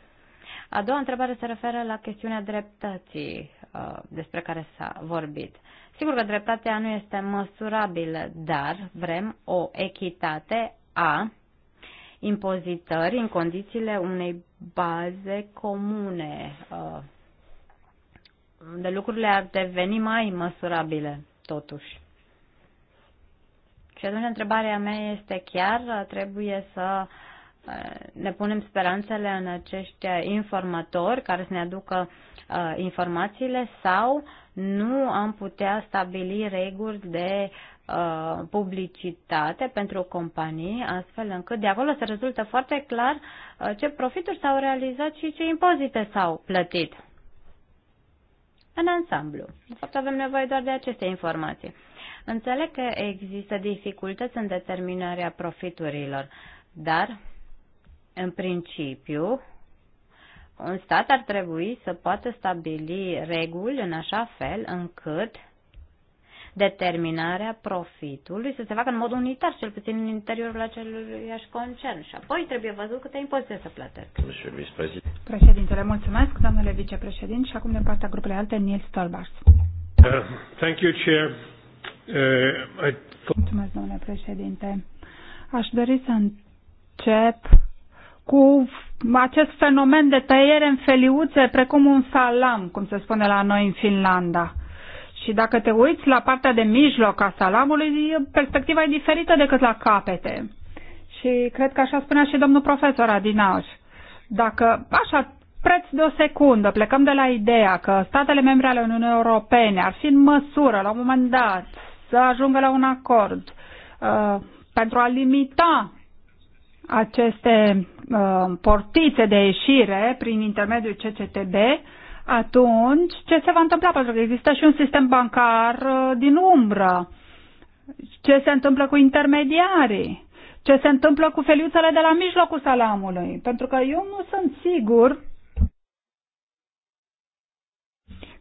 A doua întrebare se referă la chestiunea dreptății uh, despre care s-a vorbit. Sigur că dreptatea nu este măsurabilă, dar vrem o echitate a impozitări în condițiile unei baze comune, uh, unde lucrurile ar deveni mai măsurabile, totuși. Și atunci întrebarea mea este chiar uh, trebuie să uh, ne punem speranțele în acești informatori care să ne aducă informațiile sau nu am putea stabili reguli de Uh, publicitate pentru companii, astfel încât de acolo se rezultă foarte clar uh, ce profituri s-au realizat și ce impozite s-au plătit. În ansamblu. De fapt, avem nevoie doar de aceste informații. Înțeleg că există dificultăți în determinarea profiturilor, dar, în principiu, un stat ar trebui să poată stabili reguli în așa fel încât determinarea profitului să se facă în mod unitar, cel puțin în interiorul aceluiași concern. Și apoi trebuie văzut câte impozite să plătesc. Președintele, mulțumesc, domnule vicepreședinte, și acum din partea grupului alte, Nils Stolbars. Uh, thank you, Chair. Uh, I... Mulțumesc, domnule președinte. Aș dori să încep cu acest fenomen de tăiere în feliuțe, precum un salam, cum se spune la noi în Finlanda. Și dacă te uiți la partea de mijloc a salamului, perspectiva e diferită decât la capete. Și cred că așa spunea și domnul profesor Adinaș. Dacă, așa, preț de o secundă, plecăm de la ideea că statele membre ale Uniunii Europene ar fi în măsură, la un moment dat, să ajungă la un acord uh, pentru a limita aceste uh, portițe de ieșire prin intermediul CCTB, uh, atunci ce se va întâmpla? Pentru că există și un sistem bancar uh, din umbră. Ce se întâmplă cu intermediarii? Ce se întâmplă cu feliuțele de la mijlocul salamului? Pentru că eu nu sunt sigur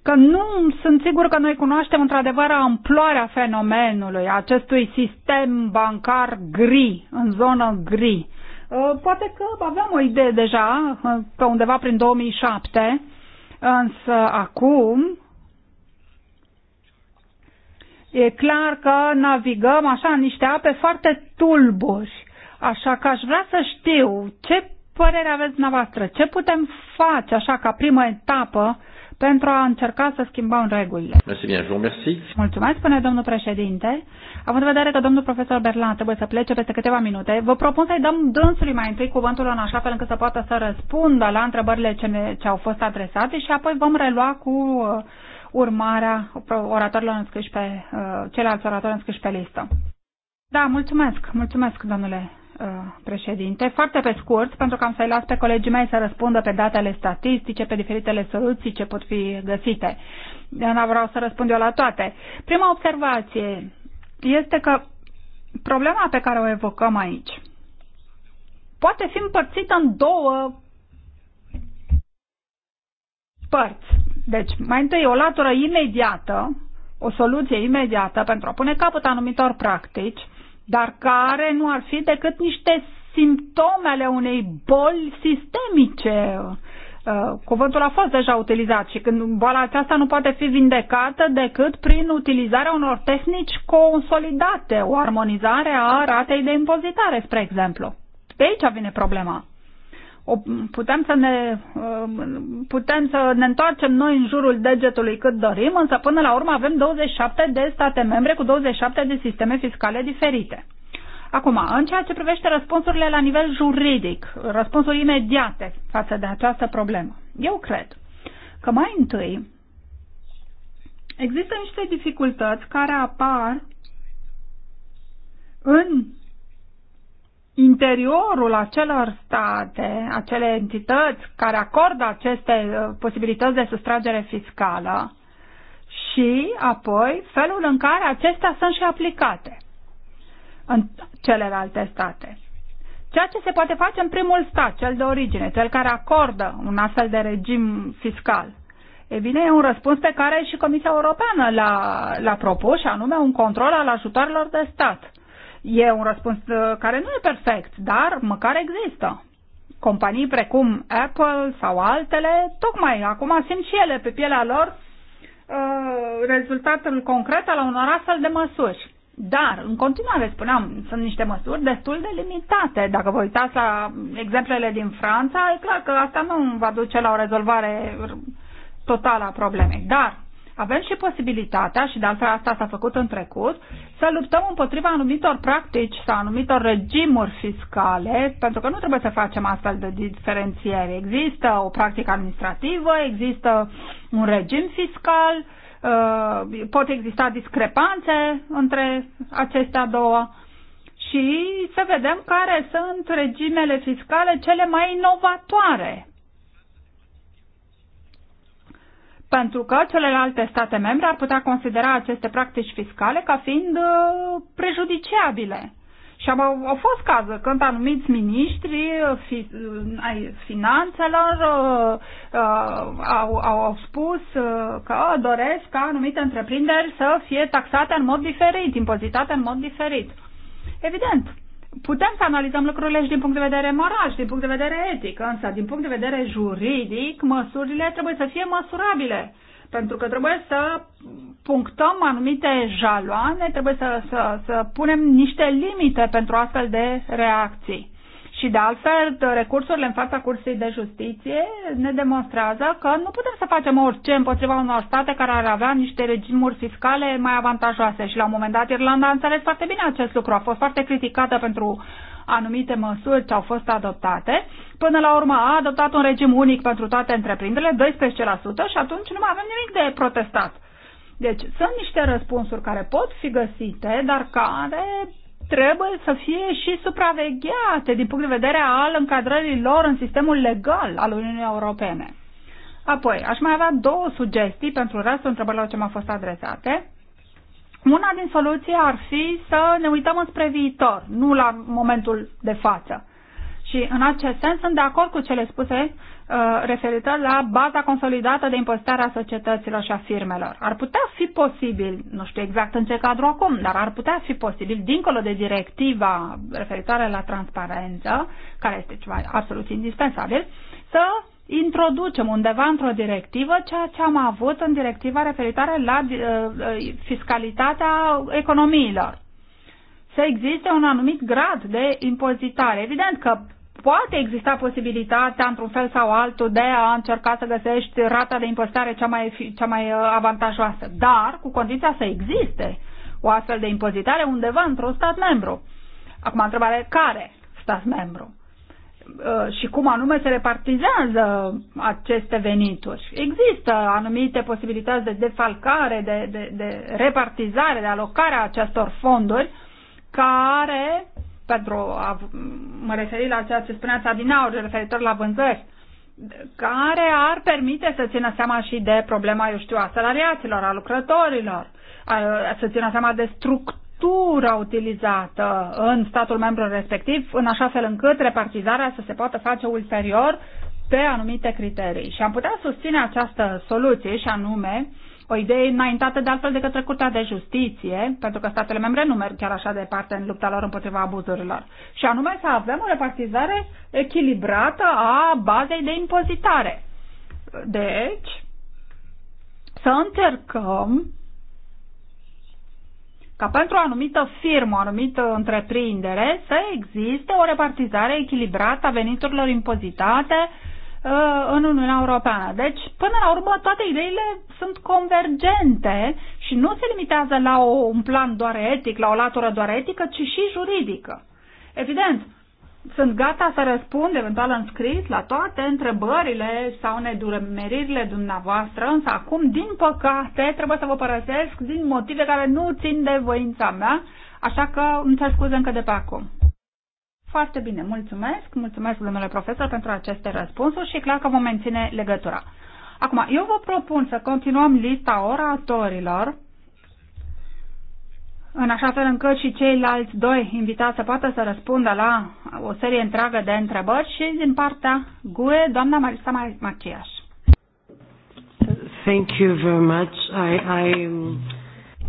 că nu sunt sigur că noi cunoaștem într-adevăr amploarea fenomenului acestui sistem bancar gri, în zonă gri. Uh, poate că aveam o idee deja uh, pe undeva prin 2007 Însă acum e clar că navigăm așa în niște ape foarte tulburi. Așa că aș vrea să știu ce părere aveți dumneavoastră, ce putem face așa ca primă etapă pentru a încerca să schimbăm regulile. Mulțumesc, spune domnul președinte. Având în vedere că domnul profesor Berlan trebuie să plece peste câteva minute, vă propun să-i dăm dânsului mai întâi cuvântul în așa fel încât să poată să răspundă la întrebările ce, ne, ce au fost adresate și apoi vom relua cu uh, urmarea oratorilor înscriși pe, uh, ceilalți oratori înscriși pe listă. Da, mulțumesc, mulțumesc, domnule Uh, președinte. Foarte pe scurt, pentru că am să-i las pe colegii mei să răspundă pe datele statistice, pe diferitele soluții ce pot fi găsite. Eu nu vreau să răspund eu la toate. Prima observație este că problema pe care o evocăm aici poate fi împărțită în două părți. Deci, mai întâi, o latură imediată, o soluție imediată pentru a pune capăt anumitor practici, dar care nu ar fi decât niște simptome ale unei boli sistemice. Uh, cuvântul a fost deja utilizat și când boala aceasta nu poate fi vindecată decât prin utilizarea unor tehnici consolidate, o armonizare a ratei de impozitare, spre exemplu. De aici vine problema o, putem, să ne, uh, putem să ne întoarcem noi în jurul degetului cât dorim, însă până la urmă avem 27 de state membre cu 27 de sisteme fiscale diferite. Acum, în ceea ce privește răspunsurile la nivel juridic, răspunsuri imediate față de această problemă, eu cred că mai întâi există niște dificultăți care apar în interiorul acelor state, acele entități care acordă aceste uh, posibilități de sustragere fiscală și apoi felul în care acestea sunt și aplicate în celelalte state. Ceea ce se poate face în primul stat, cel de origine, cel care acordă un astfel de regim fiscal. E bine, e un răspuns pe care și Comisia Europeană l-a, l-a propus, și anume un control al ajutoarelor de stat E un răspuns uh, care nu e perfect, dar măcar există. Companii precum Apple sau altele, tocmai acum simt și ele pe pielea lor uh, rezultatul concret al unor astfel de măsuri. Dar, în continuare, spuneam, sunt niște măsuri destul de limitate. Dacă vă uitați la exemplele din Franța, e clar că asta nu va duce la o rezolvare totală a problemei. Dar, avem și posibilitatea, și de altfel asta s-a făcut în trecut, să luptăm împotriva anumitor practici sau anumitor regimuri fiscale, pentru că nu trebuie să facem astfel de diferențiere. Există o practică administrativă, există un regim fiscal, uh, pot exista discrepanțe între acestea două și să vedem care sunt regimele fiscale cele mai inovatoare pentru că celelalte state membre ar putea considera aceste practici fiscale ca fiind uh, prejudiciabile. Și au, au fost cazuri când anumiți miniștri uh, fi, uh, ai finanțelor uh, au, au spus că doresc ca anumite întreprinderi să fie taxate în mod diferit, impozitate în mod diferit. Evident, putem să analizăm lucrurile și din punct de vedere moral și din punct de vedere etic, însă din punct de vedere juridic, măsurile trebuie să fie măsurabile. Pentru că trebuie să punctăm anumite jaloane, trebuie să, să, să punem niște limite pentru astfel de reacții. Și de altfel, recursurile în fața Cursului de Justiție ne demonstrează că nu putem să facem orice împotriva unor state care ar avea niște regimuri fiscale mai avantajoase. Și la un moment dat Irlanda a înțeles foarte bine acest lucru. A fost foarte criticată pentru anumite măsuri ce au fost adoptate. Până la urmă a adoptat un regim unic pentru toate întreprinderile, 12% și atunci nu mai avem nimic de protestat. Deci sunt niște răspunsuri care pot fi găsite, dar care trebuie să fie și supravegheate din punct de vedere al încadrării lor în sistemul legal al Uniunii Europene. Apoi, aș mai avea două sugestii pentru restul întrebărilor ce m-au fost adresate. Una din soluții ar fi să ne uităm înspre viitor, nu la momentul de față. Și în acest sens sunt de acord cu cele spuse Uh, referitor la baza consolidată de impozitare a societăților și a firmelor. Ar putea fi posibil, nu știu exact în ce cadru acum, dar ar putea fi posibil, dincolo de directiva referitoare la transparență, care este ceva absolut indispensabil, să introducem undeva într-o directivă ceea ce am avut în directiva referitoare la uh, uh fiscalitatea economiilor. Să existe un anumit grad de impozitare. Evident că poate exista posibilitatea, într-un fel sau altul, de a încerca să găsești rata de impozitare cea mai, cea mai uh, avantajoasă, dar cu condiția să existe o astfel de impozitare undeva într-un stat membru. Acum, întrebare care stat membru? Uh, și cum anume se repartizează aceste venituri. Există anumite posibilități de defalcare, de, de, de repartizare, de alocare a acestor fonduri care pentru a mă referi la ceea ce spuneați adinaur referitor la vânzări, care ar permite să țină seama și de problema, eu știu, a salariaților, a lucrătorilor, a, să țină seama de structura utilizată în statul membru respectiv, în așa fel încât repartizarea să se poată face ulterior pe anumite criterii. Și am putea susține această soluție și anume o idee înaintată de altfel de către Curtea de Justiție, pentru că statele membre nu merg chiar așa departe în lupta lor împotriva abuzurilor. Și anume să avem o repartizare echilibrată a bazei de impozitare. Deci, să încercăm ca pentru o anumită firmă, o anumită întreprindere, să existe o repartizare echilibrată a veniturilor impozitate Uh, în Uniunea Europeană. Deci, până la urmă, toate ideile sunt convergente și nu se limitează la o, un plan doar etic, la o latură doar etică, ci și juridică. Evident, sunt gata să răspund eventual în scris la toate întrebările sau nedurmeririle dumneavoastră, însă acum, din păcate, trebuie să vă părăsesc din motive care nu țin de voința mea, așa că îmi cer scuze încă de pe acum. Foarte bine, mulțumesc, mulțumesc domnule profesor pentru aceste răspunsuri și clar că vom menține legătura. Acum, eu vă propun să continuăm lista oratorilor în așa fel încât și ceilalți doi invitați să poată să răspundă la o serie întreagă de întrebări și din partea GUE, doamna Marisa Maciaș. Thank you very much. I, I... Um,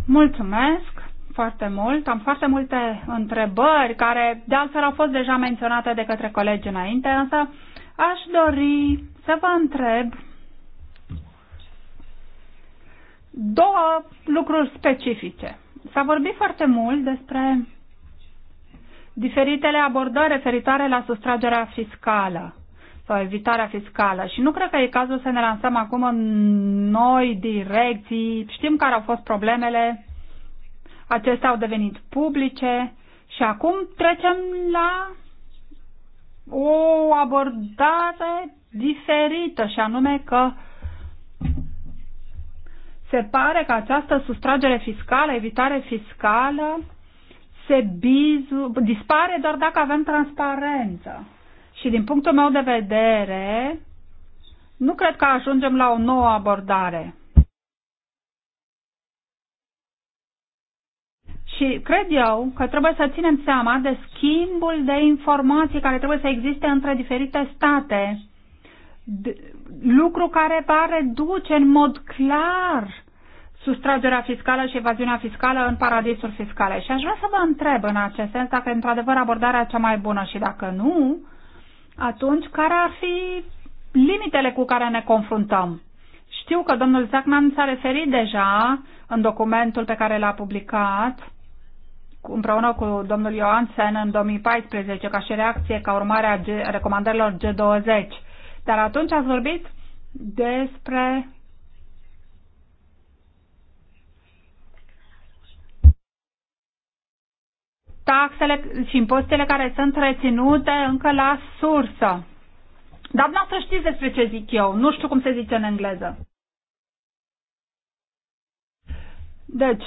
mulțumesc foarte mult. Am foarte multe întrebări care de altfel au fost deja menționate de către colegi înainte, însă aș dori să vă întreb două lucruri specifice. S-a vorbit foarte mult despre diferitele abordări referitoare la sustragerea fiscală sau evitarea fiscală și nu cred că e cazul să ne lansăm acum în noi direcții. Știm care au fost problemele acestea au devenit publice și acum trecem la o abordare diferită și anume că se pare că această sustragere fiscală, evitare fiscală, se bizu, dispare doar dacă avem transparență. Și din punctul meu de vedere, nu cred că ajungem la o nouă abordare. Și cred eu că trebuie să ținem seama de schimbul de informații care trebuie să existe între diferite state, lucru care va reduce în mod clar sustragerea fiscală și evaziunea fiscală în paradisuri fiscale. Și aș vrea să vă întreb în acest sens dacă într-adevăr abordarea cea mai bună și dacă nu, atunci care ar fi limitele cu care ne confruntăm? Știu că domnul Zacman s-a referit deja în documentul pe care l-a publicat împreună cu domnul Johansen în 2014 ca și reacție ca urmare a G recomandărilor G20. Dar atunci ați vorbit despre taxele și impozitele care sunt reținute încă la sursă. Dar nu să știți despre ce zic eu. Nu știu cum se zice în engleză. Deci,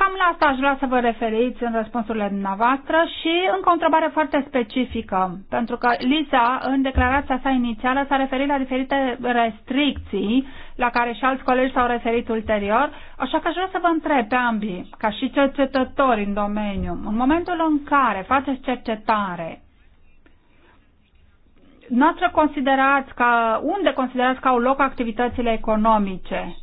Cam la asta aș vrea să vă referiți în răspunsurile dumneavoastră și încă o întrebare foarte specifică, pentru că Lisa, în declarația sa inițială, s-a referit la diferite restricții la care și alți colegi s-au referit ulterior, așa că aș vrea să vă întreb pe ambii, ca și cercetători în domeniu, în momentul în care faceți cercetare, noastră considerați ca unde considerați că au loc activitățile economice?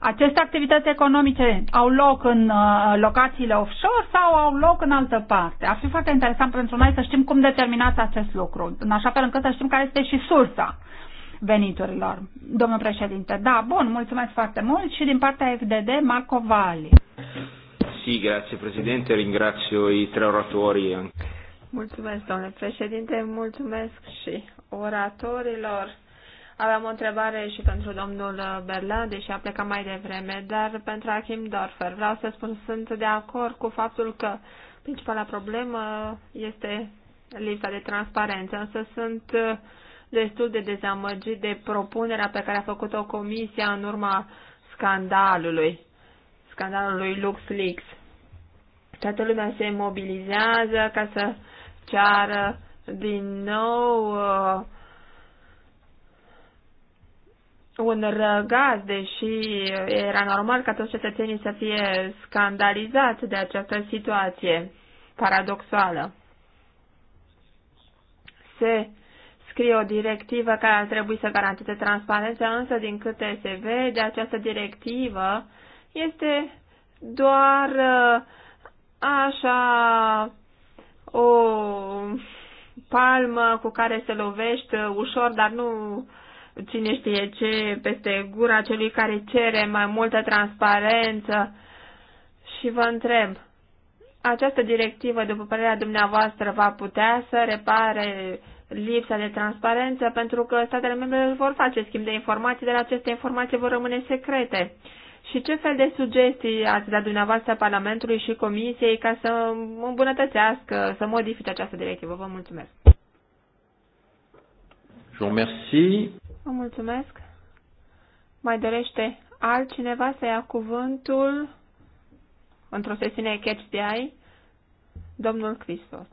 Aceste activități economice au loc în uh, locațiile offshore sau au loc în altă parte? Ar fi foarte interesant pentru noi să știm cum determinați acest lucru, în așa fel încât să știm care este și sursa veniturilor. Domnul președinte, da, bun, mulțumesc foarte mult și din partea FDD, Marco Valli. Sì, grazie președinte, ringrazio i tre oratori. Mulțumesc, domnule președinte, mulțumesc și oratorilor Aveam o întrebare și pentru domnul uh, Berlan, deși a plecat mai devreme, dar pentru Achim Dorfer. Vreau să spun, sunt de acord cu faptul că principala problemă este lipsa de transparență, însă sunt uh, destul de dezamăgit de propunerea pe care a făcut-o comisia în urma scandalului, scandalului LuxLeaks. Toată lumea se mobilizează ca să ceară din nou uh, un răgaz, deși era normal ca toți cetățenii să fie scandalizați de această situație paradoxală. Se scrie o directivă care ar trebui să garanteze transparența, însă din câte se vede, această directivă este doar uh, așa o palmă cu care se lovești ușor, dar nu cine știe ce peste gura celui care cere mai multă transparență. Și vă întreb, această directivă, după părerea dumneavoastră, va putea să repare lipsa de transparență, pentru că statele membre vor face schimb de informații, dar aceste informații vor rămâne secrete. Și ce fel de sugestii ați dat dumneavoastră Parlamentului și Comisiei ca să îmbunătățească, să modifice această directivă? Vă mulțumesc. Je vous remercie. Vă mulțumesc. Mai dorește altcineva să ia cuvântul într-o sesiune Catch the Eye? Domnul Cristos.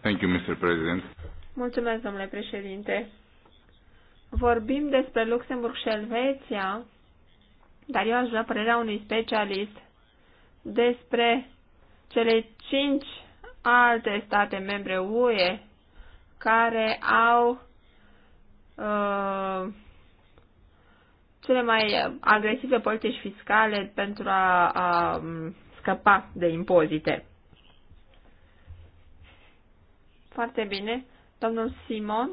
Thank you, Mr. President. Mulțumesc, domnule președinte. Vorbim despre Luxemburg și Elveția, dar eu aș vrea părerea unui specialist despre cele cinci alte state membre UE care au Uh, cele mai agresive politici fiscale pentru a, a um, scăpa de impozite. Foarte bine. Domnul Simon,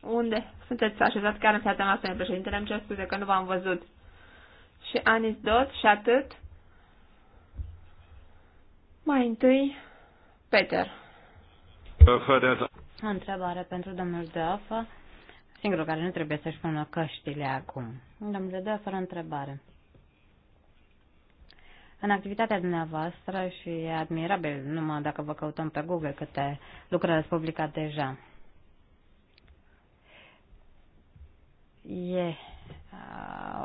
unde sunteți așezat chiar în fața noastră, președintele? Îmi cer scuze că nu v-am văzut. Și Anis Dot și atât. Mai întâi, Peter. întrebare pentru domnul Deafa singurul care nu trebuie să-și pună căștile acum. Domnule Dă, fără întrebare. În activitatea dumneavoastră și e admirabil numai dacă vă căutăm pe Google câte lucrări ați publicat deja. E uh,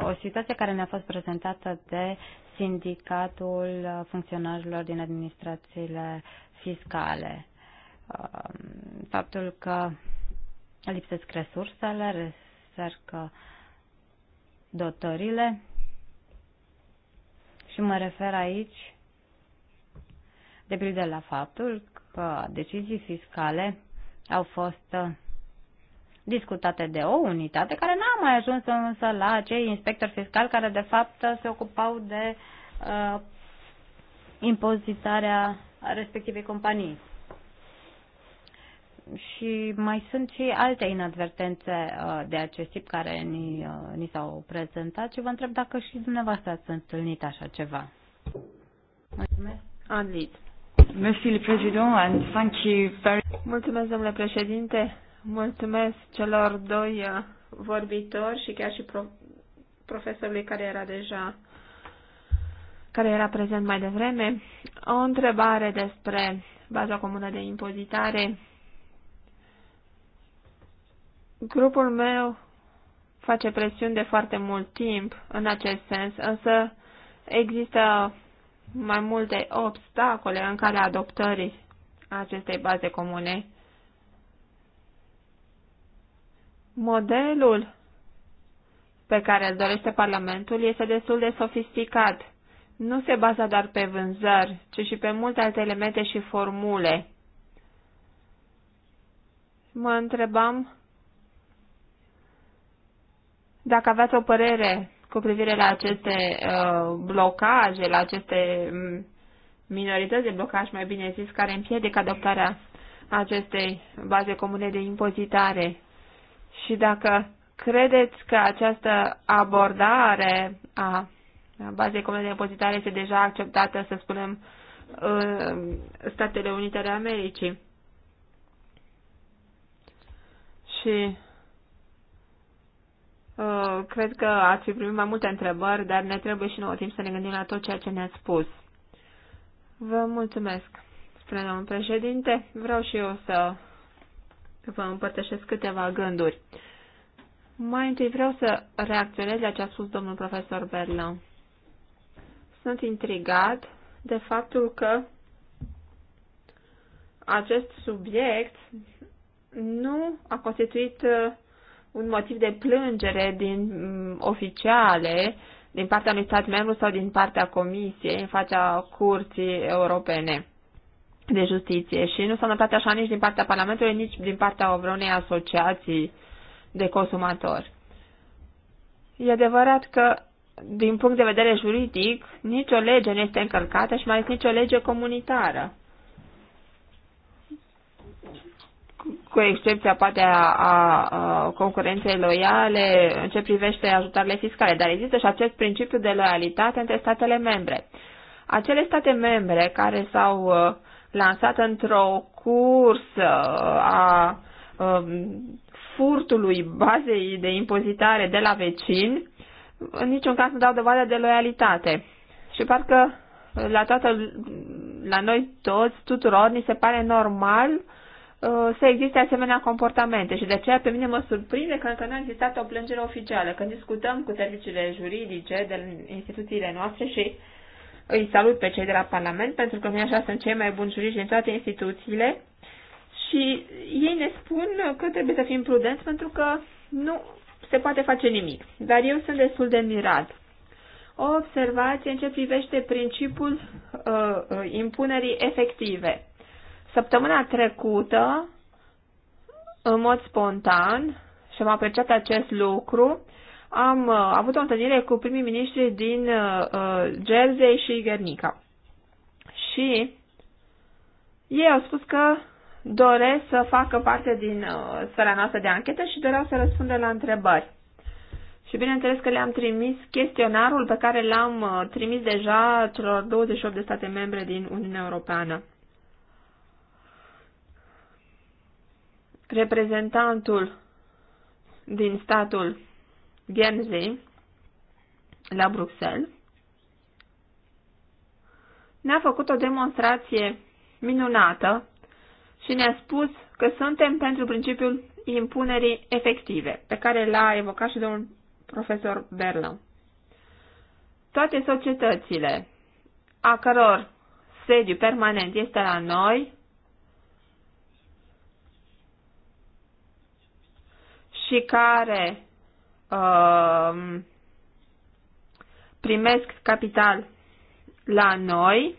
o situație care ne-a fost prezentată de Sindicatul Funcționarilor din Administrațiile Fiscale. Uh, faptul că lipsesc resursele, resercă dotările și mă refer aici de pildă la faptul că decizii fiscale au fost uh, discutate de o unitate care n-a mai ajuns însă la cei inspectori fiscali care de fapt se ocupau de uh, impozitarea respectivei companii și mai sunt și alte inadvertențe uh, de acest tip care ni, uh, ni s-au prezentat și vă întreb dacă și dumneavoastră ați întâlnit așa ceva. Mulțumesc. Adlit. Président, and thank you very... Mulțumesc, domnule președinte. Mulțumesc celor doi uh, vorbitori și chiar și pro profesorului care era deja care era prezent mai devreme. O întrebare despre baza comună de impozitare Grupul meu face presiuni de foarte mult timp în acest sens, însă există mai multe obstacole în calea adoptării acestei baze comune. Modelul pe care îl dorește Parlamentul este destul de sofisticat. Nu se baza doar pe vânzări, ci și pe multe alte elemente și formule. Mă întrebam dacă aveți o părere cu privire la aceste uh, blocaje, la aceste mm, minorități de blocaj, mai bine zis, care împiedică adoptarea acestei baze comune de impozitare. Și dacă credeți că această abordare a bazei comune de impozitare este deja acceptată, să spunem, în Statele Unite ale Americii? Și Uh, cred că ați fi primit mai multe întrebări, dar ne trebuie și nouă timp să ne gândim la tot ceea ce ne-ați spus. Vă mulțumesc, spune domnul președinte. Vreau și eu să vă împărtășesc câteva gânduri. Mai întâi vreau să reacționez la ce a spus domnul profesor Berlan. Sunt intrigat de faptul că acest subiect nu a constituit uh, un motiv de plângere din mm, oficiale din partea unui stat membru sau din partea Comisiei în fața Curții Europene de Justiție și nu s-a notat așa nici din partea Parlamentului, nici din partea vreunei asociații de consumatori. E adevărat că, din punct de vedere juridic, nicio lege nu este încălcată și mai ales nicio lege comunitară. cu excepția poate a, a, a concurenței loiale în ce privește ajutarele fiscale, dar există și acest principiu de loialitate între statele membre. Acele state membre care s-au uh, lansat într-o cursă uh, a, a um, furtului bazei de impozitare de la vecini, în niciun caz nu dau dovadă de loialitate. Și parcă uh, la toată, la noi toți, tuturor, ni se pare normal uh, Uh, să existe asemenea comportamente și de aceea pe mine mă surprinde că încă nu a existat o plângere oficială. Când discutăm cu serviciile juridice de instituțiile noastre și îi salut pe cei de la Parlament, pentru că noi așa sunt cei mai buni juriști din toate instituțiile și ei ne spun că trebuie să fim prudenți pentru că nu se poate face nimic. Dar eu sunt destul de mirat. O observație în ce privește principiul uh, uh impunerii efective Săptămâna trecută, în mod spontan, și am apreciat acest lucru, am uh, avut o întâlnire cu primii miniștri din uh, uh, Jersey și Guernica. Și ei au spus că doresc să facă parte din uh, sfera noastră de anchetă și doreau să răspundă la întrebări. Și bineînțeles că le-am trimis chestionarul pe care l-am uh, trimis deja celor 28 de state membre din Uniunea Europeană. reprezentantul din statul Guernsey la Bruxelles ne-a făcut o demonstrație minunată și ne-a spus că suntem pentru principiul impunerii efective, pe care l-a evocat și domnul profesor Berlău. Toate societățile a căror sediu permanent este la noi, și care uh, primesc capital la noi,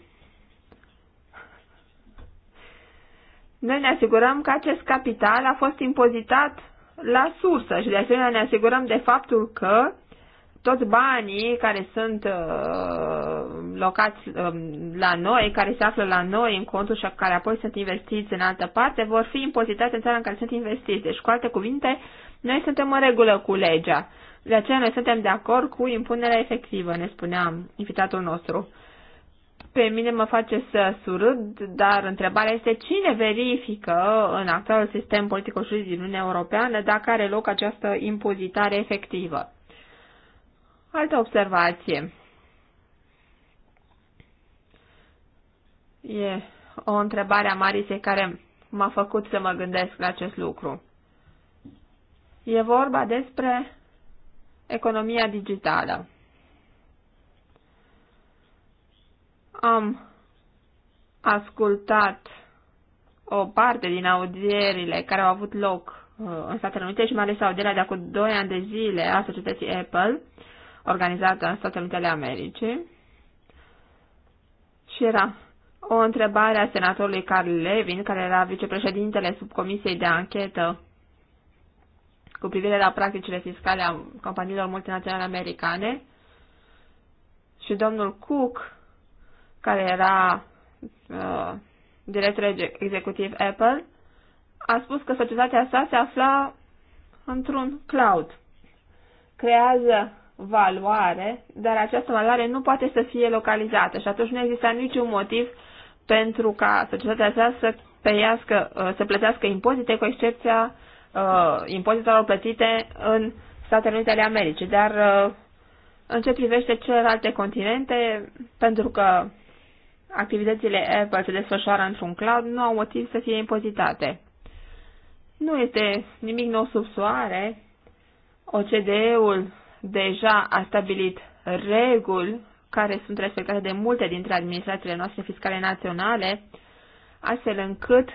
noi ne asigurăm că acest capital a fost impozitat la sursă și de asemenea ne asigurăm de faptul că toți banii care sunt uh, locați uh, la noi, care se află la noi în contul și care apoi sunt investiți în altă parte, vor fi impozitați în țara în care sunt investiți. Deci, cu alte cuvinte, noi suntem în regulă cu legea. De aceea noi suntem de acord cu impunerea efectivă, ne spunea invitatul nostru. Pe mine mă face să surâd, dar întrebarea este cine verifică în actualul sistem politico-juridic din Uniunea Europeană dacă are loc această impozitare efectivă. Altă observație. E o întrebare a Marisei care m-a făcut să mă gândesc la acest lucru. E vorba despre economia digitală. Am ascultat o parte din audierile care au avut loc uh, în Statele Unite și mai ales audierea de acum 2 ani de zile a societății Apple, organizată în Statele Unite ale Americii. Și era o întrebare a senatorului Carl Levin, care era vicepreședintele subcomisiei de anchetă cu privire la practicile fiscale a companiilor multinaționale americane și domnul Cook, care era uh, director executiv Apple, a spus că societatea sa se afla într-un cloud. Creează valoare, dar această valoare nu poate să fie localizată și atunci nu exista niciun motiv pentru ca societatea sa să, peiască, uh, să plătească impozite, cu excepția uh, impozitelor plătite în Statele Unite ale Americii. Dar uh, în ce privește celelalte continente, pentru că activitățile Apple se desfășoară într-un cloud, nu au motiv să fie impozitate. Nu este nimic nou sub soare. OCDE-ul deja a stabilit reguli care sunt respectate de multe dintre administrațiile noastre fiscale naționale, astfel încât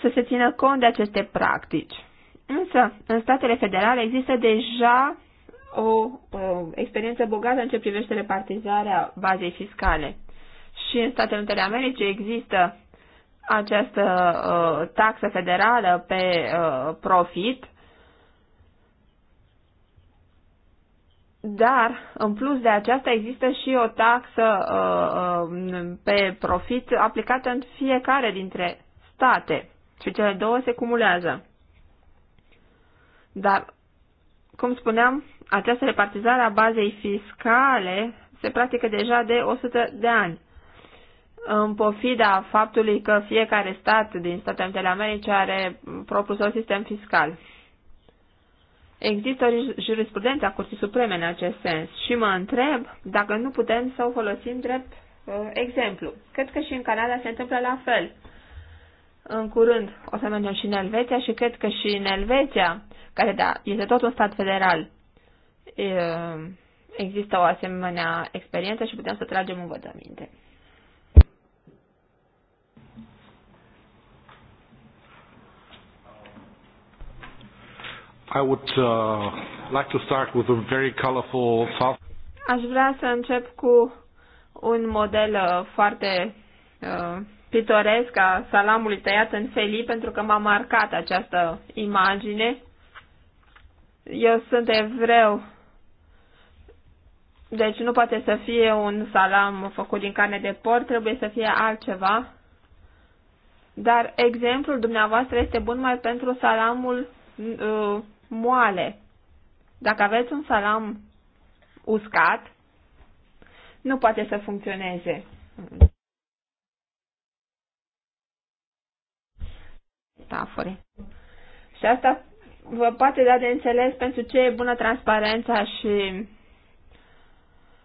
să se țină cont de aceste practici. Însă, în statele federale există deja o, o experiență bogată în ce privește repartizarea bazei fiscale. Și în Statele Unite ale Americii există această uh, taxă federală pe uh, profit, dar în plus de aceasta există și o taxă uh, uh, pe profit aplicată în fiecare dintre state. Și cele două se cumulează. Dar, cum spuneam, această repartizare a bazei fiscale se practică deja de 100 de ani. În pofida faptului că fiecare stat din Statele Unite ale Americii are propriul său sistem fiscal. Există a Curții Supreme în acest sens și mă întreb dacă nu putem să o folosim drept uh, exemplu. Cred că și în Canada se întâmplă la fel. În curând o să mergem și în Elveția și cred că și în Elveția, care da, este tot un stat federal, există o asemenea experiență și putem să tragem învățăminte. I would uh, like to start with a very colorful South. Aș vrea să încep cu un model uh, foarte uh, pitoresc a salamului tăiat în felii pentru că m-a marcat această imagine. Eu sunt evreu, deci nu poate să fie un salam făcut din carne de porc, trebuie să fie altceva. Dar exemplul dumneavoastră este bun mai pentru salamul uh, moale. Dacă aveți un salam uscat, nu poate să funcționeze. metafore. Și asta vă poate da de înțeles pentru ce e bună transparența și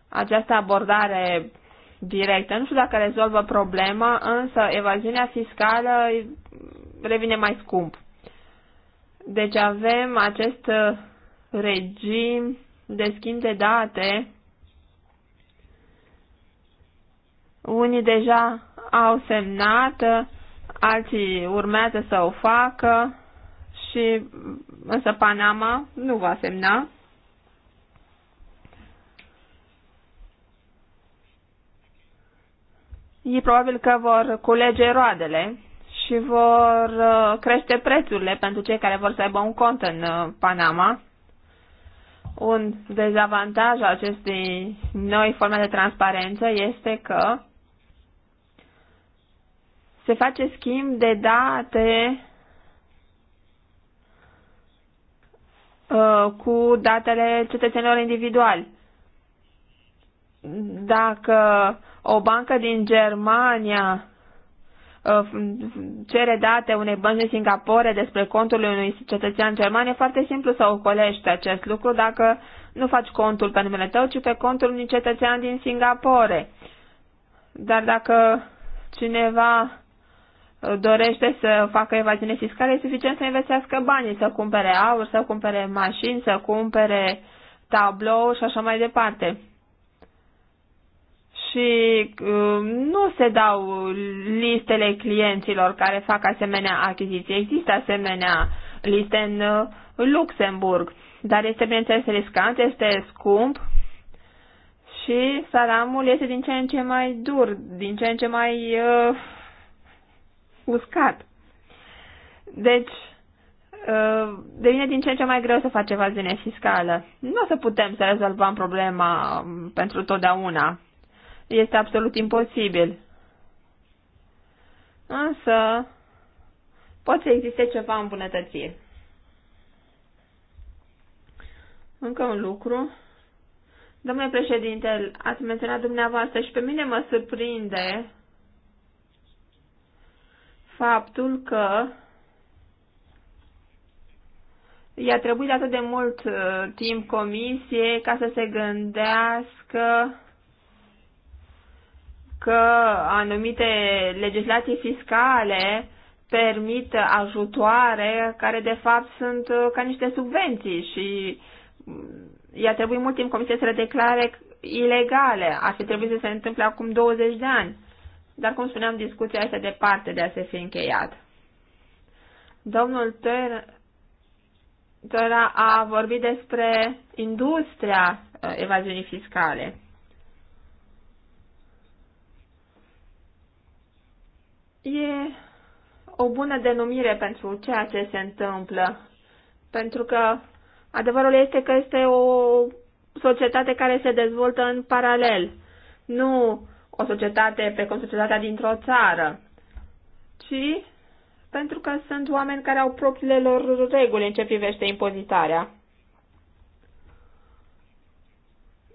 această abordare directă. Nu știu dacă rezolvă problema, însă evaziunea fiscală revine mai scump. Deci avem acest regim de schimb de date. Unii deja au semnat alții urmează să o facă și însă Panama nu va semna. Ei probabil că vor culege roadele și vor uh, crește prețurile pentru cei care vor să aibă un cont în uh, Panama. Un dezavantaj al acestei noi forme de transparență este că se face schimb de date uh, cu datele cetățenilor individuali. Dacă o bancă din Germania uh, cere date unei bănci din Singapore despre conturile unui cetățean german, e foarte simplu să ocolești acest lucru dacă nu faci contul pe numele tău, ci pe contul unui cetățean din Singapore. Dar dacă cineva dorește să facă evaziune fiscală, e suficient să investească banii, să cumpere aur, să cumpere mașini, să cumpere tablou și așa mai departe. Și um, nu se dau listele clienților care fac asemenea achiziții. Există asemenea liste în uh, Luxemburg, dar este, bineînțeles, riscant, este scump și salamul este din ce în ce mai dur, din ce în ce mai uh, uscat. Deci, uh, devine din ce în ce mai greu să faci evaziune fiscală. Nu o să putem să rezolvăm problema um, pentru totdeauna. Este absolut imposibil. Însă, pot să existe ceva îmbunătățiri. Încă un lucru. Domnule președinte, ați menționat dumneavoastră și pe mine mă surprinde faptul că i-a trebuit atât de mult uh, timp comisie ca să se gândească că anumite legislații fiscale permit ajutoare care de fapt sunt uh, ca niște subvenții și mm, i-a trebuit mult timp comisie să le declare ilegale. Ar fi trebuit să se întâmple acum 20 de ani dar cum spuneam, discuția este departe de a se fi încheiat. Domnul Tăra a vorbit despre industria uh, evaziunii fiscale. E o bună denumire pentru ceea ce se întâmplă, pentru că adevărul este că este o societate care se dezvoltă în paralel. Nu o societate precum societatea dintr-o țară, ci pentru că sunt oameni care au propriile lor reguli în ce privește impozitarea.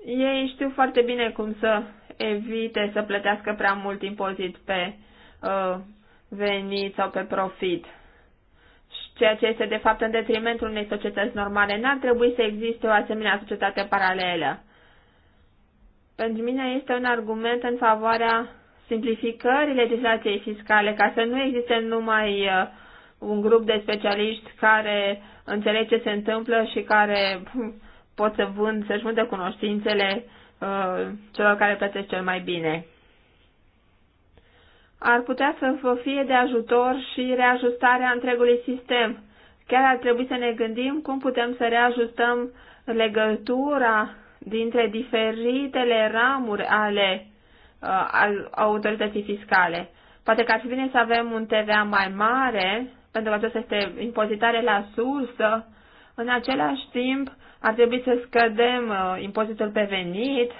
Ei știu foarte bine cum să evite să plătească prea mult impozit pe uh, venit sau pe profit. Și ceea ce este de fapt în detrimentul unei societăți normale, n-ar trebui să existe o asemenea societate paralelă pentru mine este un argument în favoarea simplificării legislației fiscale, ca să nu existe numai uh, un grup de specialiști care înțelege ce se întâmplă și care pot să vând, să-și vândă cunoștințele uh, celor care plătesc cel mai bine. Ar putea să vă fie de ajutor și reajustarea întregului sistem. Chiar ar trebui să ne gândim cum putem să reajustăm legătura dintre diferitele ramuri ale uh, al autorității fiscale. Poate că ar fi bine să avem un TVA mai mare, pentru că aceasta este impozitare la sursă. În același timp, ar trebui să scădem uh, impozitul pe venit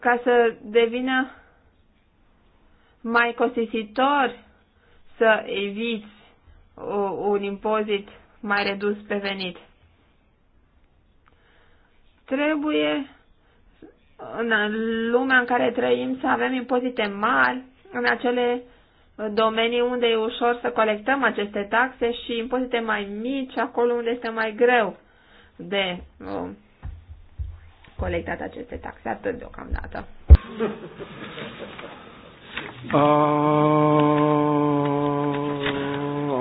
ca să devină mai costisitor să eviți uh, un impozit mai redus pe venit. Trebuie în lumea în care trăim să avem impozite mari în acele domenii unde e ușor să colectăm aceste taxe și impozite mai mici acolo unde este mai greu de um, colectat aceste taxe. Atât deocamdată. Uh,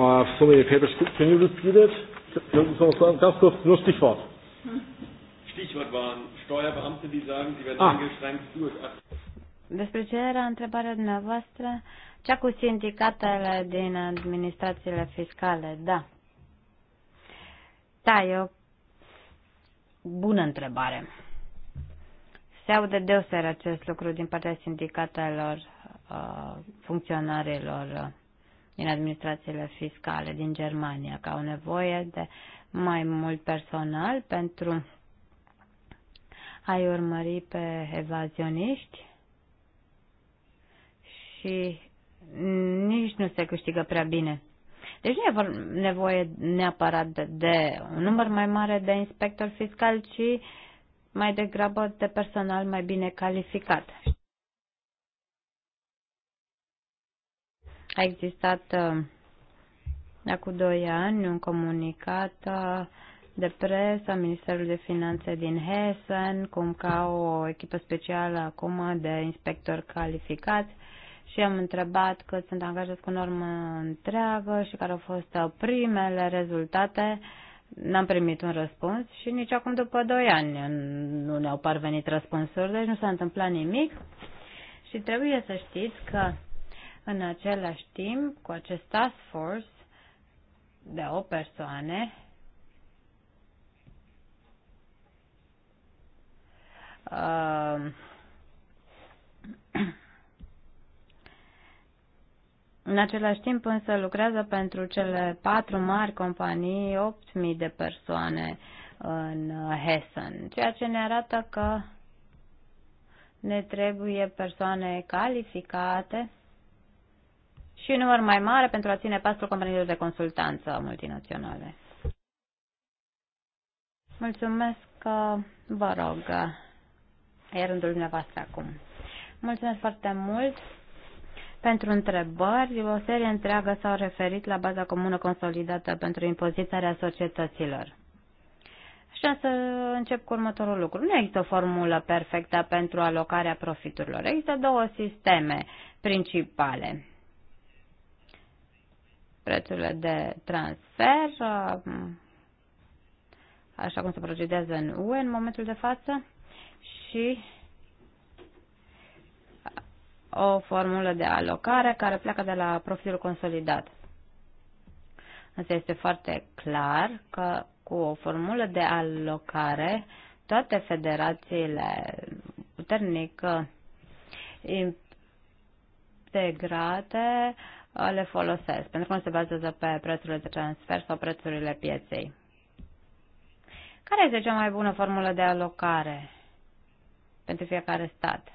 I have so many papers. Can you repeat it? Ganz kurz, nur Stichwort. Hmm. Stichwort waren Steuerbeamte, die sagen, sie werden ah. eingeschränkt durch. Despre ce era întrebarea dumneavoastră? Cea cu sindicatele din administrațiile fiscale, da. Da, e o bună întrebare. Se aude deosebit acest lucru din partea sindicatelor uh, funcționarilor uh, din administrațiile fiscale din Germania, că au nevoie de mai mult personal pentru ai urmări pe evazioniști și nici nu se câștigă prea bine. Deci nu e nevoie neapărat de, de un număr mai mare de inspector fiscal ci mai degrabă de personal mai bine calificat. A existat uh, acum doi ani un comunicat uh, de presă Ministerul de Finanțe din Hessen, cum ca o echipă specială acum de inspectori calificați și am întrebat cât sunt angajați cu normă întreagă și care au fost primele rezultate. N-am primit un răspuns și nici acum după 2 ani nu ne-au parvenit răspunsuri, deci nu s-a întâmplat nimic. Și trebuie să știți că în același timp, cu acest task force de o persoane, Um, în același timp însă lucrează pentru cele patru mari companii 8.000 de persoane în Hessen, ceea ce ne arată că ne trebuie persoane calificate și un număr mai mare pentru a ține pasul companiilor de consultanță multinaționale. Mulțumesc, vă rog, E rândul dumneavoastră acum. Mulțumesc foarte mult pentru întrebări. O serie întreagă s-au referit la baza comună consolidată pentru impozitarea societăților. Și să încep cu următorul lucru. Nu există o formulă perfectă pentru alocarea profiturilor. Există două sisteme principale. Prețurile de transfer, uh, așa cum se procedează în UE în momentul de față, și o formulă de alocare care pleacă de la profilul consolidat. Însă este foarte clar că cu o formulă de alocare toate federațiile puternic integrate uh, le folosesc, pentru că nu se bazează pe prețurile de transfer sau prețurile pieței. Care este cea mai bună formulă de alocare? pentru fiecare stat.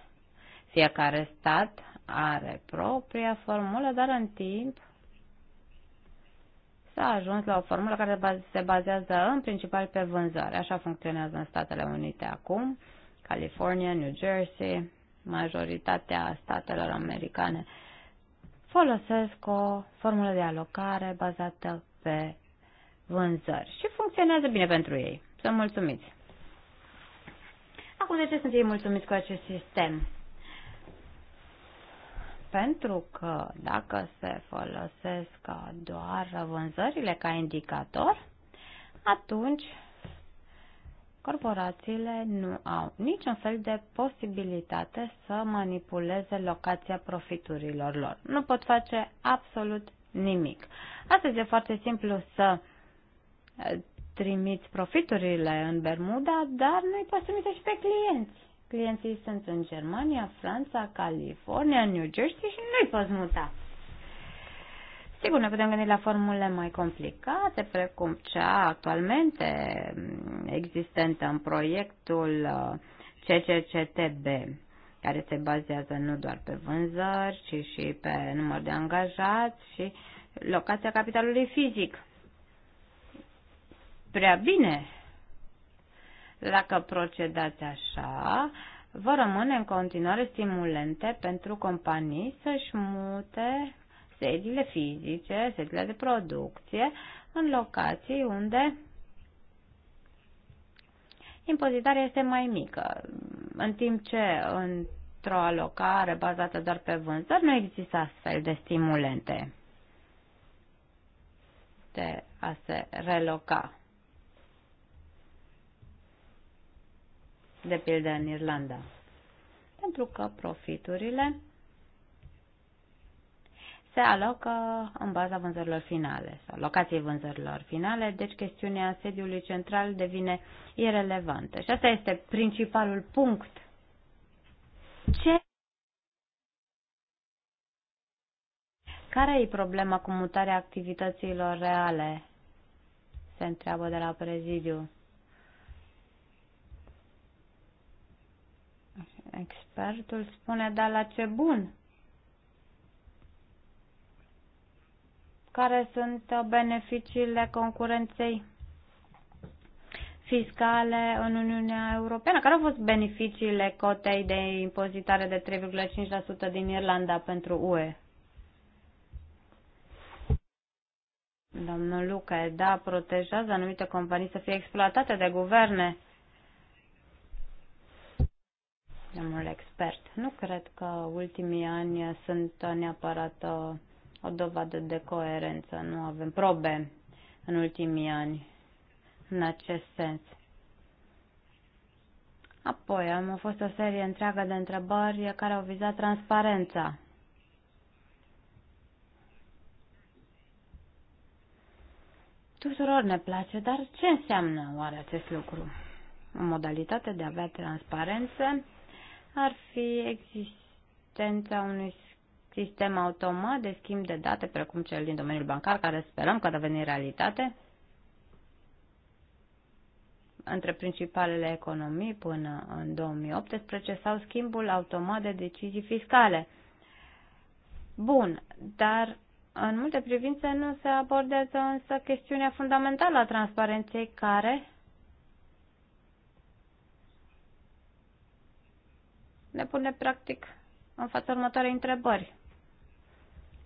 Fiecare stat are propria formulă, dar în timp s-a ajuns la o formulă care se bazează în principal pe vânzare. Așa funcționează în Statele Unite acum, California, New Jersey, majoritatea statelor americane folosesc o formulă de alocare bazată pe vânzări și funcționează bine pentru ei. Sunt mulțumiți. Acum, de ce sunt ei mulțumiți cu acest sistem? Pentru că dacă se folosesc doar vânzările ca indicator, atunci corporațiile nu au niciun fel de posibilitate să manipuleze locația profiturilor lor. Nu pot face absolut nimic. Astăzi e foarte simplu să trimiți profiturile în Bermuda, dar noi poți trimite și pe clienți. Clienții sunt în Germania, Franța, California, New Jersey și nu-i poți muta. Sigur, ne putem gândi la formule mai complicate, precum cea actualmente existentă în proiectul uh, CCCTB, care se bazează nu doar pe vânzări, ci și pe număr de angajați și locația capitalului fizic prea bine. Dacă procedați așa, vă rămâne în continuare stimulente pentru companii să-și mute sediile fizice, sediile de producție, în locații unde impozitarea este mai mică, în timp ce într-o alocare bazată doar pe vânzări nu există astfel de stimulente de a se reloca. de pildă în Irlanda. Pentru că profiturile se alocă în baza vânzărilor finale sau locației vânzărilor finale, deci chestiunea sediului central devine irelevantă. Și asta este principalul punct. Ce? Care e problema cu mutarea activităților reale? Se întreabă de la prezidiu. Expertul spune, dar la ce bun? Care sunt beneficiile concurenței fiscale în Uniunea Europeană? Care au fost beneficiile cotei de impozitare de 3,5% din Irlanda pentru UE? Domnul Luca, da, protejează anumite companii să fie exploatate de guverne mult expert. Nu cred că ultimii ani sunt neapărat o, uh, o dovadă de coerență. Nu avem probe în ultimii ani în acest sens. Apoi am fost o serie întreagă de întrebări care au vizat transparența. Tuturor ne place, dar ce înseamnă oare acest lucru? O modalitate de a avea transparență ar fi existența unui sistem automat de schimb de date, precum cel din domeniul bancar, care sperăm că deveni realitate, între principalele economii până în 2018 sau schimbul automat de decizii fiscale. Bun, dar în multe privințe nu se abordează însă chestiunea fundamentală a transparenței care ne pune practic în fața următoarei întrebări.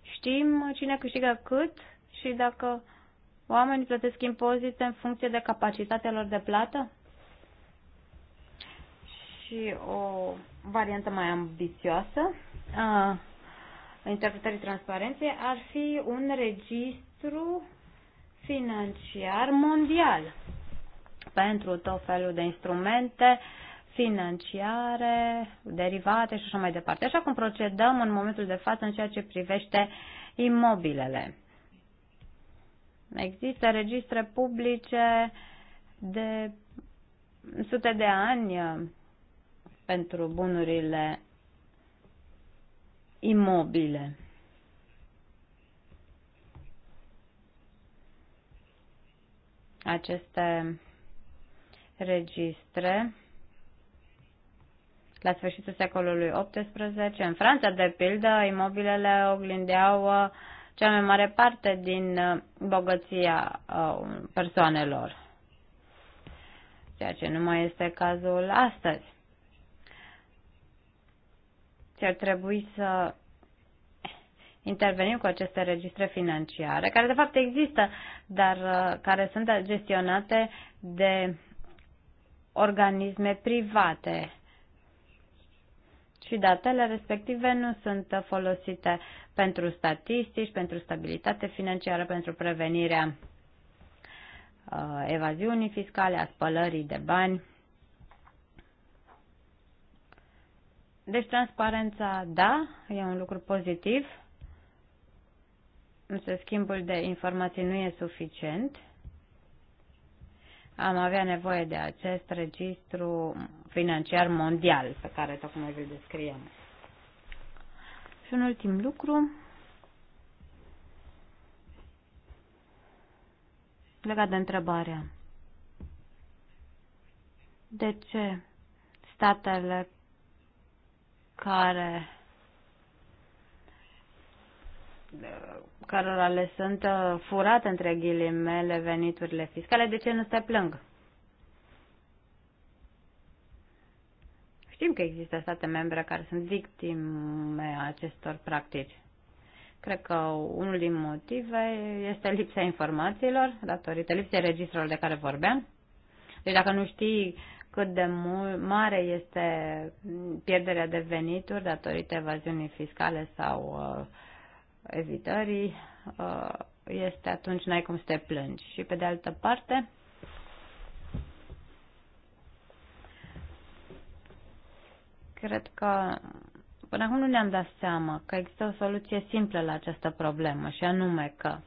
Știm cine câștigă cât și dacă oamenii plătesc impozite în funcție de capacitatea lor de plată? Și o variantă mai ambițioasă a interpretării transparenței ar fi un registru financiar mondial pentru tot felul de instrumente uh, financiare, derivate și așa mai departe, așa cum procedăm în momentul de față în ceea ce privește imobilele. Există registre publice de sute de ani uh, pentru bunurile imobile. Aceste registre la sfârșitul secolului XVIII. În Franța, de pildă, imobilele oglindeau uh, cea mai mare parte din uh, bogăția uh, persoanelor, ceea ce nu mai este cazul astăzi. Ce ar trebui să intervenim cu aceste registre financiare, care de fapt există, dar care sunt gestionate de organisme private și datele respective nu sunt folosite pentru statistici, pentru stabilitate financiară, pentru prevenirea uh, evaziunii fiscale, a spălării de bani. Deci transparența, da, e un lucru pozitiv, însă schimbul de informații nu e suficient. Am avea nevoie de acest registru financiar mondial pe care tocmai îl descriem. Și un ultim lucru legat de întrebarea de ce statele care care le sunt uh, furate între ghilimele veniturile fiscale, de ce nu se plâng? Știm că există state membre care sunt victime acestor practici. Cred că unul din motive este lipsa informațiilor, datorită lipsei registrelor de care vorbeam. Deci dacă nu știi cât de mare este pierderea de venituri datorită evaziunii fiscale sau uh, evitării, uh, este atunci n-ai cum să te plângi. Și pe de altă parte, Cred că până acum nu ne-am dat seama că există o soluție simplă la această problemă și anume că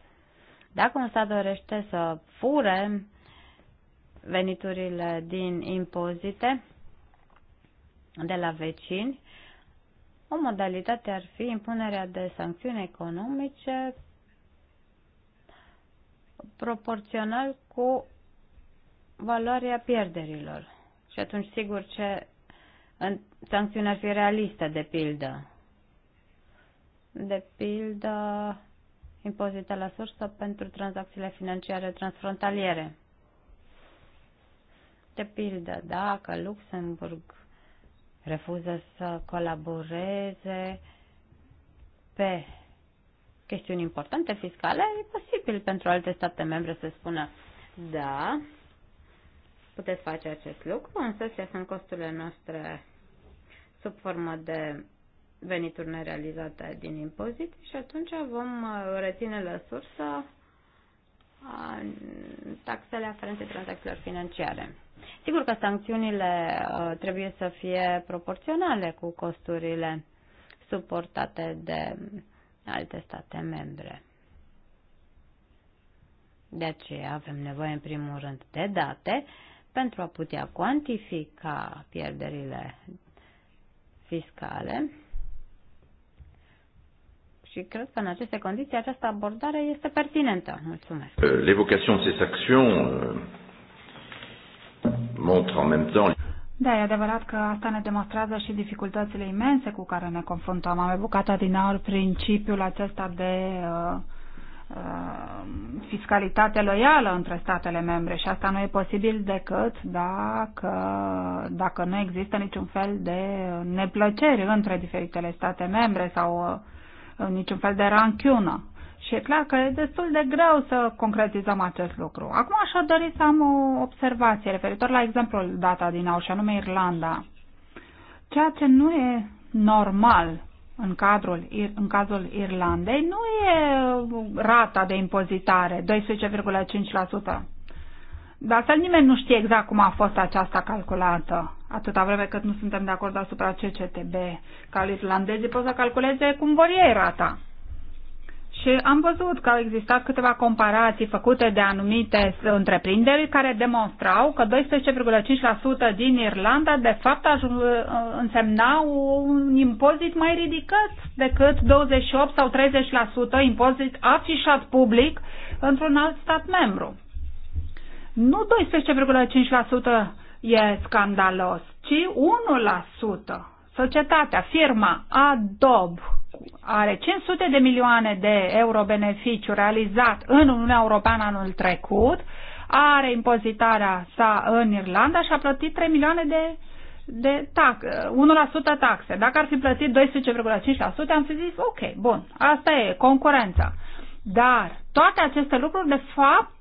dacă un stat dorește să fure veniturile din impozite de la vecini, o modalitate ar fi impunerea de sancțiuni economice proporțional cu valoarea pierderilor. Și atunci, sigur, ce în, sancțiunea ar fi realistă, de pildă. De pildă, impozite la sursă pentru tranzacțiile financiare transfrontaliere. De pildă, dacă Luxemburg refuză să colaboreze pe chestiuni importante fiscale, e posibil pentru alte state membre să spună da, puteți face acest lucru, însă ce sunt costurile noastre sub formă de venituri nerealizate din impozit și atunci vom uh, reține la sursă uh, taxele aferente tranzacțiilor financiare. Sigur că sancțiunile uh, trebuie să fie proporționale cu costurile suportate de alte state membre. De aceea avem nevoie, în primul rând, de date pentru a putea cuantifica pierderile fiscale. Și cred că în aceste condiții această abordare este pertinentă. Mulțumesc. Euh, l'évocation de ces actions euh, montre en même temps da, e adevărat că asta ne demonstrează și dificultățile imense cu care ne confruntăm. Am evocat adinaur principiul acesta de uh, Uh, fiscalitate loială între statele membre și asta nu e posibil decât dacă, dacă nu există niciun fel de neplăceri între diferitele state membre sau uh, niciun fel de ranchiună. Și e clar că e destul de greu să concretizăm acest lucru. Acum aș dori să am o observație referitor la exemplul data din nou, și anume Irlanda. Ceea ce nu e normal în, cadrul, în cazul Irlandei nu e rata de impozitare 12,5%. De altfel nimeni nu știe exact cum a fost aceasta calculată. Atâta vreme cât nu suntem de acord asupra CCTB, ca irlandezii pot să calculeze cum vor ei rata. Și am văzut că au existat câteva comparații făcute de anumite întreprinderi care demonstrau că 12,5% din Irlanda de fapt însemnau un impozit mai ridicat decât 28 sau 30% impozit afișat public într-un alt stat membru. Nu 12,5% e scandalos, ci 1%. Societatea, firma Adobe are 500 de milioane de euro beneficiu realizat în Uniunea Europeană anul trecut, are impozitarea sa în Irlanda și a plătit 3 milioane de, de tax, 1% taxe. Dacă ar fi plătit 12,5%, am fi zis, ok, bun, asta e, concurența. Dar toate aceste lucruri, de fapt,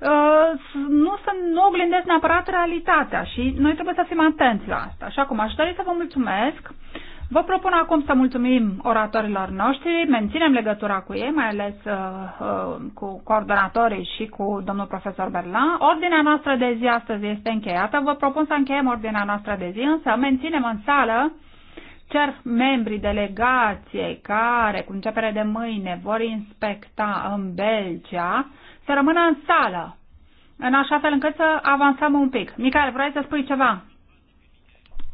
uh, nu, să, nu oglindesc neapărat realitatea și noi trebuie să fim atenți la asta. Așa cum aș dori să vă mulțumesc Vă propun acum să mulțumim oratorilor noștri, menținem legătura cu ei, mai ales uh, uh cu coordonatorii și cu domnul profesor Berlan. Ordinea noastră de zi astăzi este încheiată. Vă propun să încheiem ordinea noastră de zi, însă menținem în sală cer membrii delegației care, cu începere de mâine, vor inspecta în Belgia, să rămână în sală, în așa fel încât să avansăm un pic. Micael, vrei să spui ceva?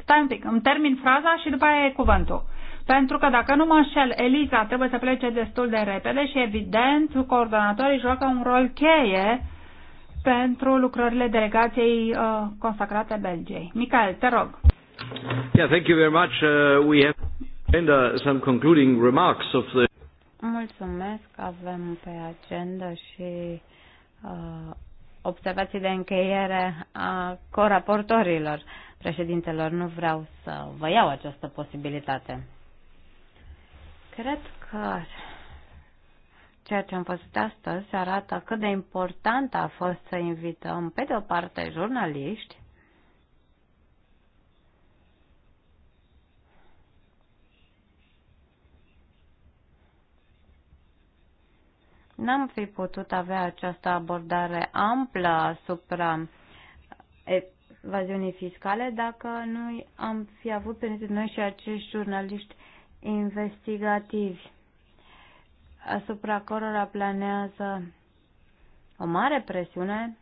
Stai un pic, îmi termin fraza și după aia e cuvântul. Pentru că, dacă nu mă înșel, Eliza trebuie să plece destul de repede și, evident, coordonatorii joacă un rol cheie pentru lucrările delegației uh, consacrate Belgiei. Michael, te rog. Yeah, thank you very much. Uh, we have agenda some concluding remarks of the Mulțumesc. Avem pe agenda și uh, observații de încheiere a coraportorilor. Uh, președintelor. Nu vreau să vă iau această posibilitate. Cred că ceea ce am văzut astăzi arată cât de important a fost să invităm, pe de o parte, jurnaliști, N-am fi putut avea această abordare amplă asupra evaziunii fiscale dacă nu am fi avut printre noi și acești jurnaliști investigativi asupra cărora planează o mare presiune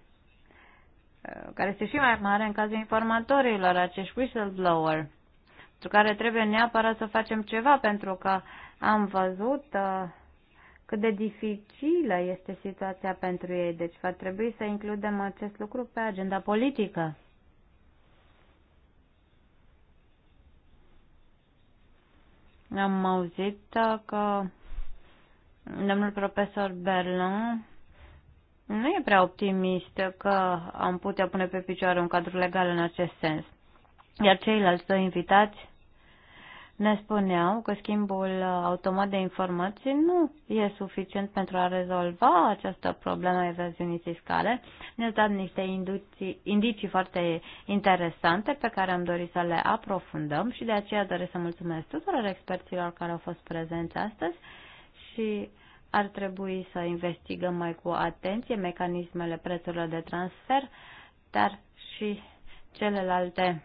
uh, care este și mai mare în cazul informatorilor, acești whistleblower, pentru care trebuie neapărat să facem ceva, pentru că am văzut uh, cât de dificilă este situația pentru ei, deci va trebui să includem acest lucru pe agenda politică. Am auzit uh, că domnul profesor Berlin nu e prea optimist că am putea pune pe picioare un cadru legal în acest sens. Iar ceilalți doi invitați ne spuneau că schimbul uh, automat de informații nu e suficient pentru a rezolva această problemă a evaziunii fiscale. Ne-ați dat niște indicii, indicii foarte interesante pe care am dorit să le aprofundăm și de aceea doresc să mulțumesc tuturor experților care au fost prezenți astăzi și ar trebui să investigăm mai cu atenție mecanismele prețurilor de transfer, dar și celelalte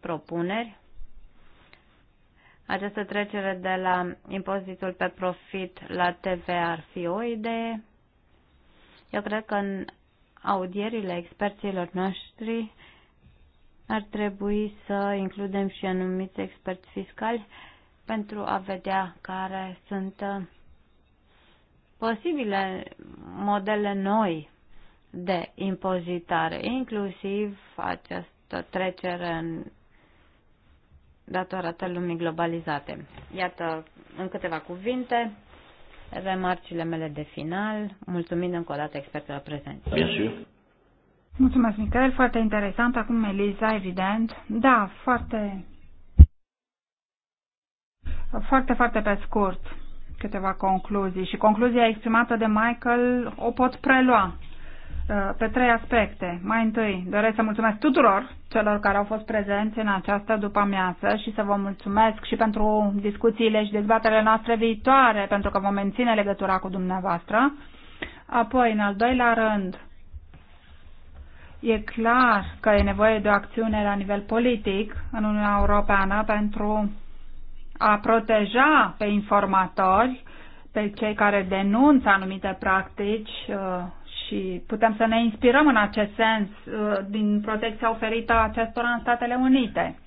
propuneri această trecere de la impozitul pe profit la TVA ar fi o idee. Eu cred că în audierile experților noștri ar trebui să includem și anumiți experți fiscali pentru a vedea care sunt uh, posibile modele noi de impozitare, inclusiv această trecere în datorată lumii globalizate. Iată, în câteva cuvinte, remarcile mele de final, mulțumind încă o dată expertelor prezenți. Mulțumesc, Michael, foarte interesant. Acum Eliza, evident. Da, foarte, foarte, foarte pe scurt câteva concluzii și concluzia exprimată de Michael o pot prelua. Uh, pe trei aspecte. Mai întâi, doresc să mulțumesc tuturor celor care au fost prezenți în această după-amiază și să vă mulțumesc și pentru discuțiile și dezbaterele noastre viitoare, pentru că vom menține legătura cu dumneavoastră. Apoi, în al doilea rând, e clar că e nevoie de o acțiune la nivel politic în Uniunea Europeană pentru a proteja pe informatori, pe cei care denunță anumite practici uh, și putem să ne inspirăm în acest sens uh, din protecția oferită acestora în Statele Unite.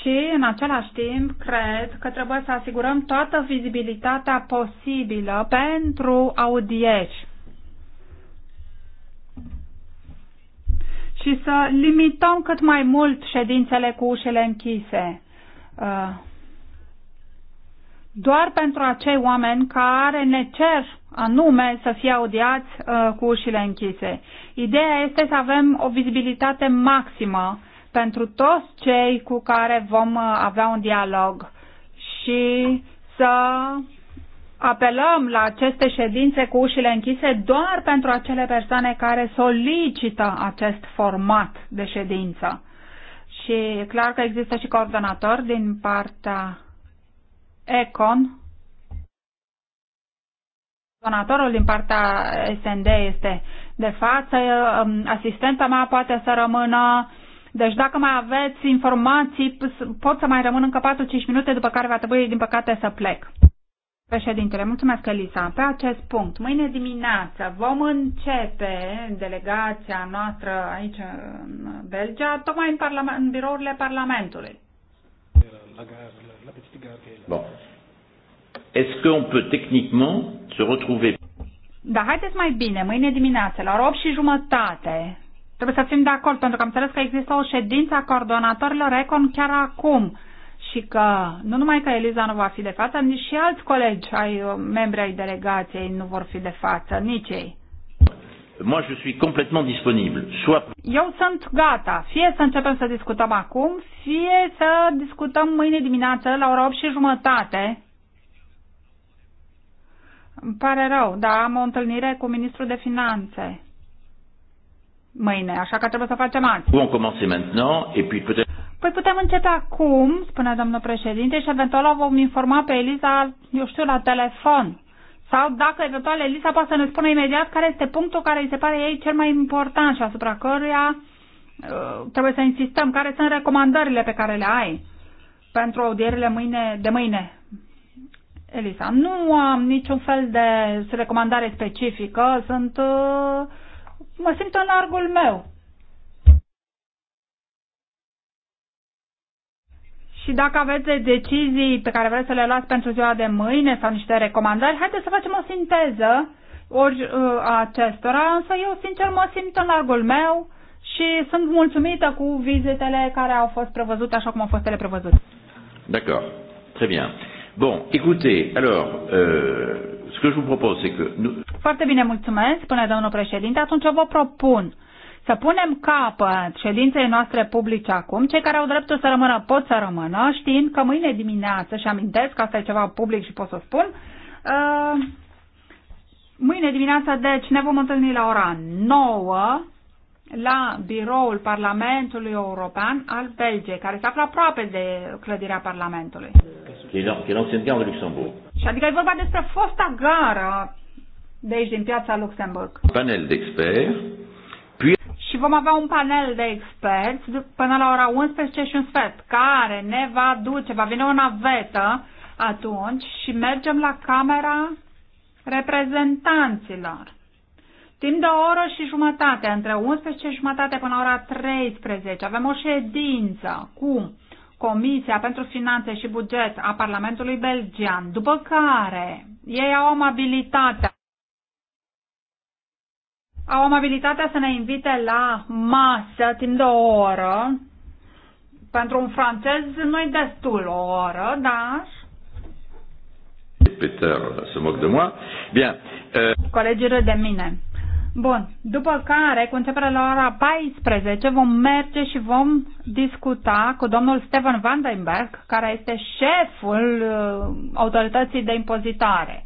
Și, în același timp, cred că trebuie să asigurăm toată vizibilitatea posibilă pentru audieri. Și să limităm cât mai mult ședințele cu ușile închise. Uh, doar pentru acei oameni care ne cer anume să fie audiați uh, cu ușile închise. Ideea este să avem o vizibilitate maximă pentru toți cei cu care vom uh, avea un dialog și să apelăm la aceste ședințe cu ușile închise doar pentru acele persoane care solicită acest format de ședință. Și clar că există și coordonator din partea ECON, donatorul din partea SND este de față, um, asistenta mea poate să rămână. Deci dacă mai aveți informații, pot să mai rămân încă 4-5 minute, după care va trebui, din păcate, să plec. Președintele, mulțumesc, Elisa. Pe acest punct, mâine dimineață vom începe delegația noastră aici în Belgia, tocmai în, parlament, în birourile Parlamentului. Bon. Est-ce qu'on peut techniquement se retrouver? Da, haideți mai bine, mâine dimineață, la 8 și jumătate. Trebuie să fim de acord, pentru că am înțeles că există o ședință a coordonatorilor Econ chiar acum și că nu numai că Eliza nu va fi de față, nici și alți colegi ai uh, membri ai delegației nu vor fi de față, nici ei. Moi, je suis complètement disponible. Soit... Eu sunt gata. Fie să începem să discutăm acum, fie să discutăm mâine dimineață la ora 8 și jumătate îmi pare rău, dar am o întâlnire cu ministrul de finanțe mâine, așa că trebuie să facem azi. Bun, commencer maintenant, et puis peut-être... Păi putem începe acum, spune domnul președinte, și eventual o vom informa pe Eliza, eu știu, la telefon. Sau dacă eventual Elisa poate să ne spună imediat care este punctul care îi se pare ei cel mai important și asupra căruia uh, trebuie să insistăm, care sunt recomandările pe care le ai pentru audierile mâine, de mâine. Elisa, nu am niciun fel de recomandare specifică, sunt, uh, mă simt în largul meu. Și dacă aveți decizii pe care vreți să le luați pentru ziua de mâine sau niște recomandări, haideți să facem o sinteză ori uh, a acestora, însă eu sincer mă simt în largul meu și sunt mulțumită cu vizitele care au fost prevăzute așa cum au fost ele prevăzute. D'accord. Très bien. Bon, écoutez, alors, euh, ce que je vous propose, c'est que... Nous... Foarte bine, mulțumesc, spune domnul președinte. Atunci eu vă propun să punem capăt ședinței noastre publice acum. Cei care au dreptul să rămână pot să rămână, știind că mâine dimineață, și amintesc că asta e ceva public și pot să spun, uh, mâine dimineață, deci, ne vom întâlni la ora 9 la biroul Parlamentului European al Belgiei, care se află aproape de clădirea Parlamentului qui est l'ancienne gare de Luxembourg. Și adică e vorba despre fosta gară de aici, din piața Luxemburg. Panel expert. Puis... Și vom avea un panel de experți până la ora 11 și un sfert, care ne va duce, va veni o navetă atunci și mergem la camera reprezentanților. Timp de o oră și jumătate, între 11 și jumătate până la ora 13, avem o ședință cu Comisia pentru Finanțe și Buget a Parlamentului Belgian, după care ei au amabilitatea au amabilitatea să ne invite la masă timp de o oră. Pentru un francez nu e destul o oră, dar... Peter se moc de moi. Bien. Uh... Colegii râd de mine. Bun. După care, cu începerea la ora 14, vom merge și vom discuta cu domnul Stefan Vandenberg, care este șeful uh, autorității de impozitare.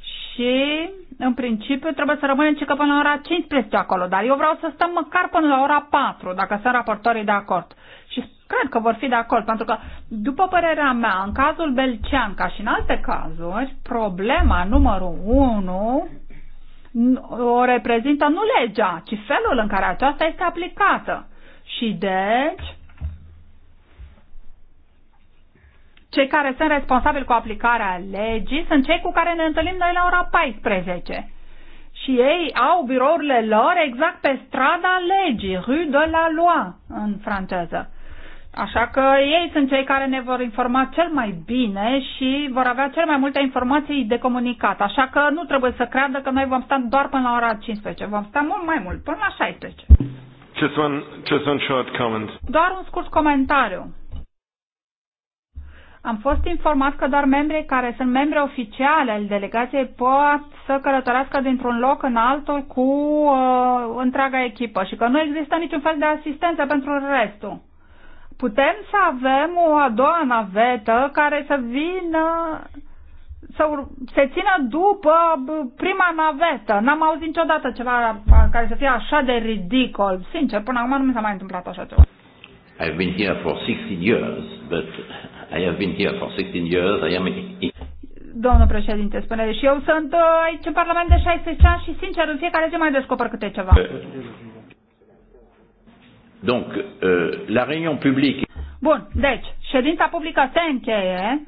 Și, în principiu, trebuie să rămânem și că până la ora 15 acolo, dar eu vreau să stăm măcar până la ora 4, dacă sunt raportorii de acord. Și cred că vor fi de acord, pentru că, după părerea mea, în cazul Belcean, ca și în alte cazuri, problema numărul 1 o reprezintă nu legea, ci felul în care aceasta este aplicată. Și deci, cei care sunt responsabili cu aplicarea legii sunt cei cu care ne întâlnim noi la ora 14. Și ei au birourile lor exact pe strada legii, rue de la loi în franceză. Așa că ei sunt cei care ne vor informa cel mai bine și vor avea cel mai multe informații de comunicat. Așa că nu trebuie să creadă că noi vom sta doar până la ora 15. Vom sta mult mai mult, până la 16. Just one, just one short comment. Doar un scurt comentariu. Am fost informat că doar membrii care sunt membri oficiale al delegației pot să călătorească dintr-un loc în altul cu uh, întreaga echipă și că nu există niciun fel de asistență pentru restul putem să avem o a doua navetă care să vină să se țină după prima navetă. N-am auzit niciodată ceva care să fie așa de ridicol. Sincer, până acum nu mi s-a mai întâmplat așa ceva. I've been here for 16 years, but I have been here for 16 years. I am Domnul președinte, spune, și eu sunt uh, aici în Parlament de 16 ani și, sincer, în fiecare zi mai descoper câte ceva. Donc, euh, la réunion publique. Bun, deci, ședința publică se încheie.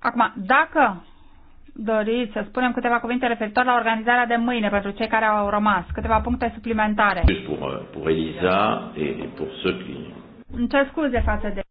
Acum, dacă doriți să spunem câteva cuvinte referitor la organizarea de mâine pentru cei care au rămas, câteva puncte suplimentare. Pour, uh, pour Elisa et pour ceux qui... Îmi cer scuze față de